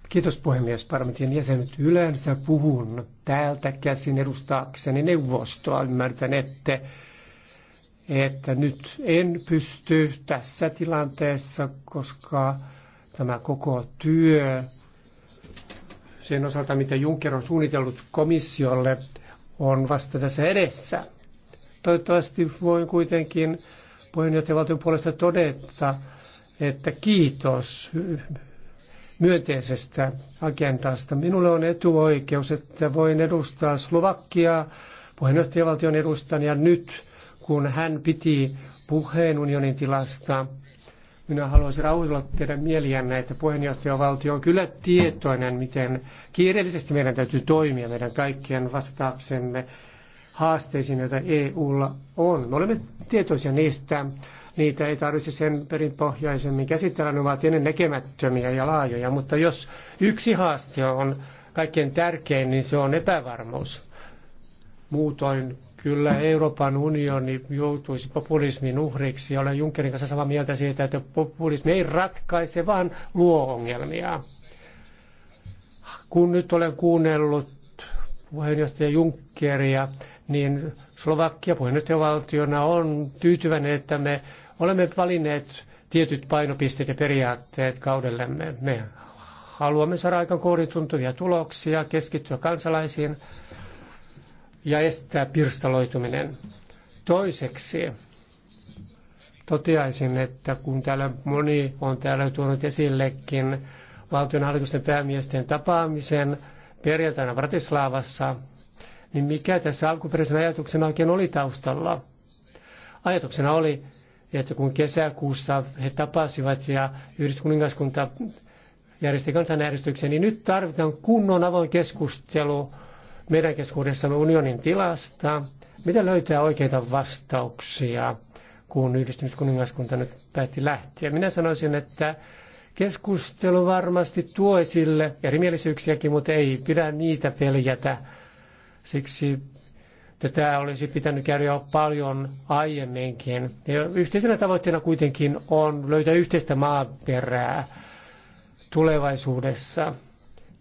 Kiitos puhemies. Parlamentin jäsenet yleensä puhun täältä käsin edustaakseni neuvostoa. Ymmärtän, että, että nyt en pysty tässä tilanteessa, koska tämä koko työ sen osalta, mitä Juncker on suunnitellut komissiolle, on vasta tässä edessä. Toivottavasti voin kuitenkin puheenjohtajavaltion puolesta todeta, että kiitos myönteisestä agendasta. Minulle on etuoikeus, että voin edustaa Slovakiaa puheenjohtajavaltion edustajana nyt, kun hän piti puheen unionin tilasta. Minä haluaisin rauhoitella teidän mieliänne, että puheenjohtajavaltio on kyllä tietoinen, miten kiireellisesti meidän täytyy toimia meidän kaikkien vastaaksemme haasteisiin, joita EUlla on. Me olemme tietoisia niistä. Niitä ei tarvitse sen perinpohjaisemmin käsitellä, ne ovat ennen näkemättömiä ja laajoja, mutta jos yksi haaste on kaikkein tärkein, niin se on epävarmuus. Muutoin kyllä Euroopan unioni joutuisi populismin uhriksi olen Junckerin kanssa samaa mieltä siitä, että populismi ei ratkaise, vaan luo ongelmia. Kun nyt olen kuunnellut puheenjohtaja Junckeria, niin Slovakia puheenjohtajavaltiona on tyytyväinen, että me olemme valinneet tietyt painopisteet ja periaatteet kaudellemme. Me haluamme saada aikaan koodituntuvia tuloksia, keskittyä kansalaisiin ja estää pirstaloituminen. Toiseksi toteaisin, että kun täällä moni on täällä tuonut esillekin valtionhallitusten päämiesten tapaamisen perjantaina Bratislavassa, niin mikä tässä alkuperäisen ajatuksena oikein oli taustalla? Ajatuksena oli, että kun kesäkuussa he tapasivat ja yhdistyskuningaskunta järjesti kansanäänestyksen, niin nyt tarvitaan kunnon avoin keskustelu meidän keskuudessamme unionin tilasta. Mitä löytää oikeita vastauksia, kun yhdistyskuningaskunta nyt päätti lähteä? Minä sanoisin, että keskustelu varmasti tuo esille erimielisyyksiäkin, mutta ei pidä niitä peljätä Siksi tätä olisi pitänyt käydä paljon aiemminkin. Ja yhteisenä tavoitteena kuitenkin on löytää yhteistä maaperää tulevaisuudessa.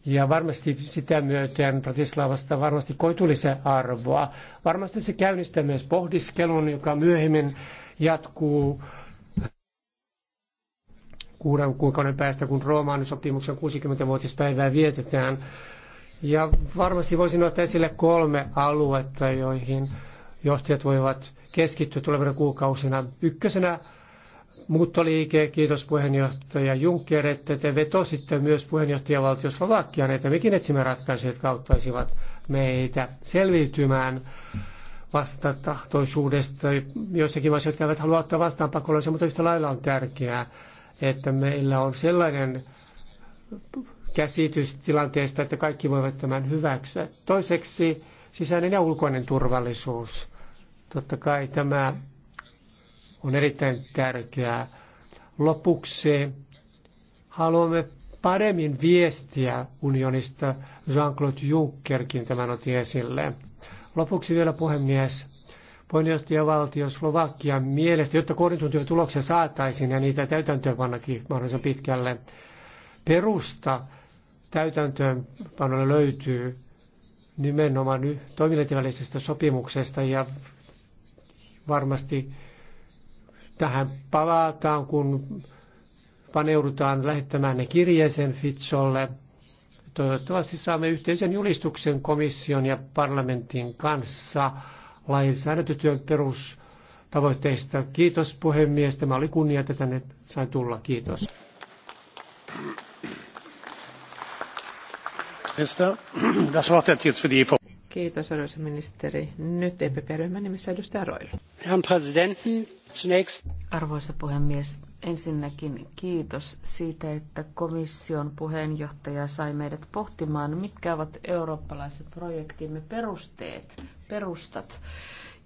Ja varmasti sitä myöten Bratislavasta varmasti se arvoa. Varmasti se käynnistää myös pohdiskelun, joka myöhemmin jatkuu kuuden kuukauden päästä, kun Rooman sopimuksen 60-vuotispäivää vietetään. Ja varmasti voisin ottaa esille kolme aluetta, joihin johtajat voivat keskittyä tulevina kuukausina. Ykkösenä muuttoliike, kiitos puheenjohtaja Juncker, että te vetositte myös puheenjohtajavaltio Slovakian, että mekin etsimme ratkaisuja, jotka auttaisivat meitä selviytymään vastatahtoisuudesta. Joissakin maissa, jotka eivät halua ottaa vastaan pakolaisia, mutta yhtä lailla on tärkeää, että meillä on sellainen käsitys tilanteesta, että kaikki voivat tämän hyväksyä. Toiseksi sisäinen ja ulkoinen turvallisuus. Totta kai tämä on erittäin tärkeää. Lopuksi haluamme paremmin viestiä unionista. Jean-Claude Junckerkin tämän otti esille. Lopuksi vielä puhemies. Puheenjohtajavaltio Slovakia mielestä, jotta koordinointityön tuloksia saataisiin ja niitä täytäntöönpannakin mahdollisimman pitkälle, perusta täytäntöönpanolle löytyy nimenomaan toimintatilallisesta sopimuksesta ja varmasti tähän palataan, kun paneudutaan lähettämään ne kirjeeseen Fitsolle. Toivottavasti saamme yhteisen julistuksen komission ja parlamentin kanssa lainsäädäntötyön perustavoitteista. Kiitos puhemies. Tämä oli kunnia, että tänne sain tulla. Kiitos. Kiitos, arvoisa ministeri. Nyt EPP-ryhmän nimissä edustaja Roil. Arvoisa puhemies, ensinnäkin kiitos siitä, että komission puheenjohtaja sai meidät pohtimaan, mitkä ovat eurooppalaiset projektimme perusteet, perustat.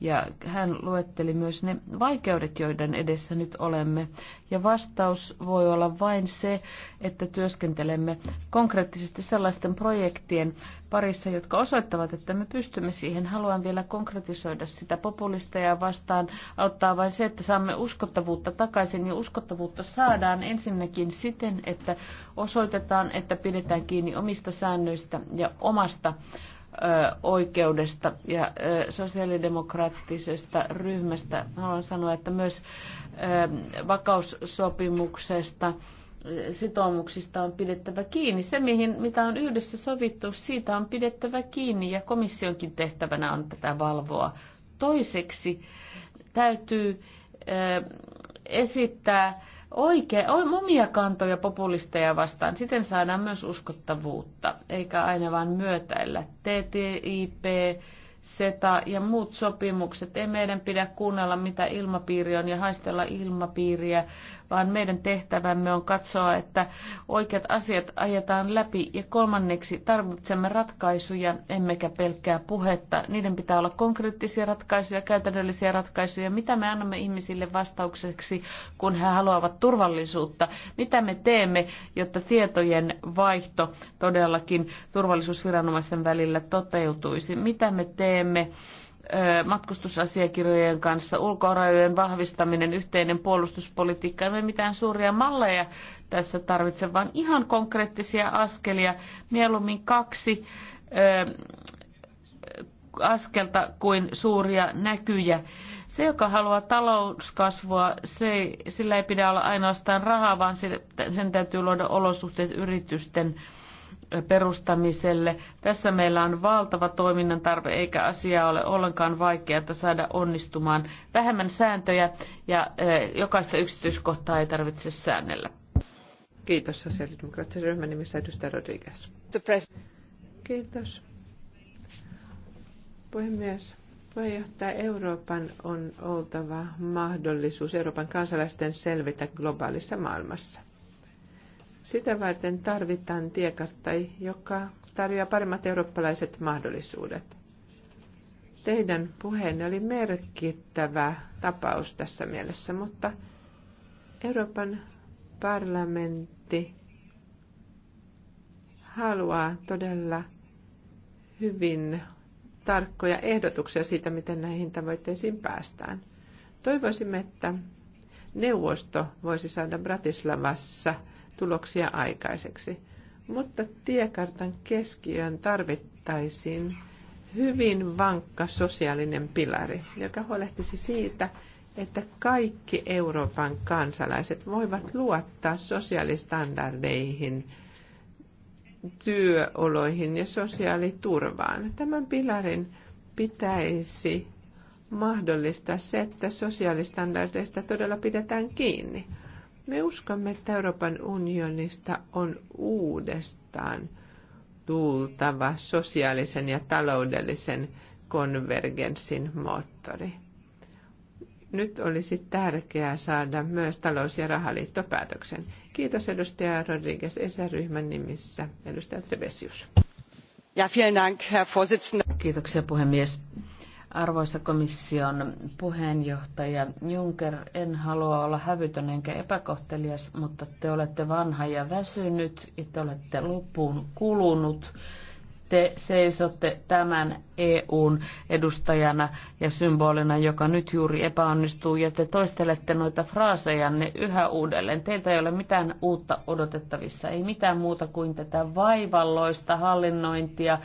Ja hän luetteli myös ne vaikeudet, joiden edessä nyt olemme. Ja vastaus voi olla vain se, että työskentelemme konkreettisesti sellaisten projektien parissa, jotka osoittavat, että me pystymme siihen. Haluan vielä konkretisoida sitä populista ja vastaan auttaa vain se, että saamme uskottavuutta takaisin. Ja uskottavuutta saadaan ensinnäkin siten, että osoitetaan, että pidetään kiinni omista säännöistä ja omasta oikeudesta ja sosiaalidemokraattisesta ryhmästä. Haluan sanoa, että myös vakaussopimuksesta sitoumuksista on pidettävä kiinni. Se, mihin, mitä on yhdessä sovittu, siitä on pidettävä kiinni ja komissionkin tehtävänä on tätä valvoa. Toiseksi täytyy esittää oikea, omia kantoja populisteja vastaan. Siten saadaan myös uskottavuutta, eikä aina vain myötäillä. TTIP, SETA ja muut sopimukset. Ei meidän pidä kuunnella, mitä ilmapiiri on ja haistella ilmapiiriä, vaan meidän tehtävämme on katsoa, että oikeat asiat ajetaan läpi. Ja kolmanneksi tarvitsemme ratkaisuja, emmekä pelkkää puhetta. Niiden pitää olla konkreettisia ratkaisuja, käytännöllisiä ratkaisuja. Mitä me annamme ihmisille vastaukseksi, kun he haluavat turvallisuutta? Mitä me teemme, jotta tietojen vaihto todellakin turvallisuusviranomaisten välillä toteutuisi? Mitä me teemme? matkustusasiakirjojen kanssa, ulkorajojen vahvistaminen, yhteinen puolustuspolitiikka. Emme mitään suuria malleja tässä tarvitse, vaan ihan konkreettisia askelia, mieluummin kaksi askelta kuin suuria näkyjä. Se, joka haluaa talouskasvua, se, sillä ei pidä olla ainoastaan rahaa, vaan sen täytyy luoda olosuhteet yritysten perustamiselle. Tässä meillä on valtava toiminnan tarve, eikä asia ole ollenkaan vaikeaa saada onnistumaan. Vähemmän sääntöjä ja eh, jokaista yksityiskohtaa ei tarvitse säännellä. Kiitos sosiaalidemokraattisen ryhmän nimissä edustaja Rodriguez. Kiitos. Puhemies, puheenjohtaja Euroopan on oltava mahdollisuus Euroopan kansalaisten selvitä globaalissa maailmassa. Sitä varten tarvitaan tiekartta, joka tarjoaa paremmat eurooppalaiset mahdollisuudet. Teidän puheenne oli merkittävä tapaus tässä mielessä, mutta Euroopan parlamentti haluaa todella hyvin tarkkoja ehdotuksia siitä, miten näihin tavoitteisiin päästään. Toivoisimme, että neuvosto voisi saada Bratislavassa – tuloksia aikaiseksi. Mutta tiekartan keskiöön tarvittaisiin hyvin vankka sosiaalinen pilari, joka huolehtisi siitä, että kaikki Euroopan kansalaiset voivat luottaa sosiaalistandardeihin, työoloihin ja sosiaaliturvaan. Tämän pilarin pitäisi mahdollistaa se, että sosiaalistandardeista todella pidetään kiinni. Me uskomme, että Euroopan unionista on uudestaan tultava sosiaalisen ja taloudellisen konvergenssin moottori. Nyt olisi tärkeää saada myös talous- ja rahaliittopäätöksen. Kiitos edustaja Rodriguez esr nimissä. Edustaja Trebesius. Ja, vielen Dank, Herr Kiitoksia puhemies. Arvoisa komission puheenjohtaja Juncker, en halua olla hävytön enkä epäkohtelias, mutta te olette vanha ja väsynyt ja te olette loppuun kulunut. Te seisotte tämän EUn edustajana ja symbolina, joka nyt juuri epäonnistuu, ja te toistelette noita fraasejanne yhä uudelleen. Teiltä ei ole mitään uutta odotettavissa, ei mitään muuta kuin tätä vaivalloista hallinnointia,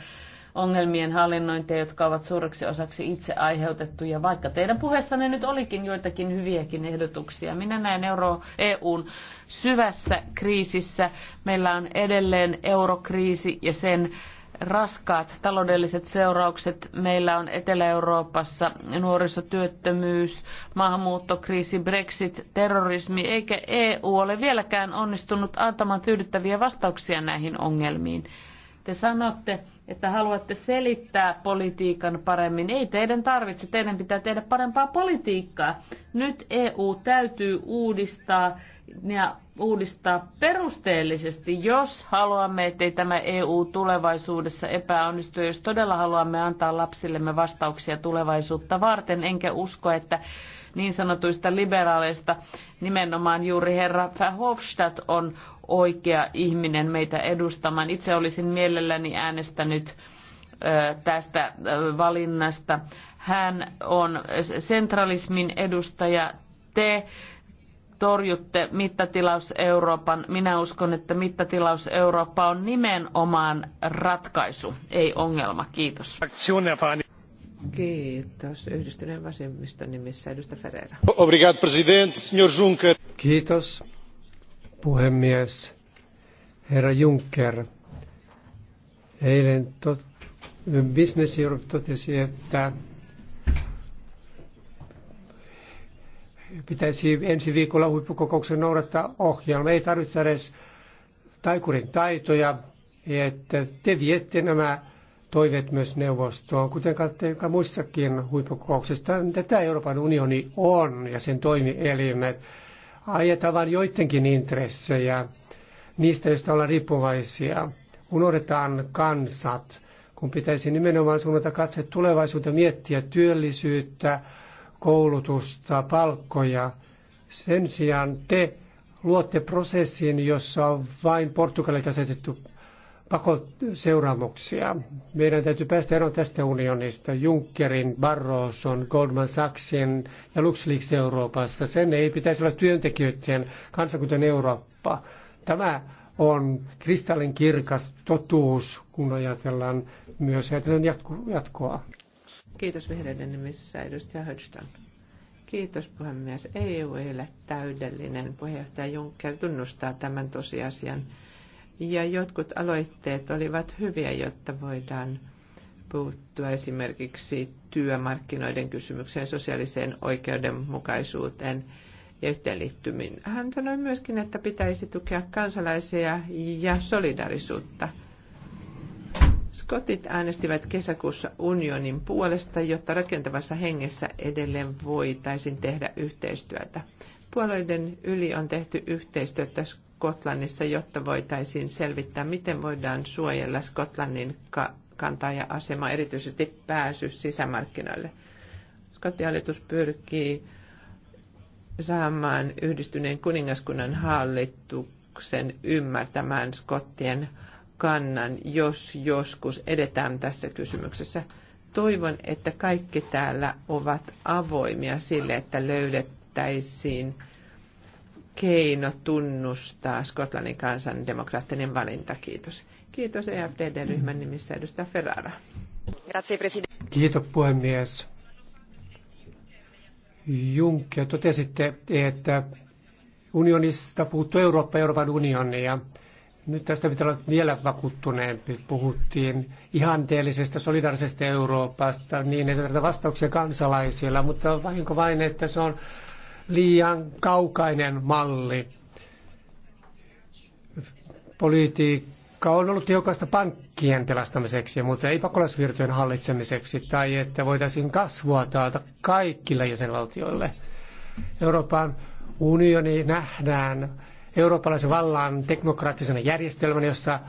ongelmien hallinnointia, jotka ovat suureksi osaksi itse aiheutettuja, vaikka teidän puheessanne nyt olikin joitakin hyviäkin ehdotuksia. Minä näen euro, EUn syvässä kriisissä. Meillä on edelleen eurokriisi ja sen raskaat taloudelliset seuraukset. Meillä on Etelä-Euroopassa nuorisotyöttömyys, maahanmuuttokriisi, Brexit, terrorismi, eikä EU ole vieläkään onnistunut antamaan tyydyttäviä vastauksia näihin ongelmiin. Te sanotte, että haluatte selittää politiikan paremmin. Ei teidän tarvitse, teidän pitää tehdä parempaa politiikkaa. Nyt EU täytyy uudistaa ja uudistaa perusteellisesti, jos haluamme, ettei tämä EU tulevaisuudessa epäonnistu, jos todella haluamme antaa lapsillemme vastauksia tulevaisuutta varten, enkä usko, että niin sanotuista liberaaleista. Nimenomaan juuri herra Verhofstadt on oikea ihminen meitä edustamaan. Itse olisin mielelläni äänestänyt tästä valinnasta. Hän on sentralismin edustaja. Te torjutte mittatilaus Euroopan. Minä uskon, että mittatilaus Eurooppa on nimenomaan ratkaisu, ei ongelma. Kiitos. Kiitos. Yhdistyneen vasemmiston nimissä edustaja Ferreira. Obrigado, Juncker. Kiitos, puhemies. Herra Juncker, eilen tot... Business Europe totesi, että pitäisi ensi viikolla huippukokouksen noudattaa ohjelma. Ei tarvitse edes taikurin taitoja, että te viette nämä toiveet myös neuvostoon, kuten kaikissa muissakin huippukokouksissa. Tätä Euroopan unioni on ja sen toimielimet ajetaan vain joidenkin intressejä, niistä joista ollaan riippuvaisia. Unohdetaan kansat, kun pitäisi nimenomaan suunnata katse tulevaisuutta, miettiä työllisyyttä, koulutusta, palkkoja. Sen sijaan te luotte prosessin, jossa on vain Portugalille asetettu pakoseuraamuksia. Meidän täytyy päästä eroon tästä unionista, Junckerin, Barroson, Goldman Sachsin ja LuxLeaks Euroopassa. Sen ei pitäisi olla työntekijöiden kansakunnan Eurooppa. Tämä on kristallin kirkas totuus, kun ajatellaan myös ajatellaan jatkoa. Kiitos vihreiden nimissä edustaja Hödstan. Kiitos puhemies. EU ei ole täydellinen. Puheenjohtaja Juncker tunnustaa tämän tosiasian ja jotkut aloitteet olivat hyviä, jotta voidaan puuttua esimerkiksi työmarkkinoiden kysymykseen, sosiaaliseen oikeudenmukaisuuteen ja yhteenliittymiin. Hän sanoi myöskin, että pitäisi tukea kansalaisia ja solidarisuutta. Skotit äänestivät kesäkuussa unionin puolesta, jotta rakentavassa hengessä edelleen voitaisiin tehdä yhteistyötä. Puolueiden yli on tehty yhteistyötä Skotlannissa, jotta voitaisiin selvittää, miten voidaan suojella Skotlannin ka- kantaa ja asema, erityisesti pääsy sisämarkkinoille. Skotialitus pyrkii saamaan yhdistyneen kuningaskunnan hallituksen ymmärtämään skottien kannan, jos joskus edetään tässä kysymyksessä. Toivon, että kaikki täällä ovat avoimia sille, että löydettäisiin keino tunnustaa Skotlannin kansan demokraattinen valinta. Kiitos. Kiitos EFDD-ryhmän nimissä edustaja Ferrara. Kiitos puhemies. Juncker, totesitte, että unionista puhuttu Eurooppa, Euroopan unioni ja nyt tästä pitää olla vielä vakuuttuneempi. Puhuttiin ihanteellisesta, solidaarisesta Euroopasta niin, että vastauksia kansalaisilla, mutta vahinko vain, että se on liian kaukainen malli. Politiikka on ollut tehokasta pankkien pelastamiseksi, mutta ei pakolaisvirtojen hallitsemiseksi tai että voitaisiin kasvua taata kaikille jäsenvaltioille. Euroopan unioni nähdään eurooppalaisen vallan teknokraattisena järjestelmänä, jossa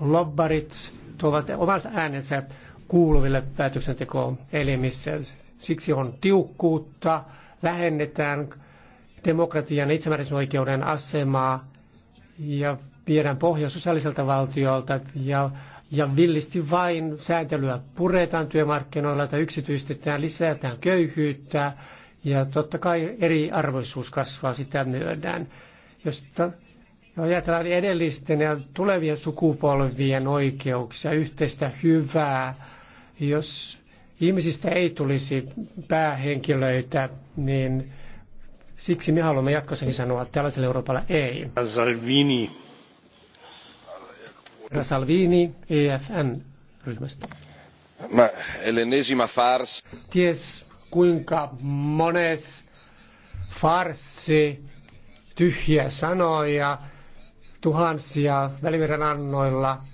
lobbarit tuovat omansa äänensä kuuluville päätöksentekoon elimissä. Siksi on tiukkuutta, vähennetään demokratian ja itsemääräämisoikeuden asemaa ja viedään pohja sosiaaliselta valtiolta ja, ja villisti vain sääntelyä puretaan työmarkkinoilla tai yksityistetään, lisätään köyhyyttä ja totta kai eriarvoisuus kasvaa sitä myödään. Jos ajatellaan edellisten ja tulevien sukupolvien oikeuksia, yhteistä hyvää, jos ihmisistä ei tulisi päähenkilöitä, niin – Siksi me haluamme jatkossakin sanoa tällaiselle Euroopalle ei. Salvini. Herra Salvini EFN-ryhmästä. Mä, ellenesima fars. Ties kuinka mones farsi, tyhjiä sanoja, tuhansia välimeren annoilla –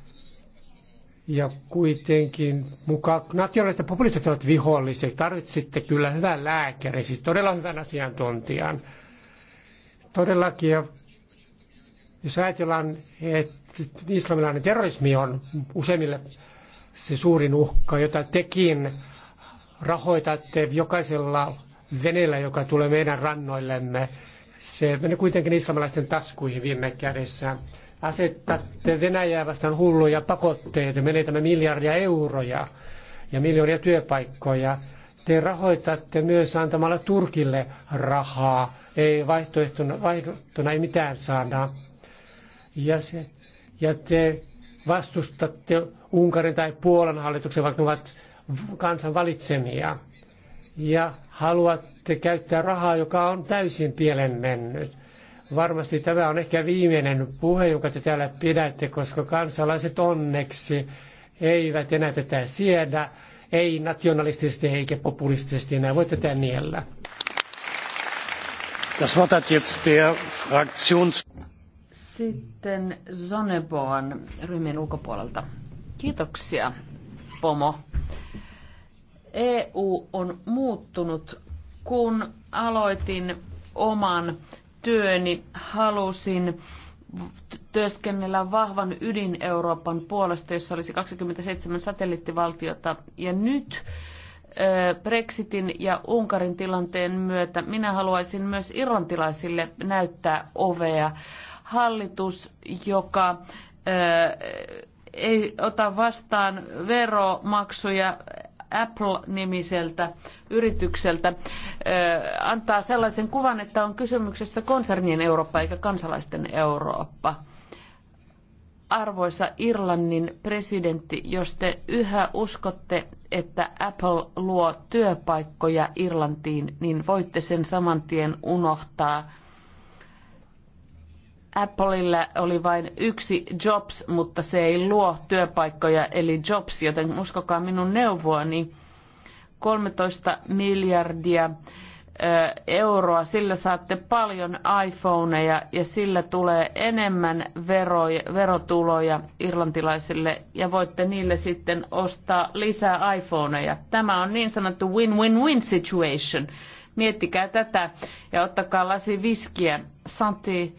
ja kuitenkin mukaan nationaaliset populistit ovat vihollisia. Tarvitsitte kyllä hyvän lääkärin, siis todella hyvän asiantuntijan. Todellakin, ja jos ajatellaan, että islamilainen terrorismi on useimmille se suurin uhka, jota tekin rahoitatte jokaisella veneellä, joka tulee meidän rannoillemme. Se menee kuitenkin islamilaisten taskuihin viime kädessä asettatte Venäjää vastaan hulluja pakotteita, menetämme miljardia euroja ja miljoonia työpaikkoja. Te rahoitatte myös antamalla Turkille rahaa, ei vaihtoehtona, vaihtoehtona ei mitään saada. Ja, se, ja te vastustatte Unkarin tai Puolan hallituksen, vaikka ne ovat kansan valitsemia. Ja haluatte käyttää rahaa, joka on täysin pielen mennyt Varmasti tämä on ehkä viimeinen puhe, jonka te täällä pidätte, koska kansalaiset onneksi eivät enää tätä siedä, ei nationalistisesti eikä populistisesti enää voi tätä niellä. Das Wort hat jetzt der Fraktions... Sitten Sonneborn ryhmien ulkopuolelta. Kiitoksia, Pomo. EU on muuttunut, kun aloitin oman työni halusin työskennellä vahvan ydin Euroopan puolesta, jossa olisi 27 satelliittivaltiota. Ja nyt Brexitin ja Unkarin tilanteen myötä minä haluaisin myös irlantilaisille näyttää ovea. Hallitus, joka ei ota vastaan veromaksuja Apple-nimiseltä yritykseltä antaa sellaisen kuvan, että on kysymyksessä konsernien Eurooppa eikä kansalaisten Eurooppa. Arvoisa Irlannin presidentti, jos te yhä uskotte, että Apple luo työpaikkoja Irlantiin, niin voitte sen saman tien unohtaa Applella oli vain yksi jobs, mutta se ei luo työpaikkoja, eli jobs, joten uskokaa minun neuvoani. 13 miljardia euroa, sillä saatte paljon iPhoneja ja sillä tulee enemmän veroja, verotuloja irlantilaisille ja voitte niille sitten ostaa lisää iPhoneja. Tämä on niin sanottu win-win-win situation. Miettikää tätä ja ottakaa lasi viskiä. Santi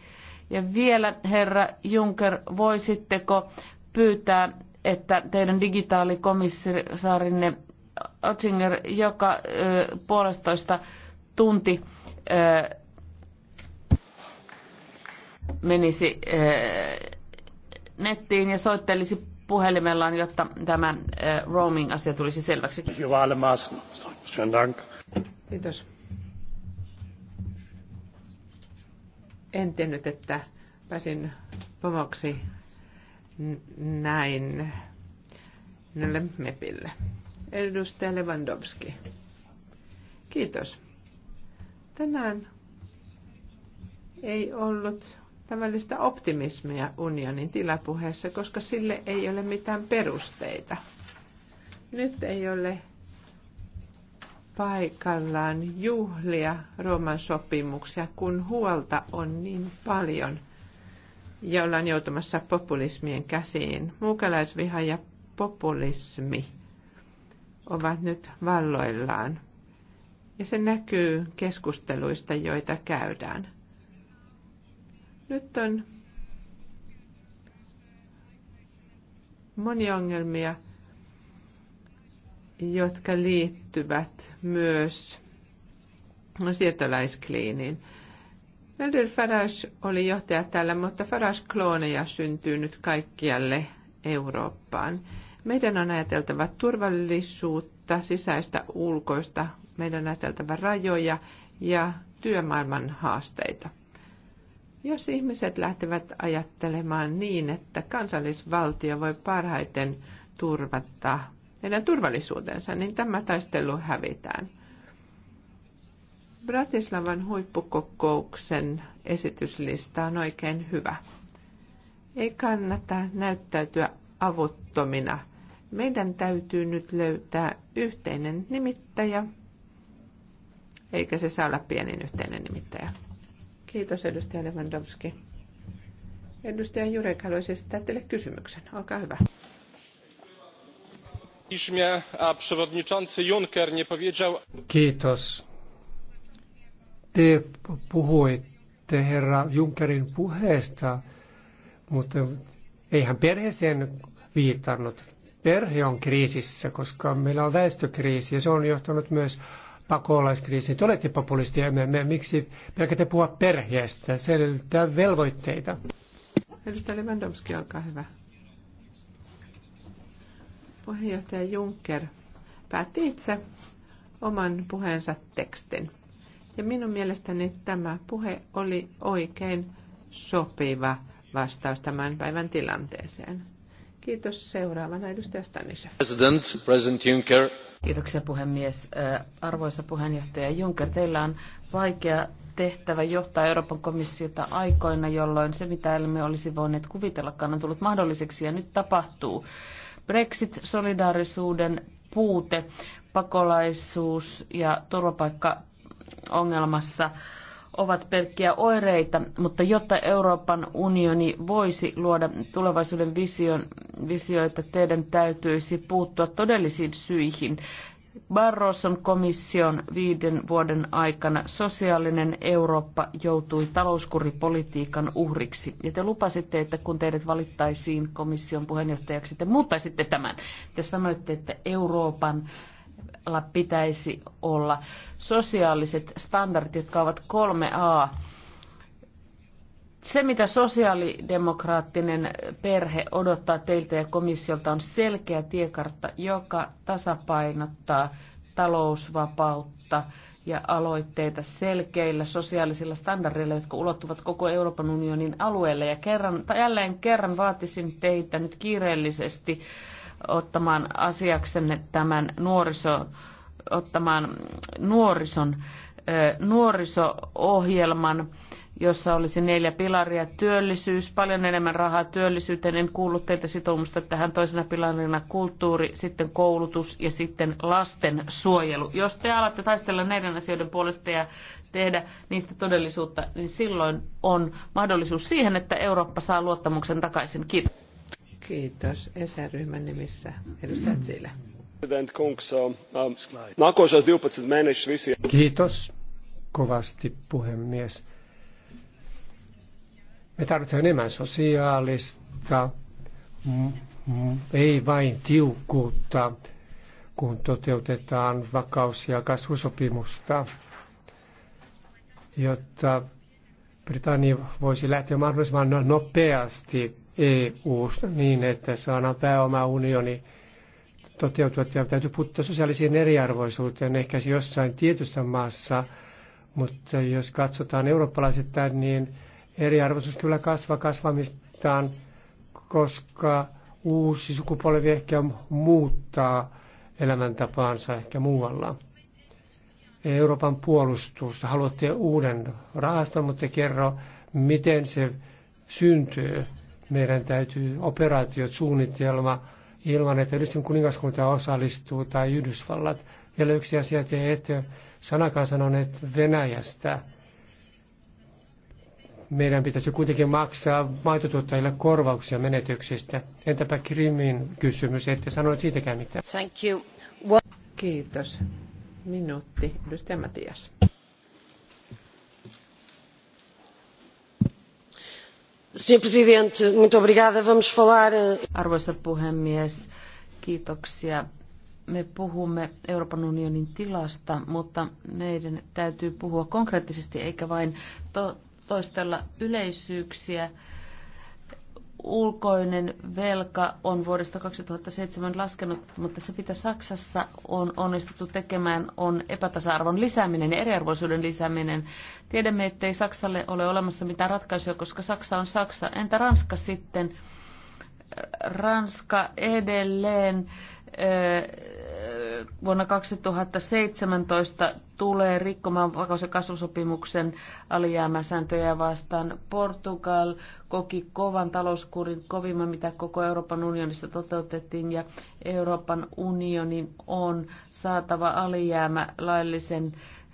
ja vielä, herra Juncker, voisitteko pyytää, että teidän digitaalikomissaarinne Ottinger joka ö, puolestoista tunti ö, menisi ö, nettiin ja soittelisi puhelimellaan, jotta tämä roaming-asia tulisi selväksi. Kiitos. en tiennyt, että pääsin pomoksi näin Nylle Mepille. Edustaja Lewandowski. Kiitos. Tänään ei ollut tämmöistä optimismia unionin tilapuheessa, koska sille ei ole mitään perusteita. Nyt ei ole paikallaan juhlia Rooman sopimuksia, kun huolta on niin paljon ja ollaan joutumassa populismien käsiin. Muukalaisviha ja populismi ovat nyt valloillaan. Ja se näkyy keskusteluista, joita käydään. Nyt on moni ongelmia jotka liittyvät myös siirtolaiskliiniin. Nigel Farage oli johtaja täällä, mutta Farage-klooneja syntyy nyt kaikkialle Eurooppaan. Meidän on ajateltava turvallisuutta, sisäistä ulkoista, meidän on ajateltava rajoja ja työmaailman haasteita. Jos ihmiset lähtevät ajattelemaan niin, että kansallisvaltio voi parhaiten turvata heidän turvallisuutensa, niin tämä taistelu hävitään. Bratislavan huippukokouksen esityslista on oikein hyvä. Ei kannata näyttäytyä avuttomina. Meidän täytyy nyt löytää yhteinen nimittäjä, eikä se saa olla pienin yhteinen nimittäjä. Kiitos edustaja Lewandowski. Edustaja Jurek haluaisi esittää teille kysymyksen. Olkaa hyvä populizmie, a przewodniczący Juncker nie powiedział... Kiitos. Te puhuitte herra Junckerin puheesta, mutta ei hän perheeseen viitannut. Perhe on kriisissä, koska meillä on väestökriisi ja se on johtanut myös pakolaiskriisiin. Te olette populisti ja me, me miksi puhua perheestä, selittää velvoitteita. Edustaja Lewandowski, olkaa hyvä. Puheenjohtaja Juncker päätti itse oman puheensa tekstin. Ja minun mielestäni tämä puhe oli oikein sopiva vastaus tämän päivän tilanteeseen. Kiitos. Seuraavana edustaja Stanishev. President, President Juncker. Kiitoksia puhemies. Äh, arvoisa puheenjohtaja Juncker, teillä on vaikea tehtävä johtaa Euroopan komissiota aikoina, jolloin se, mitä emme olisi voineet kuvitellakaan, on tullut mahdolliseksi ja nyt tapahtuu. Brexit-solidaarisuuden puute pakolaisuus ja turvapaikkaongelmassa ovat pelkkiä oireita, mutta jotta Euroopan unioni voisi luoda tulevaisuuden vision, visioita, teidän täytyisi puuttua todellisiin syihin. Barroson komission viiden vuoden aikana sosiaalinen Eurooppa joutui talouskuripolitiikan uhriksi. Ja te lupasitte, että kun teidät valittaisiin komission puheenjohtajaksi, te muuttaisitte tämän. Te sanoitte, että Euroopan pitäisi olla sosiaaliset standardit, jotka ovat 3A se, mitä sosiaalidemokraattinen perhe odottaa teiltä ja komissiolta, on selkeä tiekartta, joka tasapainottaa talousvapautta ja aloitteita selkeillä sosiaalisilla standardeilla, jotka ulottuvat koko Euroopan unionin alueelle. Ja kerran, tai jälleen kerran vaatisin teitä nyt kiireellisesti ottamaan asiaksenne tämän nuoriso, ottamaan nuorison nuoriso-ohjelman jossa olisi neljä pilaria. Työllisyys, paljon enemmän rahaa työllisyyteen. En kuullut teiltä sitoumusta tähän toisena pilarina kulttuuri, sitten koulutus ja sitten lasten suojelu. Jos te alatte taistella näiden asioiden puolesta ja tehdä niistä todellisuutta, niin silloin on mahdollisuus siihen, että Eurooppa saa luottamuksen takaisin. Kiitos. Kiitos. ESR-ryhmän nimissä edustaja Zille. Um, um, Kiitos kovasti puhemies me tarvitsemme enemmän sosiaalista, mm, mm, ei vain tiukkuutta, kun toteutetaan vakaus- ja kasvusopimusta, jotta Britannia voisi lähteä mahdollisimman nopeasti eu niin, että saadaan unioni toteutua. Ja täytyy puuttua sosiaalisiin eriarvoisuuteen ehkä jossain tietyssä maassa, mutta jos katsotaan eurooppalaiset niin Eriarvoisuus kyllä kasvaa kasvamistaan, koska uusi sukupolvi ehkä muuttaa elämäntapaansa ehkä muualla. Euroopan puolustusta. Haluatte uuden rahaston, mutta kerro, miten se syntyy. Meidän täytyy operaatiot, suunnitelma, ilman että yhdistyn kuningaskunta osallistuu tai Yhdysvallat. Vielä yksi asia, te ette sanakaan sanoneet Venäjästä meidän pitäisi kuitenkin maksaa maitotuottajille korvauksia menetyksistä. Entäpä Krimin kysymys, ette sanoneet siitäkään mitään. Thank you. What... Kiitos. Minuutti. Edustaja Matias. Eh, Arvoisa puhemies, kiitoksia. Me puhumme Euroopan unionin tilasta, mutta meidän täytyy puhua konkreettisesti eikä vain to- toistella yleisyyksiä. Ulkoinen velka on vuodesta 2007 laskenut, mutta se mitä Saksassa on onnistuttu tekemään on epätasa-arvon lisääminen ja eriarvoisuuden lisääminen. Tiedämme, ettei Saksalle ole olemassa mitään ratkaisuja, koska Saksa on Saksa. Entä Ranska sitten? Ranska edelleen vuonna 2017 tulee rikkomaan vakaus- ja kasvusopimuksen alijäämäsääntöjä vastaan. Portugal koki kovan talouskurin, kovimman mitä koko Euroopan unionissa toteutettiin, ja Euroopan unionin on saatava alijäämä laillisen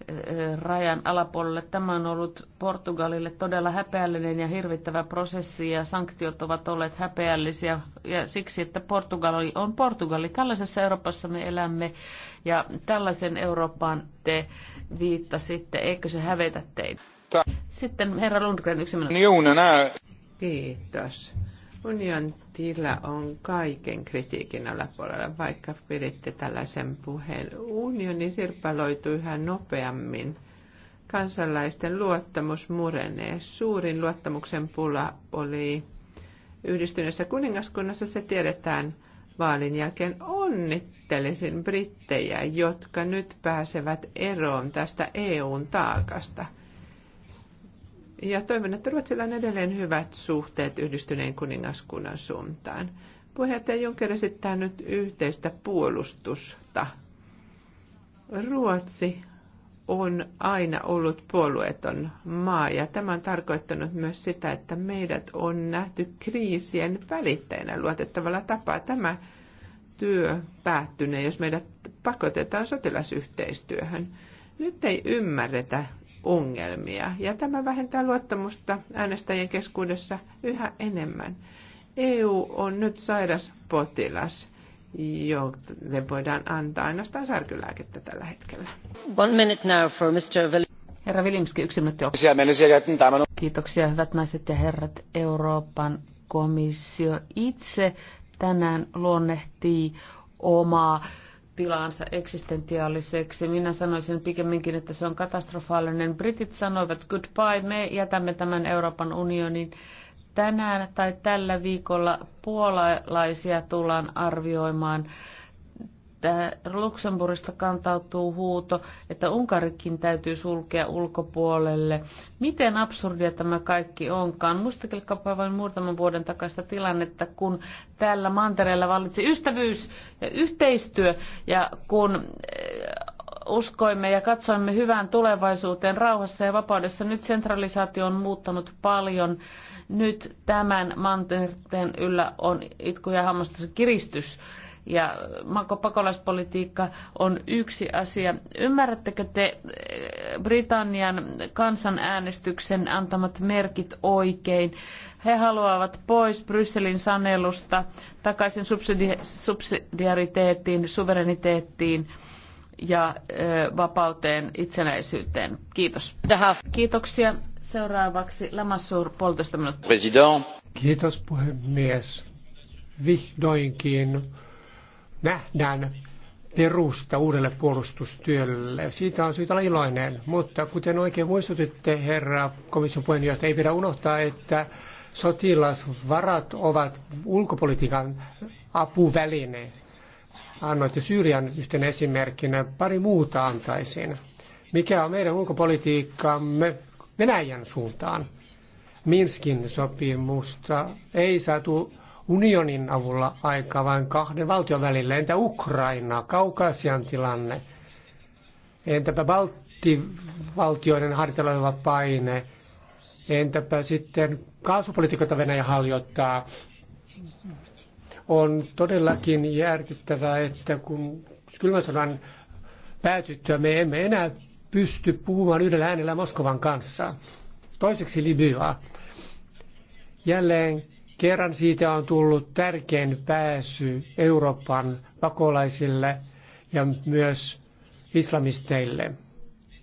eh, rajan alapuolelle. Tämä on ollut Portugalille todella häpeällinen ja hirvittävä prosessi ja sanktiot ovat olleet häpeällisiä ja siksi, että Portugali on Portugali. Tällaisessa Euroopassa me elämme ja tällaisen Eurooppaan te viittasitte, eikö se hävetä teitä? Sitten herra Lundgren, yksi minuutti. Niin, Kiitos. Union tila on kaiken kritiikin alapuolella, vaikka piditte tällaisen puheen. Unioni sirpaloituu yhä nopeammin. Kansalaisten luottamus murenee. Suurin luottamuksen pula oli yhdistyneessä kuningaskunnassa, se tiedetään vaalin jälkeen. Onnittelut onnittelisin brittejä, jotka nyt pääsevät eroon tästä EUn taakasta. Ja toivon, että Ruotsilla on edelleen hyvät suhteet yhdistyneen kuningaskunnan suuntaan. Puheenjohtaja Juncker esittää nyt yhteistä puolustusta. Ruotsi on aina ollut puolueeton maa ja tämä on tarkoittanut myös sitä, että meidät on nähty kriisien välittäjänä luotettavalla tapaa. Tämä työ päättyneen, jos meidät pakotetaan sotilasyhteistyöhön. Nyt ei ymmärretä ongelmia ja tämä vähentää luottamusta äänestäjien keskuudessa yhä enemmän. EU on nyt sairas potilas, jolle voidaan antaa ainoastaan särkylääkettä tällä hetkellä. One minute now for Mr. Vel- Herra Vilimski, yksi minuutti. Kiitoksia, hyvät naiset ja herrat. Euroopan komissio itse tänään luonnehtii omaa tilansa eksistentiaaliseksi. Minä sanoisin pikemminkin, että se on katastrofaalinen. Britit sanoivat goodbye, me jätämme tämän Euroopan unionin. Tänään tai tällä viikolla puolalaisia tullaan arvioimaan että Luxemburgista kantautuu huuto, että Unkarikin täytyy sulkea ulkopuolelle. Miten absurdia tämä kaikki onkaan? Muistakelkaapa vain muutaman vuoden takaista tilannetta, kun täällä mantereella vallitsi ystävyys ja yhteistyö, ja kun eh, uskoimme ja katsoimme hyvään tulevaisuuteen rauhassa ja vapaudessa. Nyt centralisaatio on muuttanut paljon. Nyt tämän Mantereen yllä on itku ja hammastus kiristys ja pakolaispolitiikka on yksi asia. Ymmärrättekö te eh, Britannian kansanäänestyksen antamat merkit oikein? He haluavat pois Brysselin sanelusta takaisin subsidi- subsidiariteettiin, suvereniteettiin ja eh, vapauteen, itsenäisyyteen. Kiitos. Kiitoksia. Seuraavaksi Lamassur, puolitoista minuuttia. President. Kiitos puhemies. Vihdoinkin nähdään perusta uudelle puolustustyölle. Siitä on syytä olla iloinen, mutta kuten oikein muistutitte, herra komission puheenjohtaja, ei pidä unohtaa, että sotilasvarat ovat ulkopolitiikan apuväline. Annoitte Syyrian yhtenä esimerkkinä, pari muuta antaisin. Mikä on meidän ulkopolitiikkamme Venäjän suuntaan? Minskin sopimusta ei saatu unionin avulla aikaa vain kahden valtion välillä. Entä Ukraina, Kaukasian tilanne? Entäpä valtioiden harjoitteleva paine? Entäpä sitten kaasupolitiikata Venäjä harjoittaa? On todellakin järkyttävää, että kun kylmän sodan päätyttyä me emme enää pysty puhumaan yhdellä äänellä Moskovan kanssa. Toiseksi Libyaa. Jälleen Kerran siitä on tullut tärkein pääsy Euroopan pakolaisille ja myös islamisteille,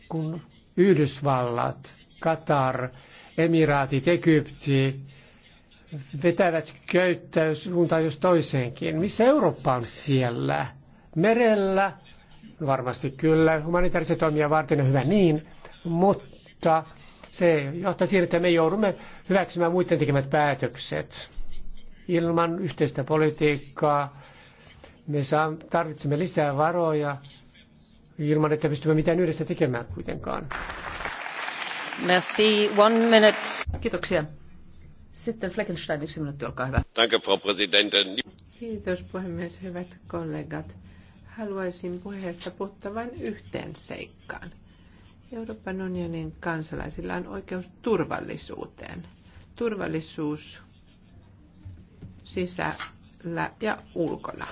kun Yhdysvallat, Katar, Emiraatit, Egypti vetävät köyttä suuntaan jos toiseenkin. Missä Eurooppa on siellä? Merellä? Varmasti kyllä, humanitaarisia toimia varten on hyvä niin, mutta se johtaa siihen, että me joudumme hyväksymään muiden tekemät päätökset. Ilman yhteistä politiikkaa me saa, tarvitsemme lisää varoja ilman, että pystymme mitään yhdessä tekemään kuitenkaan. Merci. One minute. Kiitoksia. Sitten Fleckenstein, yksi minuutti, olkaa hyvä. Danke, Frau Präsidentin. Kiitos puhemies, hyvät kollegat. Haluaisin puheesta puuttua vain yhteen seikkaan. Euroopan unionin kansalaisilla on oikeus turvallisuuteen. Turvallisuus sisällä ja ulkona.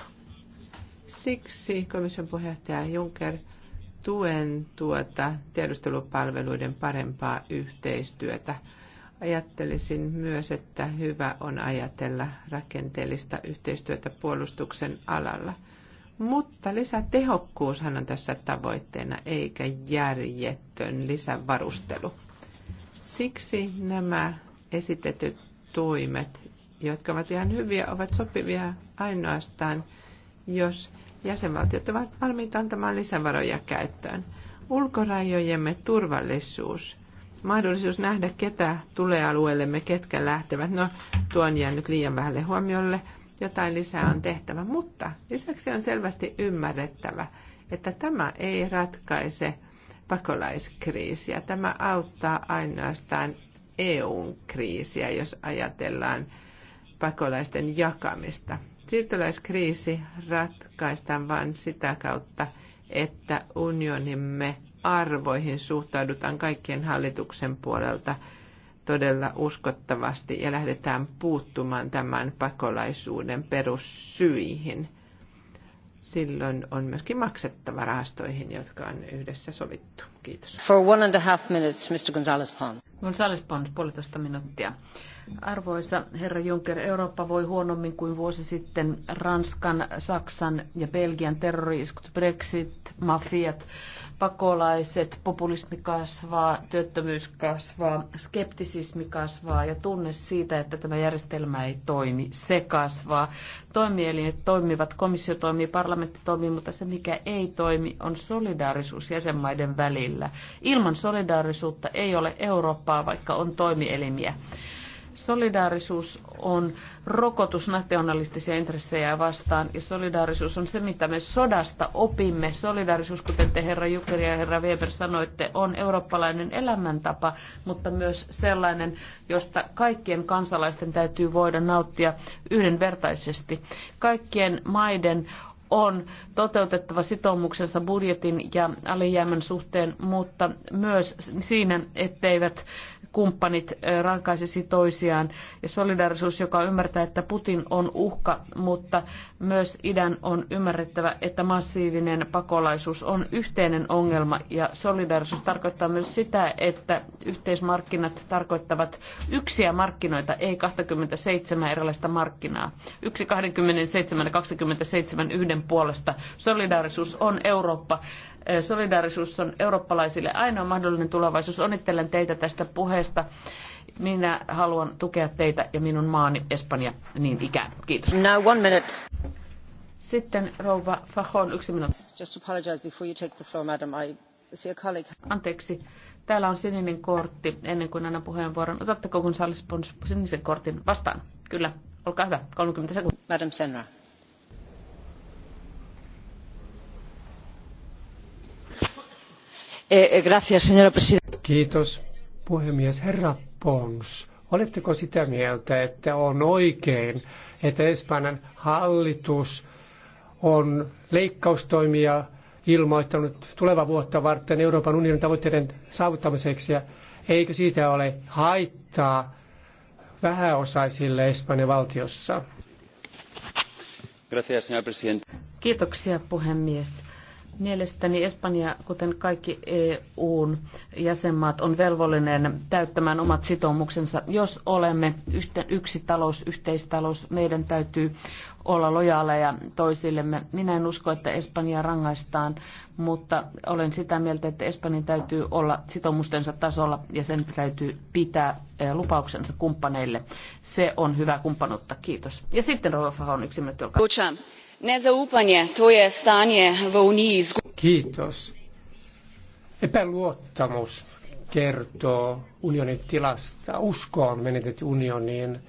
Siksi komission puheenjohtaja Juncker tuen tuota tiedustelupalveluiden parempaa yhteistyötä. Ajattelisin myös, että hyvä on ajatella rakenteellista yhteistyötä puolustuksen alalla – mutta lisätehokkuushan on tässä tavoitteena, eikä järjettön lisävarustelu. Siksi nämä esitetyt toimet, jotka ovat ihan hyviä, ovat sopivia ainoastaan, jos jäsenvaltiot ovat valmiita antamaan lisävaroja käyttöön. Ulkorajojemme turvallisuus, mahdollisuus nähdä, ketä tulee alueellemme, ketkä lähtevät, no tuo on jäänyt liian vähälle huomiolle – jotain lisää on tehtävä, mutta lisäksi on selvästi ymmärrettävä, että tämä ei ratkaise pakolaiskriisiä. Tämä auttaa ainoastaan eu kriisiä, jos ajatellaan pakolaisten jakamista. Siirtolaiskriisi ratkaistaan vain sitä kautta, että unionimme arvoihin suhtaudutaan kaikkien hallituksen puolelta – todella uskottavasti ja lähdetään puuttumaan tämän pakolaisuuden perussyihin. Silloin on myöskin maksettava rahastoihin, jotka on yhdessä sovittu. Kiitos. For one and a half minutes, Mr. Gonzalez Pons. Gonzalez Pons, puolitoista minuuttia. Arvoisa herra Juncker, Eurooppa voi huonommin kuin vuosi sitten Ranskan, Saksan ja Belgian terroriiskut, Brexit, mafiat, pakolaiset, populismi kasvaa, työttömyys kasvaa, skeptisismi kasvaa ja tunne siitä, että tämä järjestelmä ei toimi, se kasvaa. Toimielimet toimivat, komissio toimii, parlamentti toimii, mutta se mikä ei toimi on solidaarisuus jäsenmaiden välillä. Ilman solidaarisuutta ei ole Eurooppaa, vaikka on toimielimiä. Solidaarisuus on rokotus nationalistisia intressejä vastaan ja solidaarisuus on se, mitä me sodasta opimme. Solidaarisuus, kuten te herra Jukeri ja herra Weber sanoitte, on eurooppalainen elämäntapa, mutta myös sellainen, josta kaikkien kansalaisten täytyy voida nauttia yhdenvertaisesti. Kaikkien maiden on toteutettava sitoumuksensa budjetin ja alijäämän suhteen, mutta myös siinä, etteivät kumppanit rankaisisi toisiaan. Ja solidaarisuus, joka ymmärtää, että Putin on uhka, mutta myös idän on ymmärrettävä, että massiivinen pakolaisuus on yhteinen ongelma. Ja solidaarisuus tarkoittaa myös sitä, että yhteismarkkinat tarkoittavat yksiä markkinoita, ei 27 erilaista markkinaa. Yksi 27 ja 27 yhden puolesta. Solidaarisuus on Eurooppa. Solidaarisuus on eurooppalaisille ainoa mahdollinen tulevaisuus. Onnittelen teitä tästä puheesta. Minä haluan tukea teitä ja minun maani Espanja niin ikään. Kiitos. Now one minute. Sitten rouva Fajon, yksi minuutti. Just apologize before you take the floor, madam. I see a colleague. Anteeksi. Täällä on sininen kortti ennen kuin annan puheenvuoron. Otatteko kun sallispons sinisen kortin vastaan? Kyllä. Olkaa hyvä. 30 sekuntia. Madam Senra. Eh, eh, señora presidenta. Kiitos puhemies. Herra Pons, oletteko sitä mieltä, että on oikein, että Espanjan hallitus on leikkaustoimia ilmoittanut tuleva vuotta varten Euroopan unionin tavoitteiden saavuttamiseksi ja eikö siitä ole haittaa vähäosaisille Espanjan valtiossa? Kiitoksia puhemies. Mielestäni Espanja, kuten kaikki EUn jäsenmaat, on velvollinen täyttämään omat sitoumuksensa. Jos olemme yksi talous, yhteistalous, meidän täytyy olla lojaaleja toisillemme. Minä en usko, että Espanjaa rangaistaan, mutta olen sitä mieltä, että Espanjan täytyy olla sitoumustensa tasolla ja sen täytyy pitää eh, lupauksensa kumppaneille. Se on hyvä kumppanuutta. Kiitos. Ja sitten Rolfa on yksi minuutti, olkaa. Nezaupanje, to je stanje v uniji. Kiitos. Epäluottamus kertoo unionin tilasta. Usko on menetetty unioniin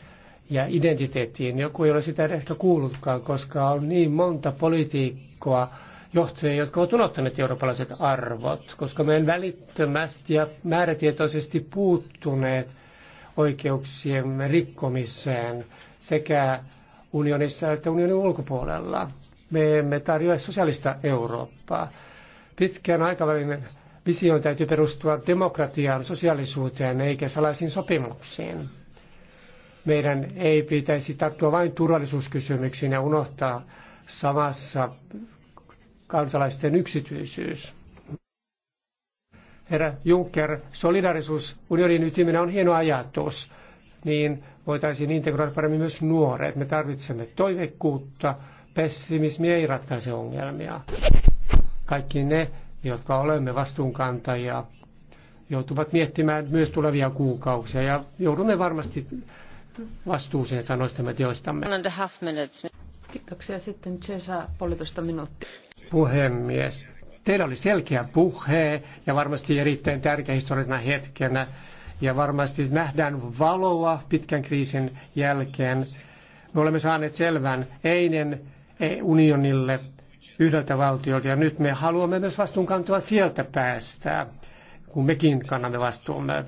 ja identiteettiin. Joku ei ole sitä ehkä kuullutkaan, koska on niin monta politiikkoa, johtajia, jotka ovat unohtaneet eurooppalaiset arvot, koska me on välittömästi ja määrätietoisesti puuttuneet oikeuksien rikkomiseen sekä unionissa että unionin ulkopuolella. Me emme tarjoa sosiaalista Eurooppaa. Pitkän aikavälin vision täytyy perustua demokratiaan, sosiaalisuuteen eikä salaisiin sopimuksiin. Meidän ei pitäisi tarttua vain turvallisuuskysymyksiin ja unohtaa samassa kansalaisten yksityisyys. Herra Juncker, solidarisuus unionin ytimenä on hieno ajatus niin voitaisiin integroida paremmin myös nuoret. Me tarvitsemme toivekkuutta, pessimismi ei ratkaise ongelmia. Kaikki ne, jotka olemme vastuunkantajia, joutuvat miettimään myös tulevia kuukausia ja joudumme varmasti vastuuseen sanoistamme teoistamme. Kiitoksia. Sitten Cesa, puolitoista minuuttia. Puhemies, teillä oli selkeä puhe ja varmasti erittäin tärkeä historiallisena hetkenä ja varmasti nähdään valoa pitkän kriisin jälkeen. Me olemme saaneet selvän einen e- unionille yhdeltä valtiolta ja nyt me haluamme myös vastuunkantoa sieltä päästä, kun mekin kannamme vastuumme.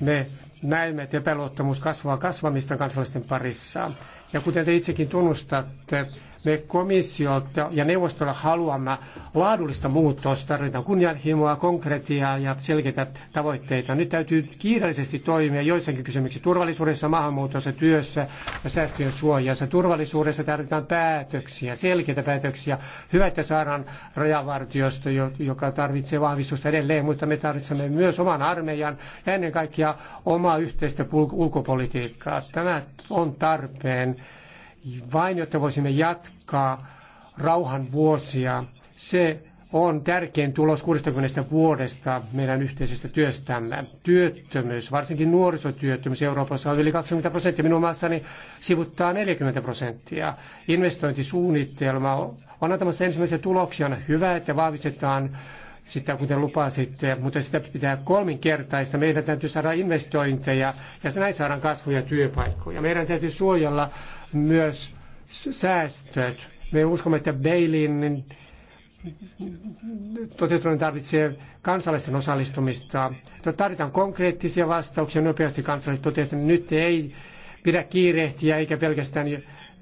Me näemme, että epäluottamus kasvaa kasvamista kansalaisten parissa. Ja kuten te itsekin tunnustatte, me komissiolta ja neuvostolla haluamme laadullista muutosta, tarvitaan kunnianhimoa, konkretiaa ja selkeitä tavoitteita. Nyt täytyy kiireellisesti toimia joissakin kysymyksissä turvallisuudessa, maahanmuutossa, työssä ja säästöjen suojassa. Turvallisuudessa tarvitaan päätöksiä, selkeitä päätöksiä. Hyvä, että saadaan rajavartiosto, joka tarvitsee vahvistusta edelleen, mutta me tarvitsemme myös oman armeijan ja ennen kaikkea omaa yhteistä ulkopolitiikkaa. Tämä on tarpeen vain jotta voisimme jatkaa rauhan vuosia. Se on tärkein tulos 60 vuodesta meidän yhteisestä työstämme. Työttömyys, varsinkin nuorisotyöttömyys Euroopassa on yli 20 prosenttia. Minun maassani sivuttaa 40 prosenttia. Investointisuunnitelma on antamassa ensimmäisiä tuloksia. On hyvä, että vahvistetaan sitä, kuten lupasitte, mutta sitä pitää kolminkertaista. Meidän täytyy saada investointeja ja näin saadaan kasvuja ja työpaikkoja. Meidän täytyy suojella myös säästöt. Me uskomme, että Beilin toteutuminen tarvitsee kansalaisten osallistumista. Tarvitaan konkreettisia vastauksia nopeasti kansalaiset totesivat, nyt ei pidä kiirehtiä eikä pelkästään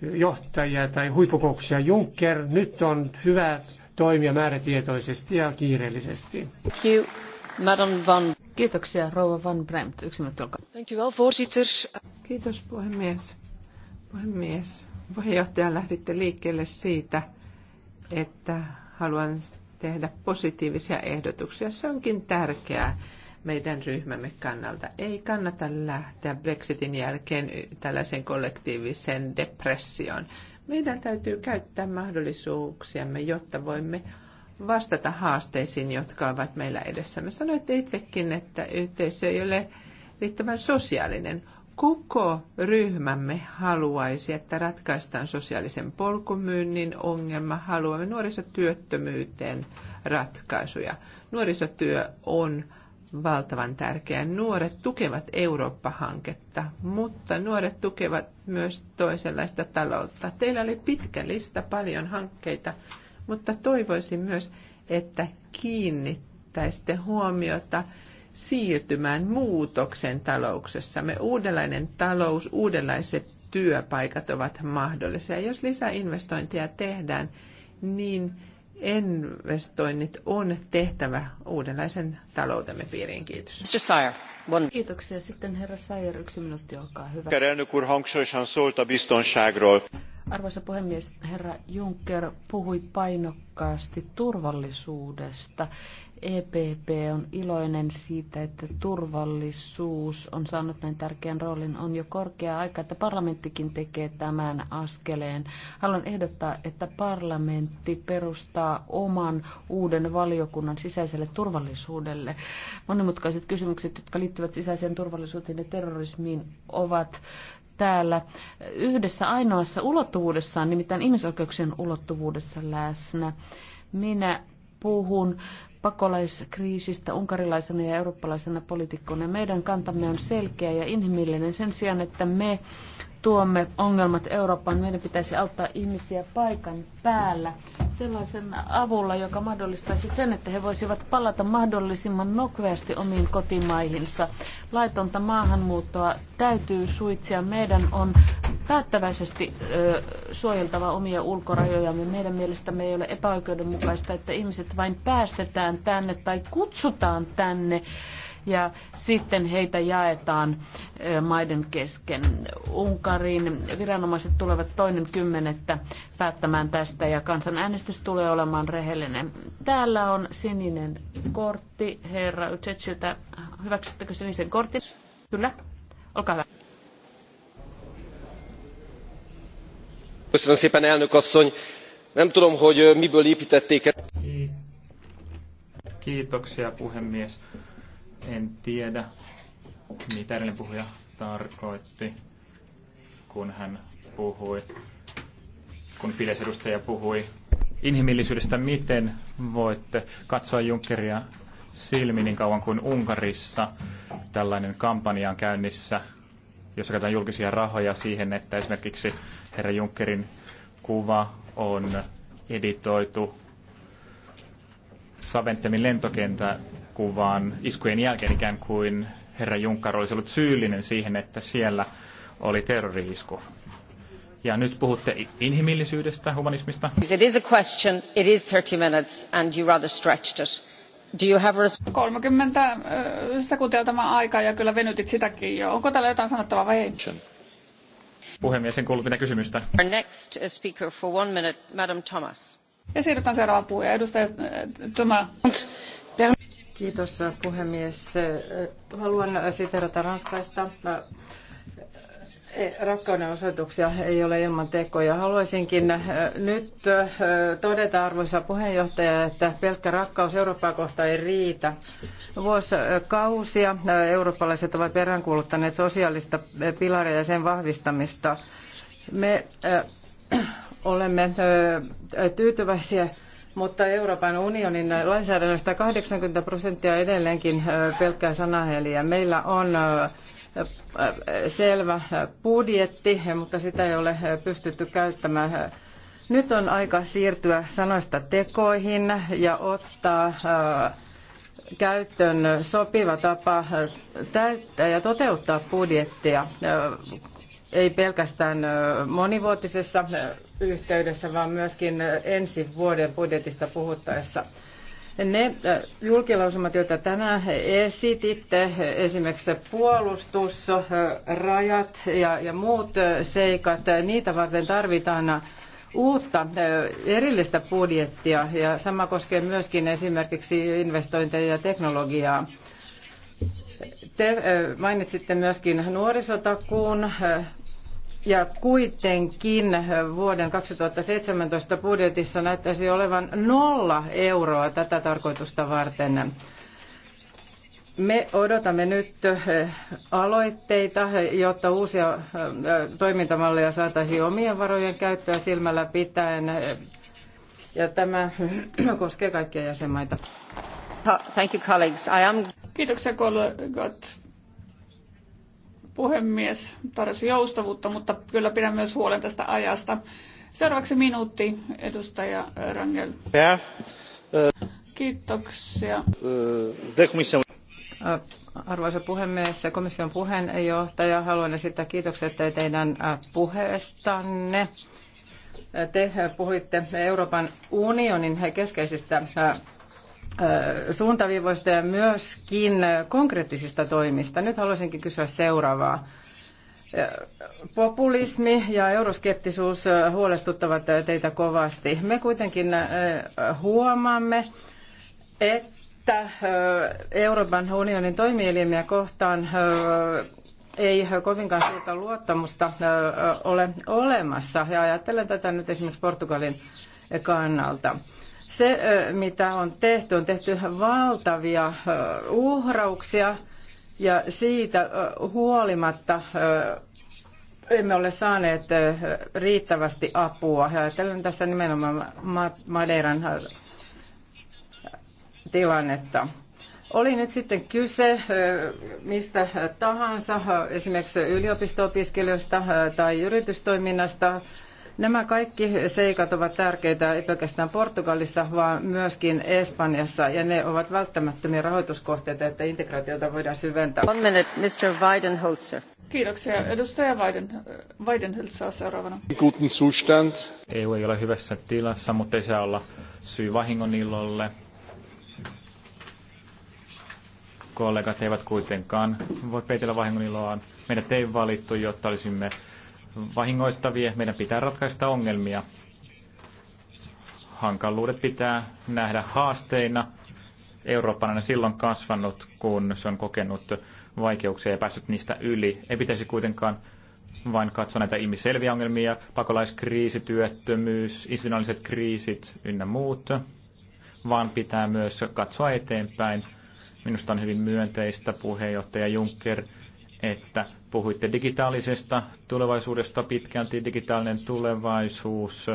johtajia tai huippukouksia. Juncker, nyt on hyvä toimia määrätietoisesti ja kiireellisesti. Kiitoksia, rouva Van Bremt. Yksi minuutti, olkaa. Kiitos, puhemies. Puhemies, puheenjohtaja, lähditte liikkeelle siitä, että haluan tehdä positiivisia ehdotuksia. Se onkin tärkeää meidän ryhmämme kannalta. Ei kannata lähteä Brexitin jälkeen tällaisen kollektiivisen depressioon. Meidän täytyy käyttää mahdollisuuksiamme, jotta voimme vastata haasteisiin, jotka ovat meillä edessämme. Sanoitte itsekin, että yhteisö ei ole riittävän sosiaalinen koko ryhmämme haluaisi, että ratkaistaan sosiaalisen polkumyynnin ongelma. Haluamme nuorisotyöttömyyteen ratkaisuja. Nuorisotyö on valtavan tärkeä. Nuoret tukevat Eurooppa-hanketta, mutta nuoret tukevat myös toisenlaista taloutta. Teillä oli pitkä lista, paljon hankkeita, mutta toivoisin myös, että kiinnittäisitte huomiota siirtymään muutoksen talouksessamme. Uudenlainen talous, uudenlaiset työpaikat ovat mahdollisia. Jos lisäinvestointeja tehdään, niin investoinnit on tehtävä uudenlaisen taloutemme piiriin. Kiitos. Mr. Sire, one... Kiitoksia. Sitten herra Sayer, yksi minuutti, olkaa hyvä. Arvoisa puhemies, herra Juncker puhui painokkaasti turvallisuudesta EPP on iloinen siitä, että turvallisuus on saanut näin tärkeän roolin. On jo korkea aika, että parlamenttikin tekee tämän askeleen. Haluan ehdottaa, että parlamentti perustaa oman uuden valiokunnan sisäiselle turvallisuudelle. Monimutkaiset kysymykset, jotka liittyvät sisäiseen turvallisuuteen ja terrorismiin, ovat täällä yhdessä ainoassa ulottuvuudessaan, nimittäin ihmisoikeuksien ulottuvuudessa läsnä. Minä puhun pakolaiskriisistä unkarilaisena ja eurooppalaisena poliitikkona. Meidän kantamme on selkeä ja inhimillinen sen sijaan, että me tuomme ongelmat Eurooppaan, meidän pitäisi auttaa ihmisiä paikan päällä sellaisen avulla, joka mahdollistaisi sen, että he voisivat palata mahdollisimman nopeasti omiin kotimaihinsa. Laitonta maahanmuuttoa täytyy suitsia. Meidän on päättäväisesti ö, suojeltava omia ulkorajojamme. Meidän mielestämme ei ole epäoikeudenmukaista, että ihmiset vain päästetään tänne tai kutsutaan tänne ja sitten heitä jaetaan maiden kesken. Unkarin viranomaiset tulevat toinen kymmenettä päättämään tästä ja kansanäänestys tulee olemaan rehellinen. Täällä on sininen kortti herra Ytsetsiltä. Hyväksyttekö sinisen kortin? Kyllä. Olkaa hyvä. Köszönöm szépen, elnök asszony. Nem tudom, hogy miből építették Kiitoksia, puhemies. En tiedä, mitä edellinen puhuja tarkoitti, kun hän puhui, kun Fides edustaja puhui inhimillisyydestä, miten voitte katsoa Junckeria silmi niin kauan kuin Unkarissa tällainen kampanja on käynnissä, jossa käytetään julkisia rahoja siihen, että esimerkiksi herra Junckerin kuva on editoitu Saventemin lentokentän Kuvaan iskujen jälkeen ikään kuin herra Juncker olisi ollut syyllinen siihen, että siellä oli terrori-isku. Ja nyt puhutte inhimillisyydestä, humanismista. It is a question, it is 30 minutes and you rather stretched it. Do you have a... 30 sekuntia tämä aika ja kyllä venytit sitäkin jo. Onko täällä jotain sanottavaa vai ei? Puhemies, en kuullut mitä kysymystä. Our next uh, speaker for one minute, Madam Thomas. Ja siirrytään seuraavaan puhujaan. Edustaja Thomas. Kiitos puhemies. Haluan siterata Ranskaista. E, rakkauden osoituksia ei ole ilman tekoja. Haluaisinkin eh, nyt eh, todeta, arvoisa puheenjohtaja, että pelkkä rakkaus Eurooppaa kohtaan ei riitä. Vuosikausia eh, eurooppalaiset ovat peräänkuuluttaneet sosiaalista pilaria ja sen vahvistamista. Me olemme tyytyväisiä mutta Euroopan unionin lainsäädännöstä 80 prosenttia edelleenkin pelkkää sanaheliä. Meillä on selvä budjetti, mutta sitä ei ole pystytty käyttämään. Nyt on aika siirtyä sanoista tekoihin ja ottaa käyttöön sopiva tapa täyttää ja toteuttaa budjettia, ei pelkästään monivuotisessa yhteydessä, vaan myöskin ensi vuoden budjetista puhuttaessa. Ne äh, julkilausumat, joita tänään esititte, esimerkiksi puolustus, äh, rajat ja, ja muut äh, seikat, niitä varten tarvitaan uutta erillistä budjettia ja sama koskee myöskin esimerkiksi investointeja ja teknologiaa. Te mainitsitte myöskin nuorisotakuun ja kuitenkin vuoden 2017 budjetissa näyttäisi olevan nolla euroa tätä tarkoitusta varten. Me odotamme nyt eh, aloitteita, jotta uusia eh, toimintamalleja saataisiin omien varojen käyttöä silmällä pitäen. Ja tämä koskee kaikkia jäsenmaita. Thank you, colleagues. I am... Kiitoksia kollegat puhemies tarjosi joustavuutta, mutta kyllä pidän myös huolen tästä ajasta. Seuraavaksi minuutti, edustaja Rangel. Äh, Kiitoksia. Äh, äh, arvoisa puhemies ja komission puheenjohtaja, haluan esittää kiitokset teidän puheestanne. Te puhuitte Euroopan unionin keskeisistä suuntaviivoista ja myöskin konkreettisista toimista. Nyt haluaisinkin kysyä seuraavaa. Populismi ja euroskeptisuus huolestuttavat teitä kovasti. Me kuitenkin huomaamme, että Euroopan unionin toimielimiä kohtaan ei kovinkaan suurta luottamusta ole olemassa. Ja ajattelen tätä nyt esimerkiksi Portugalin kannalta. Se, mitä on tehty, on tehty valtavia uhrauksia ja siitä huolimatta emme ole saaneet riittävästi apua. Ajattelen tässä nimenomaan Madeiran tilannetta. Oli nyt sitten kyse mistä tahansa, esimerkiksi yliopisto-opiskelijoista tai yritystoiminnasta, Nämä kaikki seikat ovat tärkeitä ei pelkästään Portugalissa, vaan myöskin Espanjassa, ja ne ovat välttämättömiä rahoituskohteita, että integraatiota voidaan syventää. One minute, Mr. Weidenholzer. Kiitoksia. Edustaja Weiden, Weidenholzer seuraavana. Guten Zustand. EU ei ole hyvässä tilassa, mutta ei saa olla syy vahingon illolle. Kollegat eivät kuitenkaan voi peitellä vahingon iloaan. Meidät ei valittu, jotta olisimme vahingoittavia. Meidän pitää ratkaista ongelmia. Hankaluudet pitää nähdä haasteina. Eurooppa on silloin kasvanut, kun se on kokenut vaikeuksia ja päässyt niistä yli. Ei pitäisi kuitenkaan vain katsoa näitä ihmiselviä ongelmia, pakolaiskriisi, työttömyys, isinnolliset kriisit ynnä muut, vaan pitää myös katsoa eteenpäin. Minusta on hyvin myönteistä puheenjohtaja Juncker että puhuitte digitaalisesta tulevaisuudesta pitkälti. Digitaalinen tulevaisuus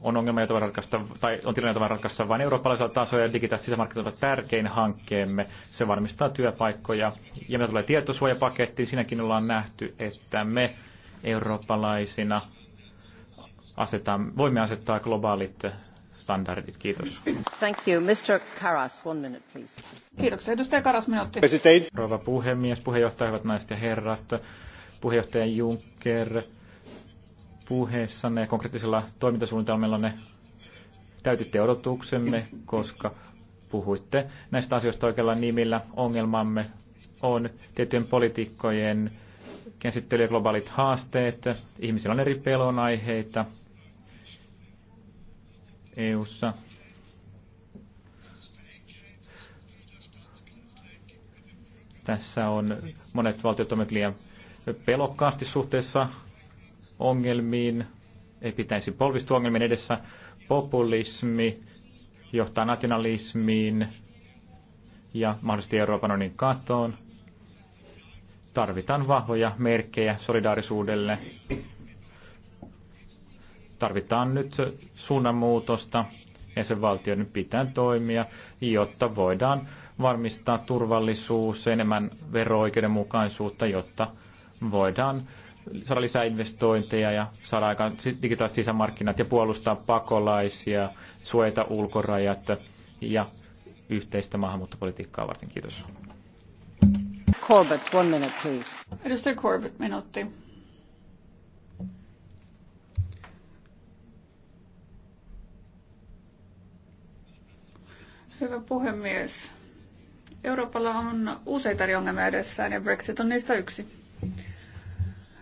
on ongelma, jota ratkaista, tai on tilanne, jota ratkaista vain eurooppalaisella tasolla, ja digitaaliset sisämarkkinat ovat tärkein hankkeemme. Se varmistaa työpaikkoja. Ja mitä tulee tietosuojapakettiin, siinäkin ollaan nähty, että me eurooppalaisina asetamme, voimme asettaa globaalit standardit. Kiitos. Thank you. Mr. Karas, one minute, please. Kiitoksia. Edustaja Karas, minuutti. President. Rouva puhemies, puheenjohtaja, hyvät naiset ja herrat, puheenjohtaja Juncker, puheessanne ja konkreettisella ne täytitte odotuksemme, koska puhuitte näistä asioista oikealla nimillä. Ongelmamme on tiettyjen poliitikkojen käsittely ja globaalit haasteet. Ihmisillä on eri pelonaiheita, EU-ssa. Tässä on monet valtiot ovat liian pelokkaasti suhteessa ongelmiin. Ei pitäisi polvistua ongelmien edessä. Populismi johtaa nationalismiin ja mahdollisesti Euroopan unionin katoon. Tarvitaan vahvoja merkkejä solidaarisuudelle Tarvitaan nyt suunnanmuutosta ja sen valtioiden pitää toimia, jotta voidaan varmistaa turvallisuus, enemmän vero-oikeudenmukaisuutta, jotta voidaan saada lisää investointeja ja saada aikaan digitaaliset sisämarkkinat ja puolustaa pakolaisia, suojata ulkorajat ja yhteistä maahanmuuttopolitiikkaa varten. Kiitos. Corbett, one minute, please. Edustaja Corbett, minuutti. Hyvä puhemies. Euroopalla on useita eri ongelmia edessään ja Brexit on niistä yksi.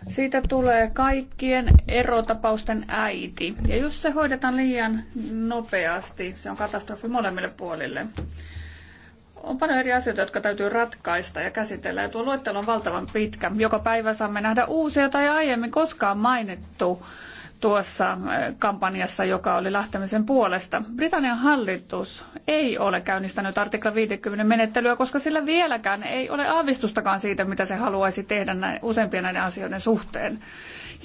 Siitä tulee kaikkien erotapausten äiti. Ja jos se hoidetaan liian nopeasti, se on katastrofi molemmille puolille. On paljon eri asioita, jotka täytyy ratkaista ja käsitellä. Ja tuo luettelo on valtavan pitkä. Joka päivä saamme nähdä uusia tai aiemmin koskaan mainittu tuossa äh, kampanjassa, joka oli lähtemisen puolesta. Britannian hallitus ei ole käynnistänyt artikla 50 menettelyä, koska sillä vieläkään ei ole aavistustakaan siitä, mitä se haluaisi tehdä näin, useimpien näiden asioiden suhteen.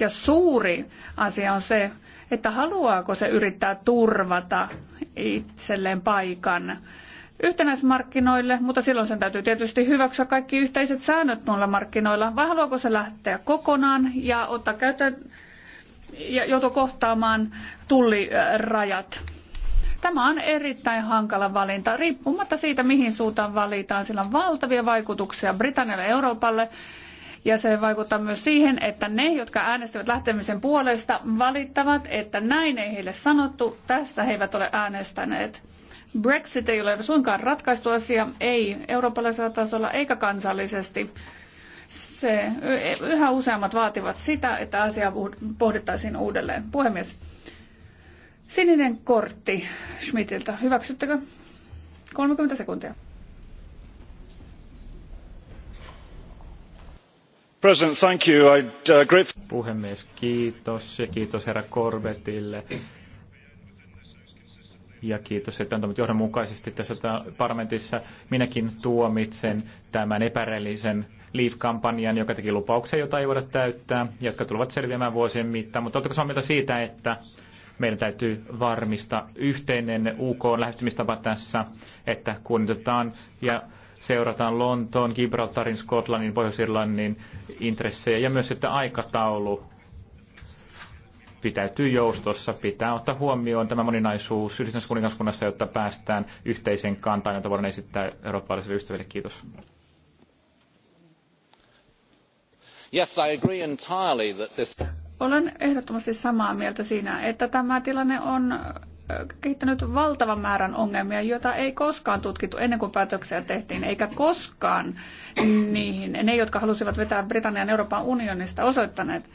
Ja suuri asia on se, että haluaako se yrittää turvata itselleen paikan yhtenäismarkkinoille, mutta silloin sen täytyy tietysti hyväksyä kaikki yhteiset säännöt noilla markkinoilla, vai haluaako se lähteä kokonaan ja ottaa käyttöön joutui kohtaamaan tullirajat. Tämä on erittäin hankala valinta. Riippumatta siitä, mihin suuntaan valitaan, sillä on valtavia vaikutuksia Britannialle ja Euroopalle. Ja se vaikuttaa myös siihen, että ne, jotka äänestivät lähtemisen puolesta, valittavat, että näin ei heille sanottu, tästä he eivät ole äänestäneet. Brexit ei ole suinkaan ratkaistu asia, ei eurooppalaisella tasolla eikä kansallisesti se, yhä useammat vaativat sitä, että asiaa pohdittaisiin uudelleen. Puhemies, sininen kortti Schmidtiltä. Hyväksyttekö? 30 sekuntia. President, thank you. I'd, uh, great... Puhemies, kiitos ja kiitos herra Korbetille Ja kiitos, että antamat johdonmukaisesti tässä parlamentissa. Minäkin tuomitsen tämän epäreellisen leaf kampanjan joka teki lupauksia, joita ei voida täyttää, jotka tulevat selviämään vuosien mittaan. Mutta oletteko samaa mieltä siitä, että meidän täytyy varmistaa yhteinen UK-lähestymistapa tässä, että kunnioitetaan ja seurataan Lontoon, Gibraltarin, Skotlannin, Pohjois-Irlannin intressejä ja myös, että aikataulu pitäytyy joustossa, pitää ottaa huomioon tämä moninaisuus yhdistyneessä kuningaskunnassa, jotta päästään yhteiseen kantaan, jota voidaan esittää eurooppalaisille ystäville. Kiitos. Yes, I agree entirely that this... Olen ehdottomasti samaa mieltä siinä, että tämä tilanne on kehittänyt valtavan määrän ongelmia, joita ei koskaan tutkittu ennen kuin päätöksiä tehtiin, eikä koskaan niihin ne, jotka halusivat vetää Britannian Euroopan unionista, osoittaneet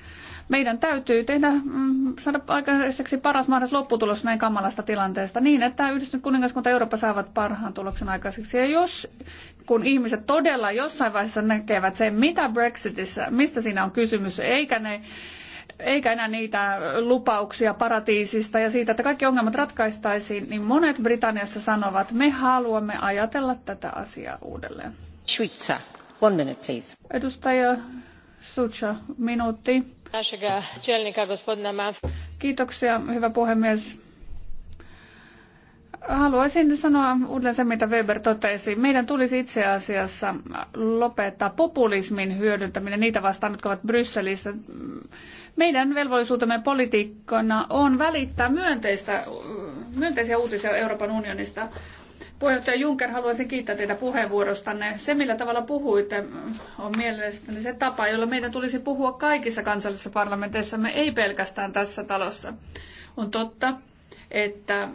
meidän täytyy tehdä, mm, saada aikaiseksi paras mahdollinen lopputulos näin kamalasta tilanteesta niin, että yhdistynyt kuningaskunta Eurooppa saavat parhaan tuloksen aikaiseksi. Ja jos, kun ihmiset todella jossain vaiheessa näkevät sen, mitä Brexitissä, mistä siinä on kysymys, eikä ne eikä enää niitä lupauksia paratiisista ja siitä, että kaikki ongelmat ratkaistaisiin, niin monet Britanniassa sanovat, me haluamme ajatella tätä asiaa uudelleen. Schweizer, one minute please. Edustaja Sucha, minuutti. Kiitoksia, hyvä puhemies. Haluaisin sanoa uudelleen sen, mitä Weber totesi. Meidän tulisi itse asiassa lopettaa populismin hyödyntäminen niitä vastaan, jotka ovat Brysselissä. Meidän velvollisuutemme politiikkona on välittää myönteistä, myönteisiä uutisia Euroopan unionista. Puheenjohtaja Juncker, haluaisin kiittää teitä puheenvuorostanne. Se, millä tavalla puhuitte, on mielestäni se tapa, jolla meidän tulisi puhua kaikissa kansallisissa parlamenteissa, me ei pelkästään tässä talossa. On totta, että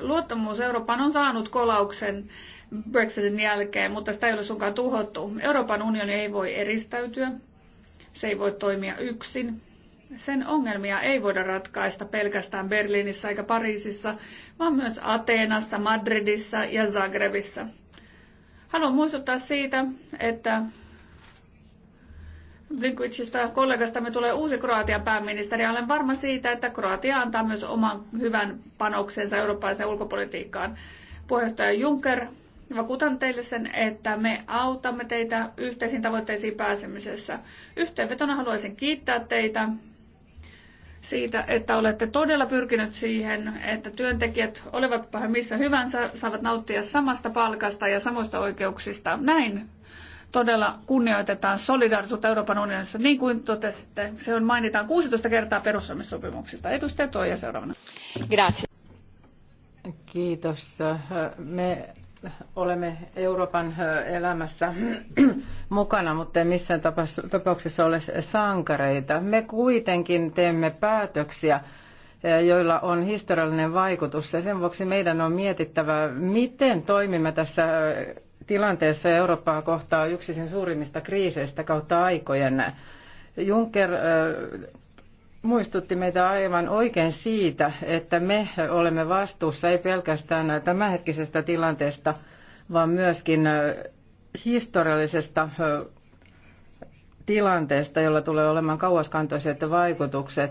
luottamus Euroopan on saanut kolauksen Brexitin jälkeen, mutta sitä ei ole suinkaan tuhottu. Euroopan unioni ei voi eristäytyä, se ei voi toimia yksin sen ongelmia ei voida ratkaista pelkästään Berliinissä eikä Pariisissa, vaan myös Ateenassa, Madridissa ja Zagrebissa. Haluan muistuttaa siitä, että Blinkwichista kollegastamme tulee uusi Kroatian pääministeri olen varma siitä, että Kroatia antaa myös oman hyvän panoksensa eurooppalaiseen ulkopolitiikkaan. Puheenjohtaja Juncker, vakuutan teille sen, että me autamme teitä yhteisiin tavoitteisiin pääsemisessä. Yhteenvetona haluaisin kiittää teitä siitä, että olette todella pyrkineet siihen, että työntekijät, olivatpa he missä hyvänsä, saavat nauttia samasta palkasta ja samoista oikeuksista. Näin todella kunnioitetaan solidaarisuutta Euroopan unionissa, niin kuin totesitte. Se on mainitaan 16 kertaa perussopimuksista. Edustaja Toija seuraavana. Grazie. Kiitos. Me olemme Euroopan elämässä mukana, mutta missään tapauksessa ole sankareita. Me kuitenkin teemme päätöksiä, e, joilla on historiallinen vaikutus. Ja sen vuoksi meidän on mietittävä, miten toimimme tässä tilanteessa Eurooppaa kohtaa yksi sen suurimmista kriiseistä kautta aikojen. Juncker muistutti meitä aivan oikein siitä, että me olemme vastuussa ei pelkästään tämänhetkisestä tilanteesta, vaan myöskin historiallisesta tilanteesta, jolla tulee olemaan kauaskantoiset vaikutukset.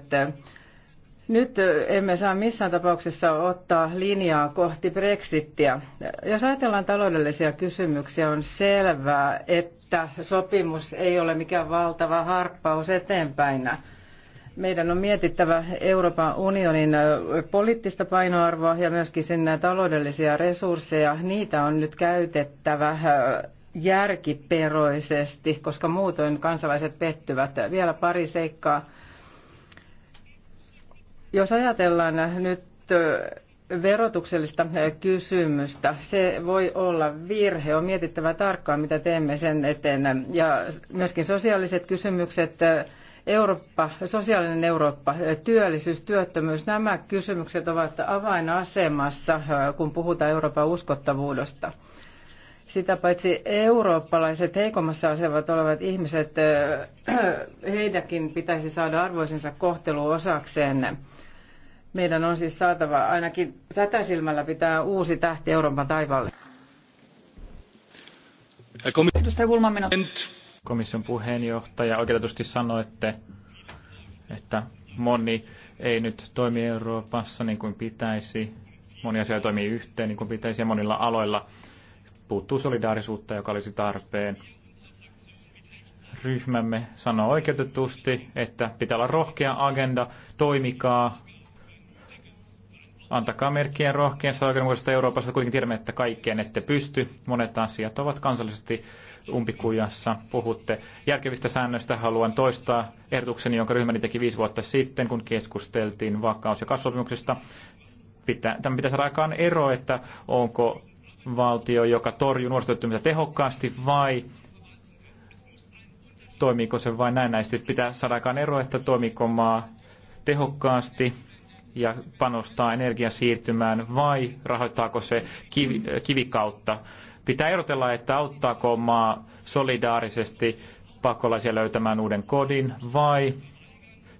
Nyt emme saa missään tapauksessa ottaa linjaa kohti Brexittiä. Jos ajatellaan taloudellisia kysymyksiä, on selvää, että sopimus ei ole mikään valtava harppaus eteenpäin meidän on mietittävä Euroopan unionin poliittista painoarvoa ja myöskin sen taloudellisia resursseja. Niitä on nyt käytettävä järkiperoisesti, koska muutoin kansalaiset pettyvät. Vielä pari seikkaa. Jos ajatellaan nyt verotuksellista kysymystä, se voi olla virhe. On mietittävä tarkkaan, mitä teemme sen eteen. Ja myöskin sosiaaliset kysymykset Eurooppa, sosiaalinen Eurooppa, työllisyys, työttömyys, nämä kysymykset ovat avainasemassa, kun puhutaan Euroopan uskottavuudesta. Sitä paitsi eurooppalaiset heikommassa asemassa olevat ihmiset, äh, heidänkin pitäisi saada arvoisensa kohtelu osakseen. Meidän on siis saatava ainakin tätä silmällä pitää uusi tähti Euroopan taivaalle. Edustaja Kulman, minuutti. Komission puheenjohtaja, oikeutetusti sanoitte, että moni ei nyt toimi Euroopassa niin kuin pitäisi. Moni asia toimii yhteen niin kuin pitäisi ja monilla aloilla puuttuu solidaarisuutta, joka olisi tarpeen. Ryhmämme sanoo oikeutetusti, että pitää olla rohkea agenda, toimikaa, antakaa merkkiä rohkeasta oikeudenmukaisesta Euroopasta. Kuitenkin tiedämme, että kaikkeen ette pysty. Monet asiat ovat kansallisesti umpikujassa. Puhutte järkevistä säännöistä. Haluan toistaa ehdotukseni, jonka ryhmäni teki viisi vuotta sitten, kun keskusteltiin vakaus- ja kasvusopimuksista. Pitää, tämän pitäisi saada aikaan ero, että onko valtio, joka torjuu nuorisotyöttömyyttä tehokkaasti vai toimiiko se vain näin näistä. Pitää saada aikaan ero, että toimiiko maa tehokkaasti ja panostaa energiasiirtymään vai rahoittaako se kivi, kivikautta Pitää erotella, että auttaako maa solidaarisesti pakolaisia löytämään uuden kodin vai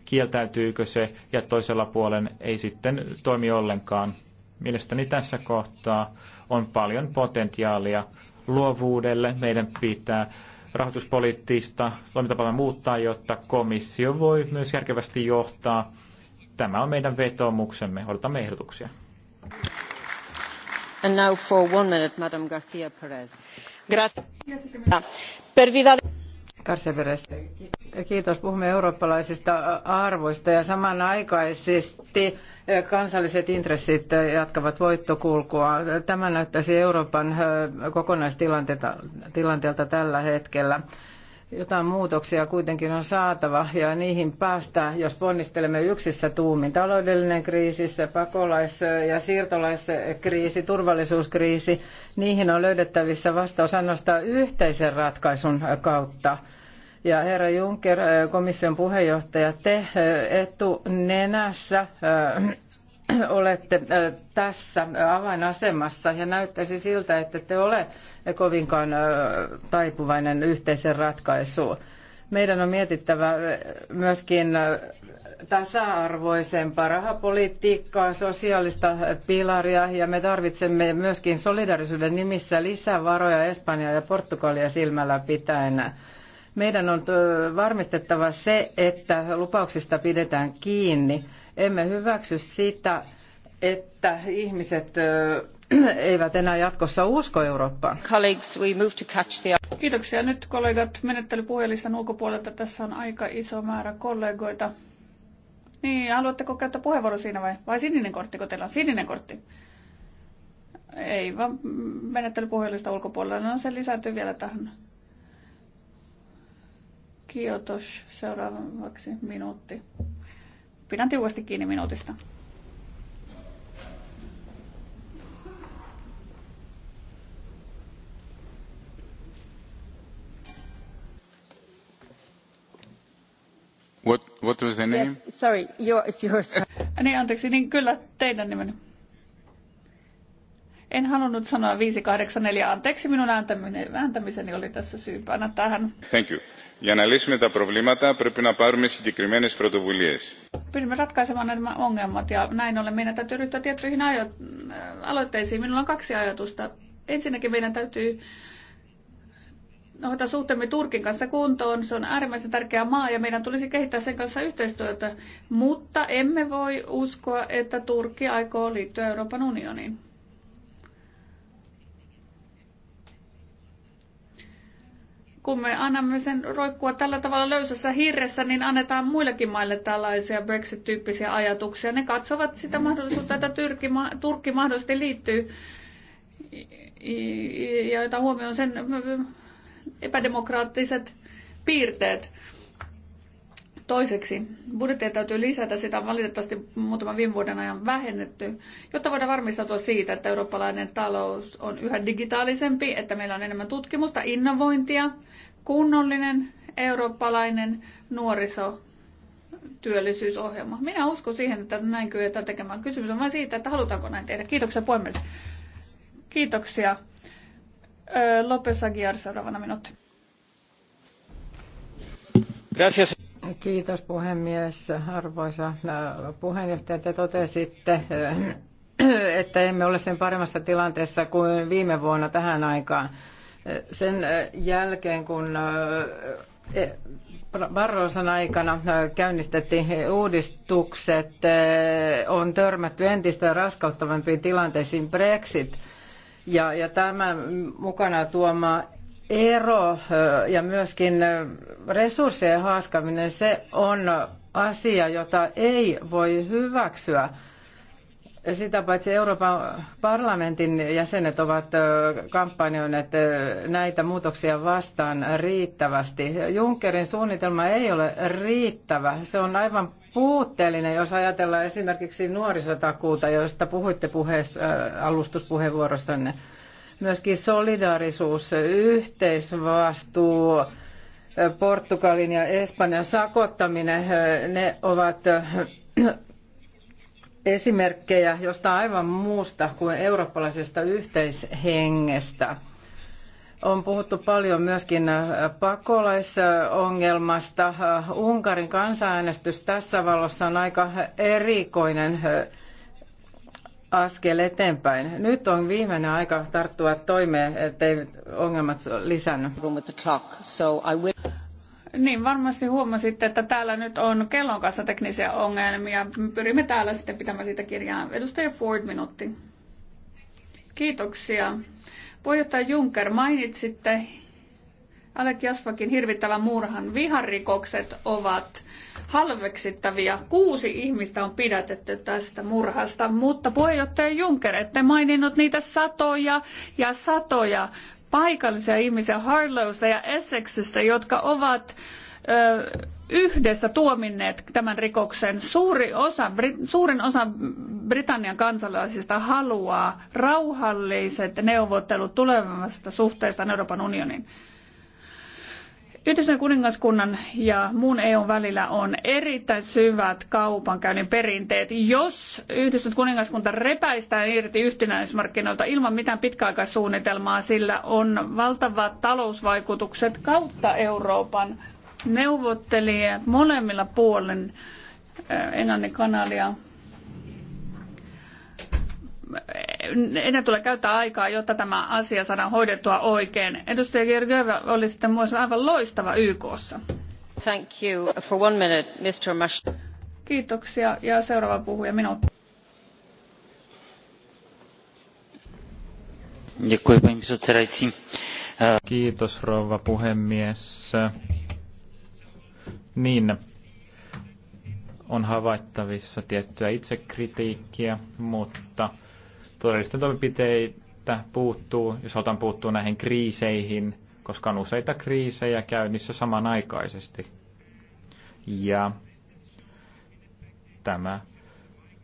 kieltäytyykö se ja toisella puolen ei sitten toimi ollenkaan. Mielestäni tässä kohtaa on paljon potentiaalia luovuudelle. Meidän pitää rahoituspoliittista toimintapalvelua muuttaa, jotta komissio voi myös järkevästi johtaa. Tämä on meidän vetoomuksemme. Odotamme ehdotuksia. Kiitos. Puhumme eurooppalaisista arvoista ja samanaikaisesti eh, kansalliset intressit eh, jatkavat voittokulkuaan. Tämä näyttäisi Euroopan eh, kokonaistilanteelta tällä hetkellä. Jotain muutoksia kuitenkin on saatava ja niihin päästään, jos ponnistelemme yksissä tuumin. Taloudellinen kriisi, pakolais- ja siirtolaiskriisi, turvallisuuskriisi, niihin on löydettävissä vastaus ainoastaan yhteisen ratkaisun kautta. Ja herra Juncker, komission puheenjohtaja, te etunenässä olette äh, tässä avainasemassa ja näyttäisi siltä, että te ole kovinkaan äh, taipuvainen yhteisen ratkaisuun. Meidän on mietittävä äh, myöskin tasa-arvoisempaa rahapolitiikkaa, sosiaalista pilaria ja me tarvitsemme myöskin solidarisuuden nimissä lisää varoja Espanjaa ja Portugalia silmällä pitäen. Meidän on varmistettava se, että lupauksista pidetään kiinni emme hyväksy sitä, että ihmiset eivät enää jatkossa usko Eurooppaan. Colleagues, we move to catch the... Kiitoksia. Nyt kollegat menettelypuhelistan ulkopuolelta. Tässä on aika iso määrä kollegoita. Niin, haluatteko käyttää puheenvuoro siinä vai? Vai sininen kortti, kun teillä on sininen kortti? Ei, vaan menettelypuhelistan ulkopuolella. No se lisääntyy vielä tähän. Kiitos seuraavaksi minuutti. Pidän tiukasti kiinni minuutista. What, what was the name? Yes, sorry, your, it's yours. Äh, niin, anteeksi, niin kyllä teidän nimenne. En halunnut sanoa 584. Anteeksi, minun ääntämiseni oli tässä syypänä tähän. Thank you. Για να λύσουμε τα προβλήματα πρέπει να πάρουμε συγκεκριμένες πρωτοβουλίες. Pyrimme ratkaisemaan nämä ongelmat ja näin ollen meidän täytyy ryhtyä tiettyihin ajo- äh, aloitteisiin. Minulla on kaksi ajatusta. Ensinnäkin meidän täytyy hoitaa suhteemme Turkin kanssa kuntoon. Se on äärimmäisen tärkeä maa ja meidän tulisi kehittää sen kanssa yhteistyötä, mutta emme voi uskoa, että Turkki aikoo liittyä Euroopan unioniin. kun me annamme sen roikkua tällä tavalla löysässä hirressä, niin annetaan muillekin maille tällaisia Brexit-tyyppisiä ajatuksia. Ne katsovat sitä mahdollisuutta, että Tyrki, Turkki mahdollisesti liittyy ja jota huomioon sen epädemokraattiset piirteet. Toiseksi, budjettia täytyy lisätä, sitä on valitettavasti muutaman viime vuoden ajan vähennetty, jotta voidaan varmistautua siitä, että eurooppalainen talous on yhä digitaalisempi, että meillä on enemmän tutkimusta, innovointia, kunnollinen eurooppalainen nuoriso työllisyysohjelma. Minä uskon siihen, että näin kyetään tekemään. Kysymys on vain siitä, että halutaanko näin tehdä. Kiitoksia puhemies. Kiitoksia. Lopes Aguiar, seuraavana minuutti. Gracias. Kiitos puhemies. Arvoisa äh, puheenjohtaja, te totesitte, äh, että emme ole sen paremmassa tilanteessa kuin viime vuonna tähän aikaan. Äh, sen jälkeen, kun e, Barroson aikana käynnistettiin uudistukset, on törmätty entistä raskauttavampiin tilanteisiin Brexit ja, ja tämän mukana tuoma ero ja myöskin resurssien haaskaminen se on asia, jota ei voi hyväksyä. Sitä paitsi Euroopan parlamentin jäsenet ovat kampanjoineet näitä muutoksia vastaan riittävästi. Junckerin suunnitelma ei ole riittävä. Se on aivan puutteellinen, jos ajatellaan esimerkiksi nuorisotakuuta, josta puhuitte puheessa, alustuspuheenvuorossanne myöskin solidaarisuus, yhteisvastuu, Portugalin ja Espanjan sakottaminen, ne ovat esimerkkejä jostain aivan muusta kuin eurooppalaisesta yhteishengestä. On puhuttu paljon myöskin pakolaisongelmasta. Unkarin kansanäänestys tässä valossa on aika erikoinen askel eteenpäin. Nyt on viimeinen aika tarttua toimeen, ettei ongelmat lisänny. Niin, varmasti huomasitte, että täällä nyt on kellon kanssa teknisiä ongelmia. Me pyrimme täällä sitten pitämään siitä kirjaa. Edustaja Ford, minuutti. Kiitoksia. Puheenjohtaja Juncker, mainitsitte Alek Jasvakin hirvittävän murhan. Viharikokset ovat halveksittavia. Kuusi ihmistä on pidätetty tästä murhasta, mutta puheenjohtaja Juncker, ette maininnut niitä satoja ja satoja paikallisia ihmisiä Harlowsta ja Essexistä, jotka ovat ö, yhdessä tuominneet tämän rikoksen. Suuri osa, suurin osa Britannian kansalaisista haluaa rauhalliset neuvottelut tulevasta suhteesta Euroopan unioniin. Yhdistyneen kuningaskunnan ja muun EUn välillä on erittäin syvät kaupankäynnin perinteet. Jos yhdistynyt kuningaskunta repäistään irti yhtenäismarkkinoilta ilman mitään pitkäaikaissuunnitelmaa, sillä on valtavat talousvaikutukset kautta Euroopan neuvottelijat molemmilla puolen eh, Englannin kanalia enää tulee käyttää aikaa, jotta tämä asia saadaan hoidettua oikein. Edustaja Georgieva oli sitten myös aivan loistava YKssa. Thank you for one minute, Mr. Mash. Kiitoksia ja seuraava puhuja minuutti. Děkuji, Kiitos, rouva puhemies. Niin, on havaittavissa tiettyä itsekritiikkiä, mutta todellisten toimenpiteitä puuttuu, jos halutaan puuttua näihin kriiseihin, koska on useita kriisejä käynnissä samanaikaisesti. Ja tämä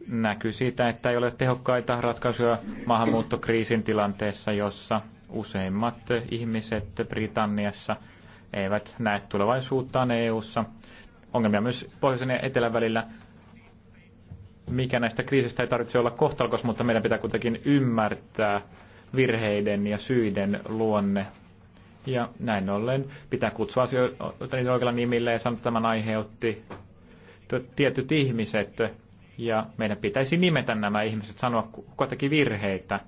näkyy siitä, että ei ole tehokkaita ratkaisuja maahanmuuttokriisin tilanteessa, jossa useimmat ihmiset Britanniassa eivät näe tulevaisuuttaan EU-ssa. Ongelmia myös pohjoisen ja etelän välillä mikä näistä kriisistä ei tarvitse olla kohtalokas, mutta meidän pitää kuitenkin ymmärtää virheiden ja syiden luonne. Ja näin ollen pitää kutsua asioita niitä oikealla nimillä ja sanoa, että tämän aiheutti tietyt ihmiset. Ja meidän pitäisi nimetä nämä ihmiset, sanoa kuka teki virheitä.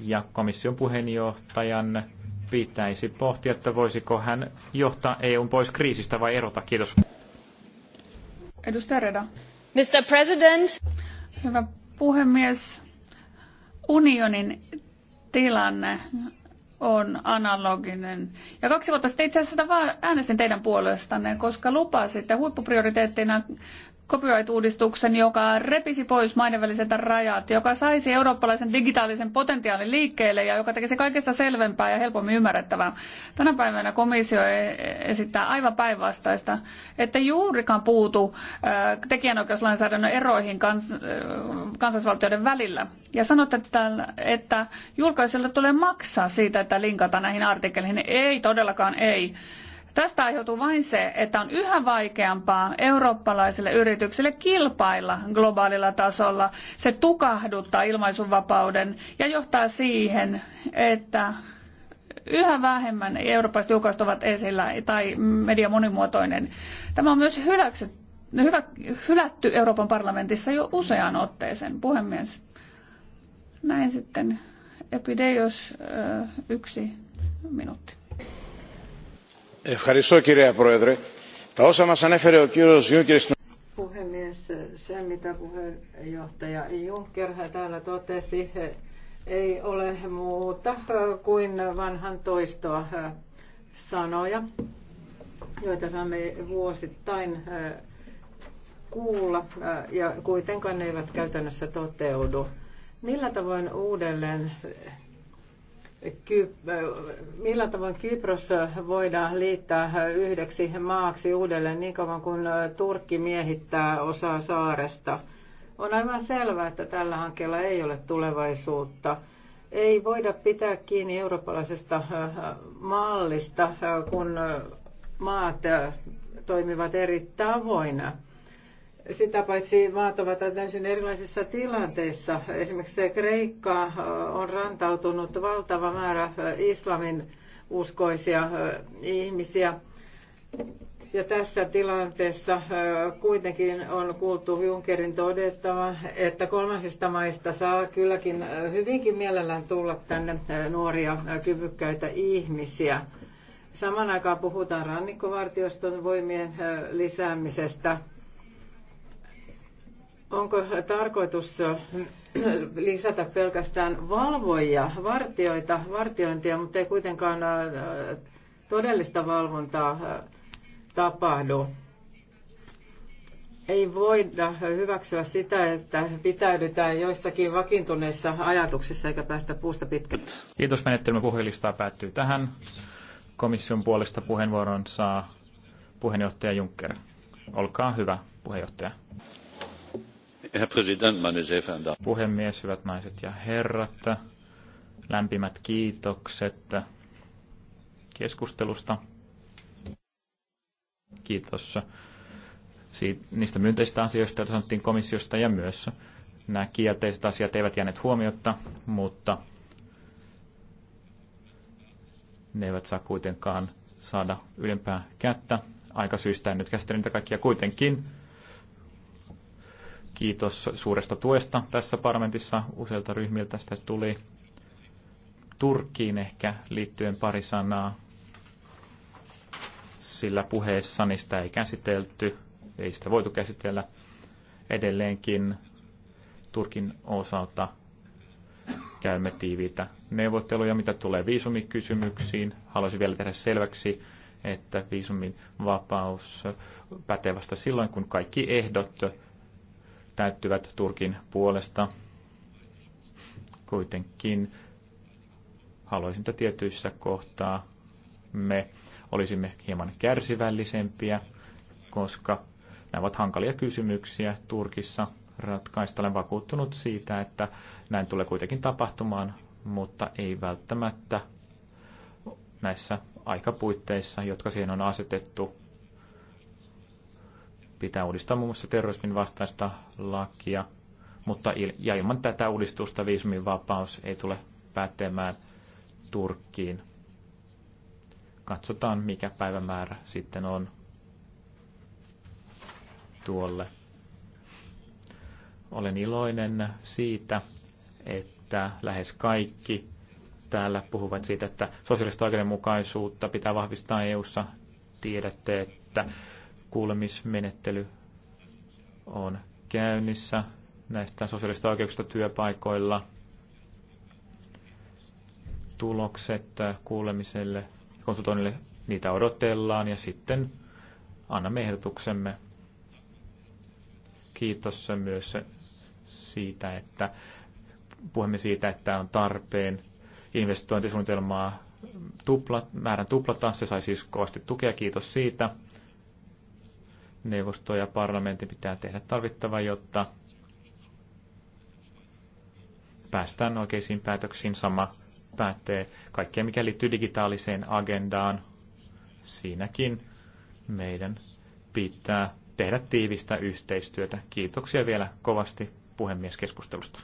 Ja komission puheenjohtajan pitäisi pohtia, että voisiko hän johtaa EUn pois kriisistä vai erota. Kiitos. Edustaja Reda. Mr. Hyvä puhemies. Unionin tilanne on analoginen. Ja kaksi vuotta sitten itse asiassa äänestin teidän puolestanne, koska lupasitte huippuprioriteettina copyright-uudistuksen, joka repisi pois maiden väliset rajat, joka saisi eurooppalaisen digitaalisen potentiaalin liikkeelle ja joka tekisi kaikesta selvempää ja helpommin ymmärrettävää. Tänä päivänä komissio e- esittää aivan päinvastaista, että juurikaan puutu tekijänoikeuslainsäädännön eroihin kans, kansallisvaltioiden välillä. Ja sanotte, että, että julkaisijoille tulee maksaa siitä, että linkataan näihin artikkeleihin. Ei todellakaan ei. Tästä aiheutuu vain se, että on yhä vaikeampaa eurooppalaisille yrityksille kilpailla globaalilla tasolla. Se tukahduttaa ilmaisunvapauden ja johtaa siihen, että yhä vähemmän eurooppalaiset julkaisut ovat esillä tai media monimuotoinen. Tämä on myös hyläksy, hyvä, hylätty Euroopan parlamentissa jo useaan otteeseen, puhemies. Näin sitten Epideios yksi minuutti. Ευχαριστώ Puhemies, se mitä puheenjohtaja Juncker täällä totesi, ei ole muuta kuin vanhan toistoa sanoja, joita saamme vuosittain kuulla ja kuitenkaan ne eivät käytännössä toteudu. Millä tavoin uudelleen Äh, millä tavoin Kypros voidaan liittää yhdeksi maaksi uudelleen niin kauan kuin Turkki miehittää osaa saaresta. On aivan selvää, että tällä hankkeella ei ole tulevaisuutta. Ei voida pitää kiinni eurooppalaisesta äh, mallista, äh, kun maat toimivat eri tavoina. Sitä paitsi maat ovat täysin erilaisissa tilanteissa. Esimerkiksi Kreikka äh, on rantautunut valtava määrä äh, islamin uskoisia äh, ihmisiä. Ja tässä tilanteessa kuitenkin on kuultu Junckerin todettava, että kolmansista maista saa kylläkin hyvinkin mielellään tulla tänne nuoria kyvykkäitä ihmisiä. Saman aikaan puhutaan rannikkovartioston voimien lisäämisestä – Onko tarkoitus lisätä pelkästään valvojia, vartioita, vartiointia, mutta ei kuitenkaan todellista valvontaa tapahdu? Ei voida hyväksyä sitä, että pitäydytään joissakin vakiintuneissa ajatuksissa eikä päästä puusta pitkälle. Kiitos menettelymä puhelistaa päättyy tähän. Komission puolesta puheenvuoron saa puheenjohtaja Juncker. Olkaa hyvä, puheenjohtaja. Puhemies, hyvät naiset ja herrat, lämpimät kiitokset keskustelusta. Kiitos siitä, niistä myönteisistä asioista, joita sanottiin komissiosta, ja myös nämä kielteiset asiat eivät jääneet huomiotta, mutta ne eivät saa kuitenkaan saada ylempää kättä. Aikasyistä en nyt käsittele niitä kaikkia kuitenkin. Kiitos suuresta tuesta tässä parlamentissa useilta ryhmiltä. Sitä tuli Turkkiin ehkä liittyen pari sanaa, sillä puheessani sitä ei käsitelty, ei sitä voitu käsitellä edelleenkin Turkin osalta käymme tiiviitä neuvotteluja, mitä tulee viisumikysymyksiin. Haluaisin vielä tehdä selväksi, että viisumin vapaus vasta silloin, kun kaikki ehdot täyttyvät Turkin puolesta. Kuitenkin haluaisin, että tietyissä kohtaa me olisimme hieman kärsivällisempiä, koska nämä ovat hankalia kysymyksiä Turkissa ratkaista. Olen vakuuttunut siitä, että näin tulee kuitenkin tapahtumaan, mutta ei välttämättä näissä aikapuitteissa, jotka siihen on asetettu. Pitää uudistaa muun muassa terrorismin vastaista lakia, mutta il- ja ilman tätä uudistusta viisumin vapaus ei tule päättämään Turkkiin. Katsotaan, mikä päivämäärä sitten on tuolle. Olen iloinen siitä, että lähes kaikki täällä puhuvat siitä, että sosiaalista oikeudenmukaisuutta pitää vahvistaa EU:ssa. Tiedätte, että kuulemismenettely on käynnissä näistä sosiaalista oikeuksista työpaikoilla. Tulokset kuulemiselle ja konsultoinnille, niitä odotellaan ja sitten annamme ehdotuksemme. Kiitos myös siitä, että puhumme siitä, että on tarpeen investointisuunnitelmaa tupla, määrän tuplata. Se sai siis kovasti tukea, kiitos siitä neuvosto ja parlamentti pitää tehdä tarvittava, jotta päästään oikeisiin päätöksiin. Sama päättee kaikkea, mikä liittyy digitaaliseen agendaan. Siinäkin meidän pitää tehdä tiivistä yhteistyötä. Kiitoksia vielä kovasti puhemieskeskustelusta.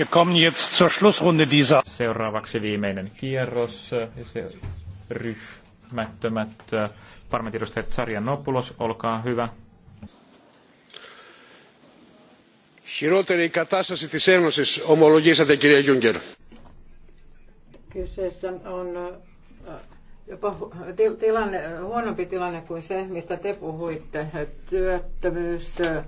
Wir kommen jetzt zur Schlussrunde dieser. Seuraavaksi viimeinen kierros. Se ryhmättömät äh, parlamentin edustajat Sarja Nopulos, olkaa hyvä. Χειρότερη η κατάσταση της Ένωσης, ομολογήσατε κύριε Γιούγκερ. Kyseessä on äh, jopa tilanne, huonompi tilanne kuin se, mistä te puhuitte. Työttömyys, äh,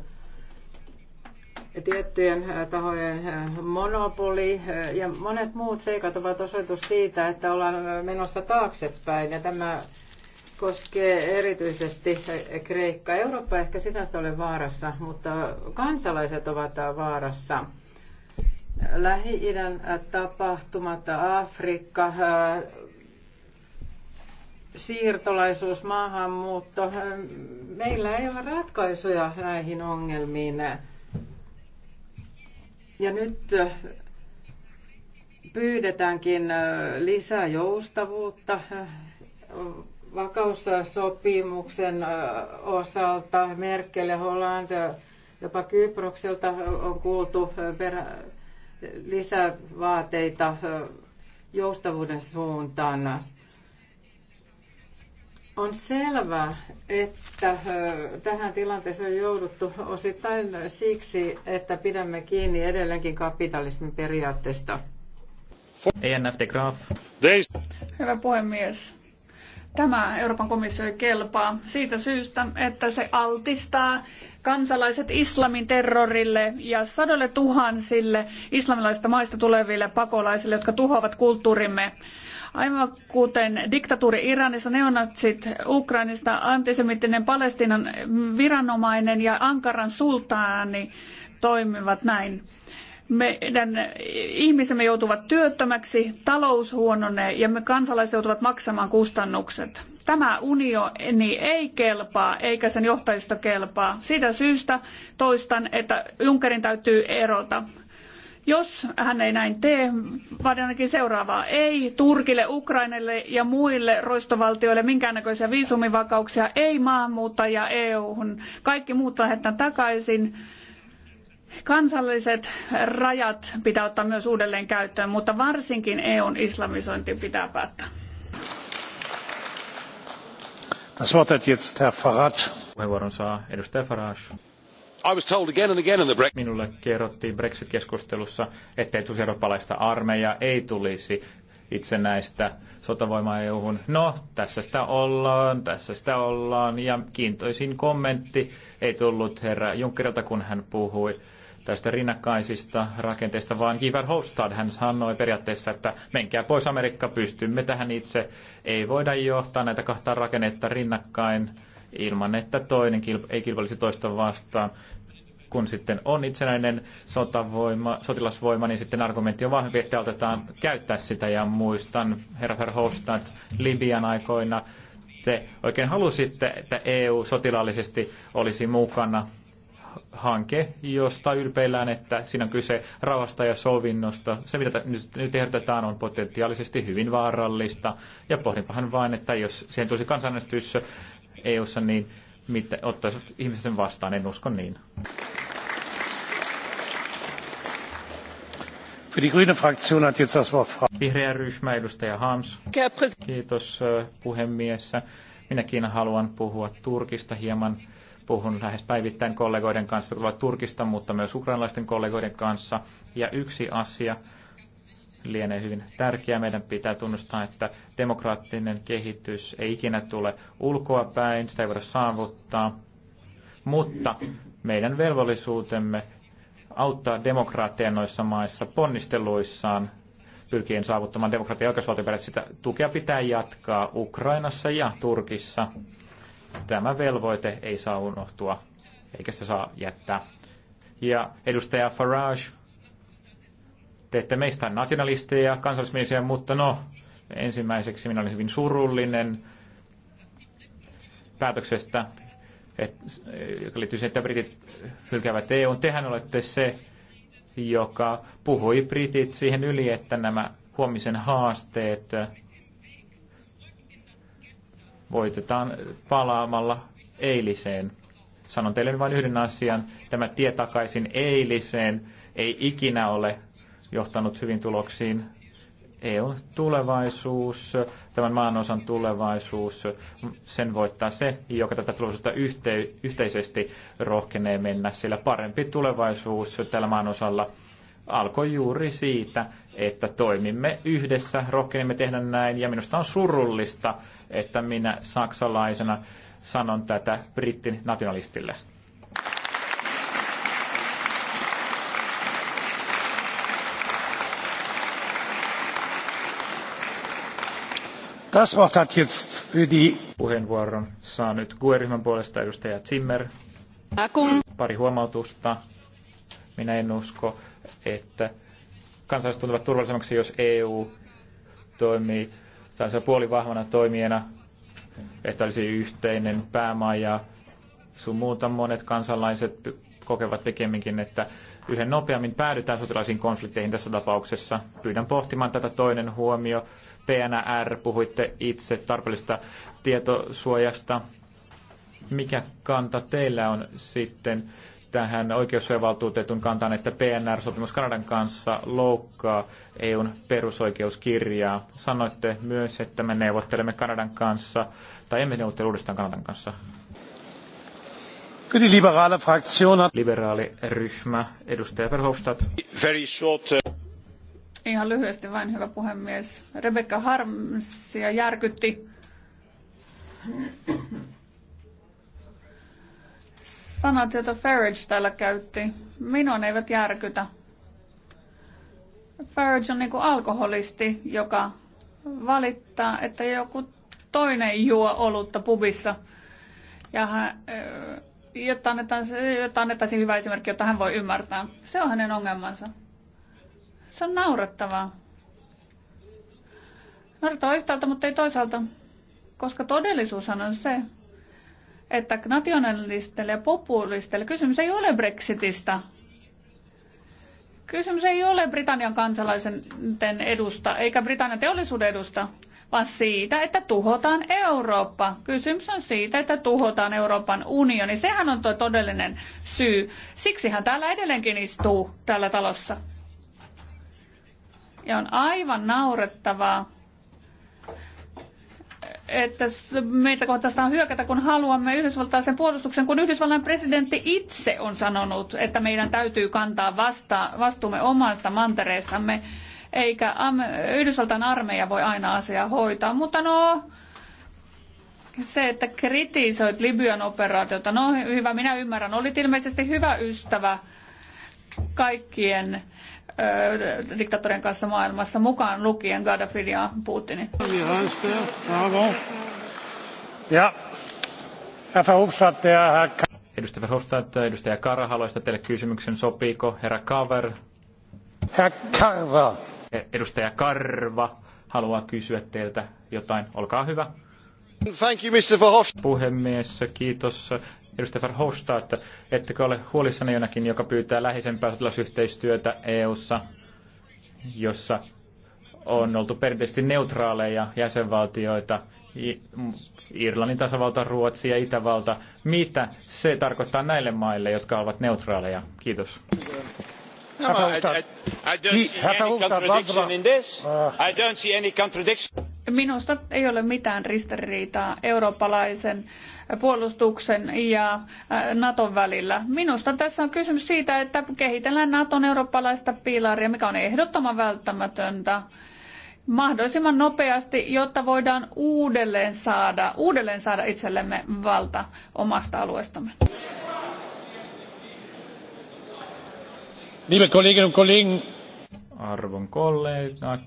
tiettyjen tahojen monopoli ja monet muut seikat ovat osoitus siitä, että ollaan menossa taaksepäin ja tämä koskee erityisesti Kreikkaa. Eurooppa ehkä sinänsä ole vaarassa, mutta kansalaiset ovat vaarassa. Lähi-idän tapahtumat, Afrikka, siirtolaisuus, maahanmuutto. Meillä ei ole ratkaisuja näihin ongelmiin. Ja nyt äh, pyydetäänkin äh, lisää joustavuutta äh, vakaussopimuksen osalta. Merkel ja Holland, jopa Kyprokselta on kuultu perä, lisävaateita joustavuuden suuntaan. On selvää, että tähän tilanteeseen on jouduttu osittain siksi, että pidämme kiinni edelleenkin kapitalismin periaatteesta. ENF de Hyvä puhemies. Tämä Euroopan komissio ei kelpaa siitä syystä, että se altistaa kansalaiset islamin terrorille ja sadoille tuhansille islamilaisista maista tuleville pakolaisille, jotka tuhoavat kulttuurimme Aivan kuten diktatuuri Iranissa, neonatsit Ukrainista, antisemittinen Palestiinan viranomainen ja Ankaran sultaani toimivat näin meidän ihmisemme joutuvat työttömäksi, talous huononee ja me kansalaiset joutuvat maksamaan kustannukset. Tämä unioni ei kelpaa eikä sen johtajista kelpaa. Siitä syystä toistan, että Junckerin täytyy erota. Jos hän ei näin tee, vaadin ainakin seuraavaa. Ei Turkille, Ukrainalle ja muille roistovaltioille minkäännäköisiä viisumivakauksia, ei maahanmuuttajia EU-hun. Kaikki muut lähetetään takaisin. Kansalliset rajat pitää ottaa myös uudelleen käyttöön, mutta varsinkin EUn islamisointi pitää päättää. Das Wort hat jetzt Herr Farage. Puheenvuoron saa edustaja Farage. Minulle kerrottiin Brexit-keskustelussa, ettei tulisi eurooppalaista armeijaa, ei tulisi itsenäistä sotavoimaa EU-hun. No, tässä sitä ollaan, tässä sitä ollaan. Ja kiintoisin kommentti ei tullut herra Junckerilta, kun hän puhui tästä rinnakkaisista rakenteista, vaan Giver Hofstad hän sanoi periaatteessa, että menkää pois Amerikka, pystymme tähän itse. Ei voida johtaa näitä kahta rakennetta rinnakkain ilman, että toinen ei kilpailisi toista vastaan. Kun sitten on itsenäinen sotavoima, sotilasvoima, niin sitten argumentti on vahvempi, että otetaan käyttää sitä. Ja muistan, herra Verhofstadt, Libian aikoina te oikein halusitte, että EU sotilaallisesti olisi mukana hanke, josta ylpeillään, että siinä on kyse rauhasta ja sovinnosta. Se, mitä nyt ehdotetaan, on potentiaalisesti hyvin vaarallista. Ja pohdinpahan vain, että jos siihen tulisi kansanäänestys, EU-ssa, niin mitä, ottaisivat ihmiset sen vastaan, en usko niin. Vihreä ryhmä, edustaja Hams. Kiitos äh, puhemies. Minäkin haluan puhua Turkista hieman. Puhun lähes päivittäin kollegoiden kanssa, Turkista, mutta myös ukrainalaisten kollegoiden kanssa. Ja yksi asia, lienee hyvin tärkeää. Meidän pitää tunnustaa, että demokraattinen kehitys ei ikinä tule ulkoa päin, sitä ei voida saavuttaa, mutta meidän velvollisuutemme auttaa demokraatteja noissa maissa ponnisteluissaan pyrkien saavuttamaan demokratia- ja oikeusvaltioperiaatteet. Sitä tukea pitää jatkaa Ukrainassa ja Turkissa. Tämä velvoite ei saa unohtua, eikä se saa jättää. Ja edustaja Farage teette meistä nationalisteja, kansallismielisiä, mutta no, ensimmäiseksi minä olin hyvin surullinen päätöksestä, et, joka liittyy siihen, että britit hylkäävät EUn. Tehän olette se, joka puhui britit siihen yli, että nämä huomisen haasteet voitetaan palaamalla eiliseen. Sanon teille vain yhden asian. Tämä tie takaisin eiliseen ei ikinä ole johtanut hyvin tuloksiin. EUn tulevaisuus, tämän maanosan tulevaisuus, sen voittaa se, joka tätä tulevaisuutta yhte- yhteisesti rohkenee mennä, sillä parempi tulevaisuus tällä maanosalla alkoi juuri siitä, että toimimme yhdessä, rohkenemme tehdä näin, ja minusta on surullista, että minä saksalaisena sanon tätä brittin nationalistille. Das Wort hat jetzt für die... Puheenvuoron saa nyt QE-ryhmän puolesta edustaja Zimmer. Akun. Pari huomautusta. Minä en usko, että kansalaiset tuntuvat turvallisemmaksi, jos EU toimii tai puolivahvana toimijana, että olisi yhteinen päämaa ja sun muuta monet kansalaiset kokevat pikemminkin, että yhden nopeammin päädytään sotilaisiin konflikteihin tässä tapauksessa. Pyydän pohtimaan tätä toinen huomio PNR, puhuitte itse tarpeellisesta tietosuojasta. Mikä kanta teillä on sitten tähän oikeussuojavaltuutetun kantaan, että PNR-sopimus Kanadan kanssa loukkaa EUn perusoikeuskirjaa. Sanoitte myös, että me neuvottelemme Kanadan kanssa, tai emme neuvottele uudestaan Kanadan kanssa. liberaali ryhmä, edustaja Verhofstadt. Very short. Uh, Ihan lyhyesti vain, hyvä puhemies. Rebecca Harmsia järkytti sanat, joita Farage täällä käytti, minun eivät järkytä. Farage on niin kuin alkoholisti, joka valittaa, että joku toinen juo olutta pubissa. Ja hän, jotta annetaan, jotta annetaan hyvä esimerkki, jotta hän voi ymmärtää. Se on hänen ongelmansa. Se on naurettavaa. Naurettavaa yhtäältä, mutta ei toisaalta. Koska Todellisuus on se, että nationalistille ja populistille kysymys ei ole Brexitistä. Kysymys ei ole Britannian kansalaisten edusta, eikä Britannian teollisuuden edusta, vaan siitä, että tuhotaan Eurooppa. Kysymys on siitä, että tuhotaan Euroopan unioni. Sehän on tuo todellinen syy. Siksihän täällä edelleenkin istuu tällä talossa. Ja on aivan naurettavaa, että meitä kohtaan hyökätä, kun haluamme Yhdysvaltaisen puolustuksen, kun Yhdysvaltain presidentti itse on sanonut, että meidän täytyy kantaa vasta, vastuumme omasta mantereestamme, eikä Yhdysvaltain armeija voi aina asiaa hoitaa. Mutta no, se, että kritisoit Libyan operaatiota, no hyvä, minä ymmärrän, olit ilmeisesti hyvä ystävä kaikkien diktaattorien kanssa maailmassa, mukaan lukien Gaddafin ja Putinin. Ja, Edustaja Verhofstadt, edustaja Kara, haluaisin teille kysymyksen, sopiiko herra Kaver? Herr Karva. E, edustaja Karva haluaa kysyä teiltä jotain, olkaa hyvä. Thank you, Mr. Verhofstadt. Puhemies, kiitos edustaja Verhofstadt, ettekö ole huolissanne jonakin, joka pyytää läheisempää sotilasyhteistyötä EU-ssa, jossa on oltu perinteisesti neutraaleja jäsenvaltioita, Irlannin tasavalta, Ruotsi ja Itävalta. Mitä se tarkoittaa näille maille, jotka ovat neutraaleja? Kiitos. No, I, I, I don't see any contradiction in this. I don't see any contradiction. Minusta ei ole mitään ristiriitaa eurooppalaisen puolustuksen ja äh, Naton välillä. Minusta tässä on kysymys siitä, että kehitellään Naton eurooppalaista pilaria, mikä on ehdottoman välttämätöntä mahdollisimman nopeasti, jotta voidaan uudelleen saada, uudelleen saada itsellemme valta omasta alueestamme. Liebe Kolleginnen und Kollegen, arvon kollegat,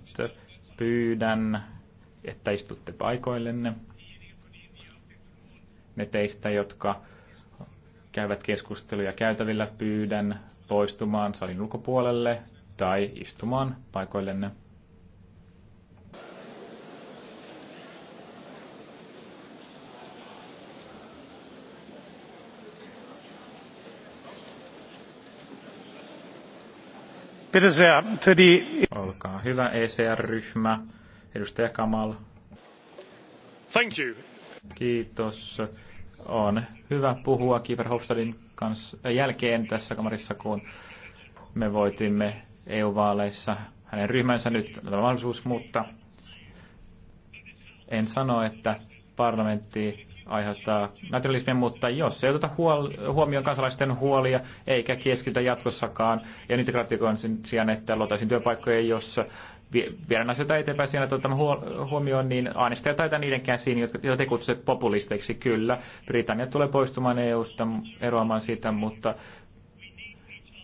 pyydän että istutte paikoillenne. Ne teistä, jotka käyvät keskusteluja käytävillä, pyydän poistumaan salin ulkopuolelle tai istumaan paikoillenne. Olkaa hyvä ECR-ryhmä. Edustaja Kamal. Thank you. Kiitos. On hyvä puhua Kiefer Hofstadin kanssa äh, jälkeen tässä kamarissa, kun me voitimme EU-vaaleissa hänen ryhmänsä nyt on mahdollisuus, mutta en sano, että parlamentti aiheuttaa nationalismia, mutta jos ei oteta huol- huomioon kansalaisten huolia eikä keskitytä jatkossakaan ja integraatioon sen sijaan, että luotaisiin työpaikkoja, jos viedään asioita eteenpäin siinä huo- huomioon, niin äänestäjät taitaa niiden käsiin, jotka, joita te kutsutte populisteiksi. Kyllä, Britannia tulee poistumaan EUsta, eroamaan siitä, mutta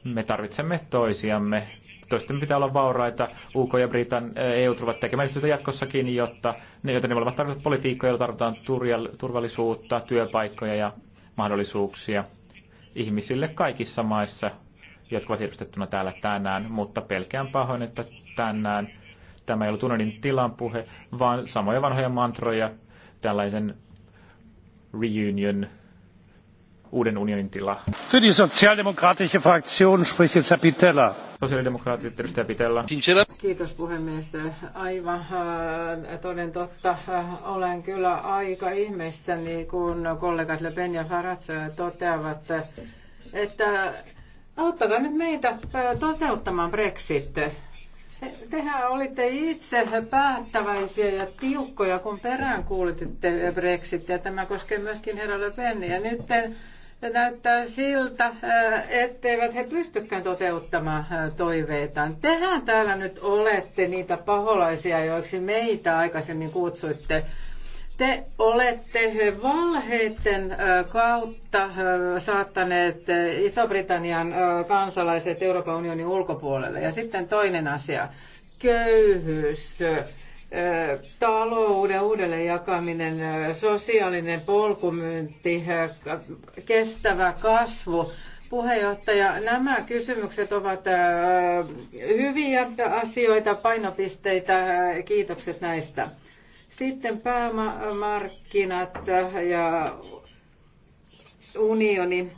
me tarvitsemme toisiamme Toisten pitää olla vauraita. UK ja Britan EU eh, e tulevat tekemään sitä jatkossakin, jotta ne, joten ne voivat tarvita politiikkoja, joilla tarvitaan turvallisuutta, työpaikkoja ja mahdollisuuksia ihmisille kaikissa maissa, jotka ovat edustettuna täällä tänään, mutta pelkään pahoin, että tänään tämä ei ollut unelin tilan puhe, vaan samoja vanhoja mantroja tällaisen reunion uuden unionin tila. Für die sozialdemokratische Fraktion spricht jetzt Herr Pitella. Sosiaalidemokraatit, edustaja Pitella. Kiitos puhemies. Aivan äh, toden totta. Äh, olen kyllä aika niin kuin kollegat Le Pen ja Farage toteavat, että auttakaa nyt meitä äh, toteuttamaan Brexit. Tehän olitte itse päättäväisiä ja tiukkoja, kun perään peräänkuulititte Brexitia. Tämä koskee myöskin herra Le Penia. Nyt näyttää siltä, äh, etteivät he pystykään toteuttamaan äh, toiveitaan. Tehän täällä nyt olette niitä paholaisia, joiksi meitä aikaisemmin kutsuitte. Te olette valheiden äh, kautta saattaneet Iso-Britannian kansalaiset Euroopan unionin ulkopuolelle. Ja sitten toinen asia, köyhyys talouden jakaminen sosiaalinen polkumyynti, kestävä kasvu. Puheenjohtaja, nämä kysymykset ovat hyviä asioita, painopisteitä. Kiitokset näistä. Sitten päämarkkinat ja unioni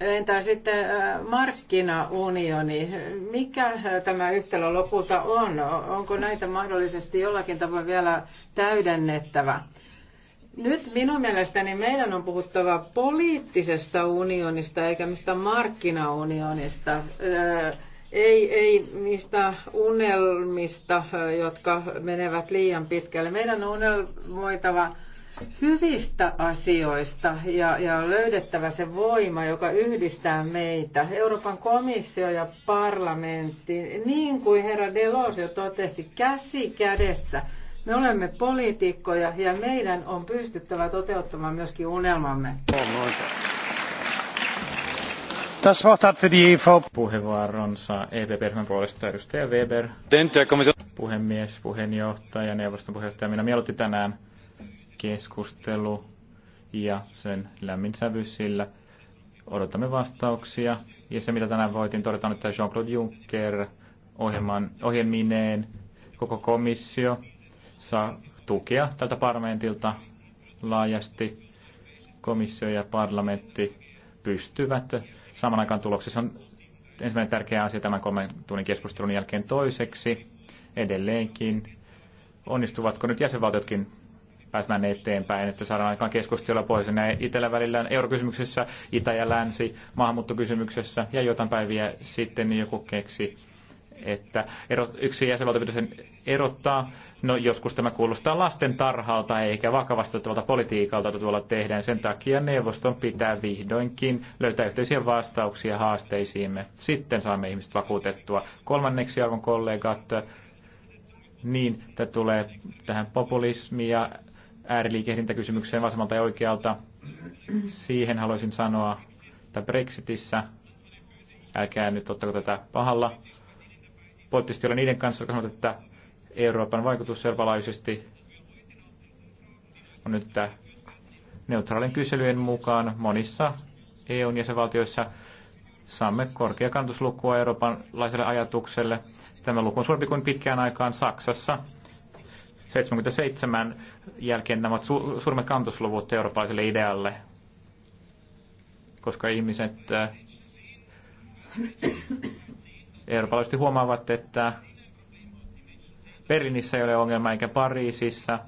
Entä sitten äh, markkinaunioni? Mikä äh, tämä yhtälö lopulta on? Onko näitä mahdollisesti jollakin tavoin vielä täydennettävä? Nyt minun mielestäni meidän on puhuttava poliittisesta unionista eikä mistä markkinaunionista. Äh, ei, ei niistä unelmista, jotka menevät liian pitkälle. Meidän on unelmoitava hyvistä asioista ja, ja löydettävä se voima, joka yhdistää meitä, Euroopan komissio ja parlamentti, niin kuin herra Delors jo totesi, käsi kädessä. Me olemme poliitikkoja ja meidän on pystyttävä toteuttamaan myöskin unelmamme. Das Wort hat für die EV. Puheenvuoronsa EPP-ryhmän puolesta edustaja Weber. Puhemies, puheenjohtaja, neuvoston puheenjohtaja. Minä mieluutti tänään keskustelu ja sen lämmin sävy sillä. Odotamme vastauksia. Ja se, mitä tänään voitiin, todetaan, että Jean-Claude Juncker ohjelman, ohjelmineen koko komissio saa tukea tältä parlamentilta laajasti. Komissio ja parlamentti pystyvät saman aikaan tuloksessa on ensimmäinen tärkeä asia tämän kolmen tunnin keskustelun jälkeen toiseksi edelleenkin. Onnistuvatko nyt jäsenvaltiotkin pääsemään eteenpäin, että saadaan aikaan keskustella pois. Ja itellä välillä eurokysymyksessä, itä ja länsi, maahanmuuttokysymyksessä ja jotain päiviä sitten joku keksi että erot, yksi jäsenvaltio pitäisi erottaa. No joskus tämä kuulostaa lasten tarhalta eikä vakavasti otettavalta politiikalta, jota tuolla tehdään. Sen takia neuvoston pitää vihdoinkin löytää yhteisiä vastauksia haasteisiimme. Sitten saamme ihmiset vakuutettua. Kolmanneksi, arvon kollegat, niin tämä tulee tähän populismiin ja ääriliikehdintäkysymykseen vasemmalta ja oikealta. Siihen haluaisin sanoa, että Brexitissä, älkää nyt ottako tätä pahalla, poliittisesti olla niiden kanssa, jotka sanovat, että Euroopan vaikutus eurooppalaisesti on nyt neutraalin kyselyjen mukaan monissa EUn jäsenvaltioissa saamme korkeakantuslukua eurooppalaiselle ajatukselle. Tämä luku on suurempi kuin pitkään aikaan Saksassa. 77 jälkeen nämä suurimmat kantosluvut eurooppalaiselle idealle, koska ihmiset äh, eurooppalaisesti huomaavat, että Berliinissä ei ole ongelmaa eikä Pariisissa,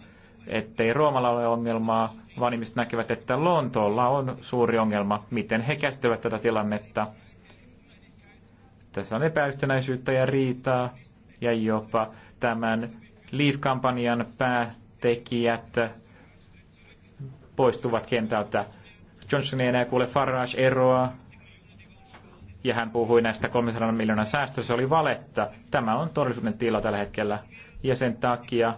ettei Roomalla ole ongelmaa, vaan ihmiset näkevät, että Lontoolla on suuri ongelma, miten he käsittävät tätä tilannetta. Tässä on epäyhtenäisyyttä ja riitaa ja jopa tämän Leave-kampanjan päätekijät poistuvat kentältä. Johnson ei enää kuule Farage eroa, ja hän puhui näistä 300 miljoonan säästöstä, se oli valetta. Tämä on todellisuuden tila tällä hetkellä, ja sen takia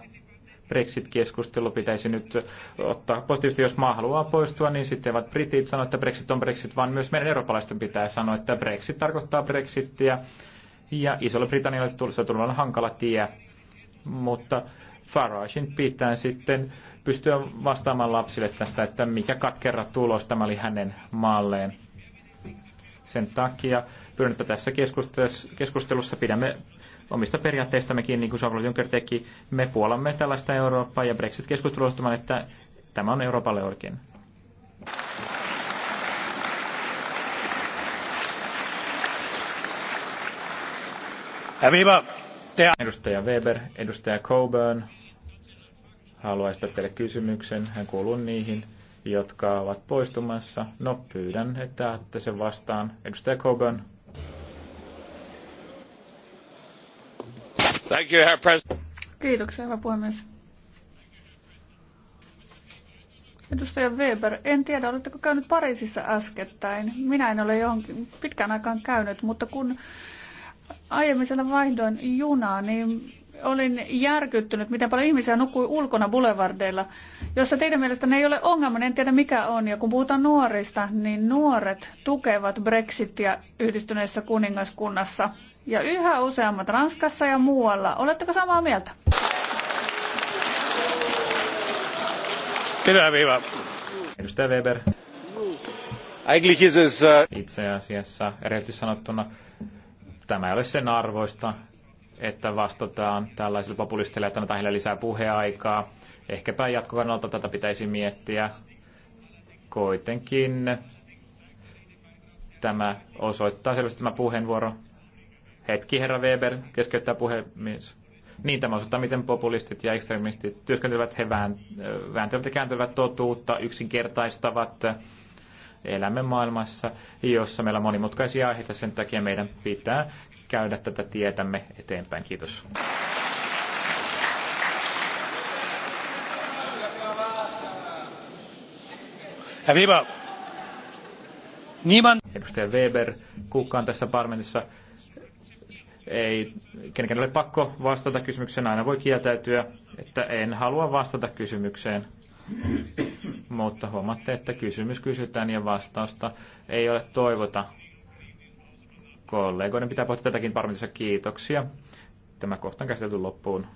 Brexit-keskustelu pitäisi nyt ottaa positiivisesti. Jos maa haluaa poistua, niin sitten ovat britit sanoa, että Brexit on Brexit, vaan myös meidän eurooppalaisten pitää sanoa, että Brexit tarkoittaa Brexittiä. Ja Isolle Britannialle tulisi tulla hankala tie mutta Faragein pitää sitten pystyä vastaamaan lapsille tästä, että mikä katkerra tulos tämä oli hänen maalleen. Sen takia pyydän, että tässä keskustelussa, pidämme omista periaatteistamekin, niin kuin Jean-Claude Juncker teki, me puolamme tällaista Eurooppaa ja Brexit-keskustelusta, että tämä on Euroopalle oikein. Ja Weber, Edustaja Weber, edustaja Coburn haluaisi teille kysymyksen. Hän kuuluu niihin, jotka ovat poistumassa. No, pyydän, että otatte sen vastaan. Edustaja Coburn. Thank you, herr Kiitoksia, Herra puhemies. Edustaja Weber, en tiedä, oletteko käynyt Pariisissa äskettäin. Minä en ole johonkin pitkään aikaan käynyt, mutta kun aiemmin siellä vaihdoin junaa, niin olin järkyttynyt, miten paljon ihmisiä nukkui ulkona boulevardeilla, jossa teidän mielestänne ei ole ongelma, en tiedä mikä on. Ja kun puhutaan nuorista, niin nuoret tukevat Brexitia yhdistyneessä kuningaskunnassa. Ja yhä useammat Ranskassa ja muualla. Oletteko samaa mieltä? Kyllä, viiva. Edustaja Weber. Äh, Itse asiassa erityisesti sanottuna Tämä ei ole sen arvoista, että vastataan tällaisille populisteille, että annetaan heille lisää puheaikaa. Ehkäpä jatkokannalta tätä pitäisi miettiä. Kuitenkin tämä osoittaa selvästi tämä puheenvuoro. Hetki, herra Weber, keskeyttää puhemies. Niin tämä osoittaa, miten populistit ja ekstremistit työskentelevät, he vääntävät ja kääntävät totuutta, yksinkertaistavat elämme maailmassa, jossa meillä on monimutkaisia aiheita. Sen takia meidän pitää käydä tätä tietämme eteenpäin. Kiitos. Niemand. Edustaja Weber, kukaan tässä parlamentissa ei kenenkään ole pakko vastata kysymykseen, aina voi kieltäytyä, että en halua vastata kysymykseen. Mutta huomaatte, että kysymys kysytään ja vastausta ei ole toivota. Kollegoiden pitää pohtia tätäkin parmitissa. Kiitoksia. Tämä kohta on käsitelty loppuun.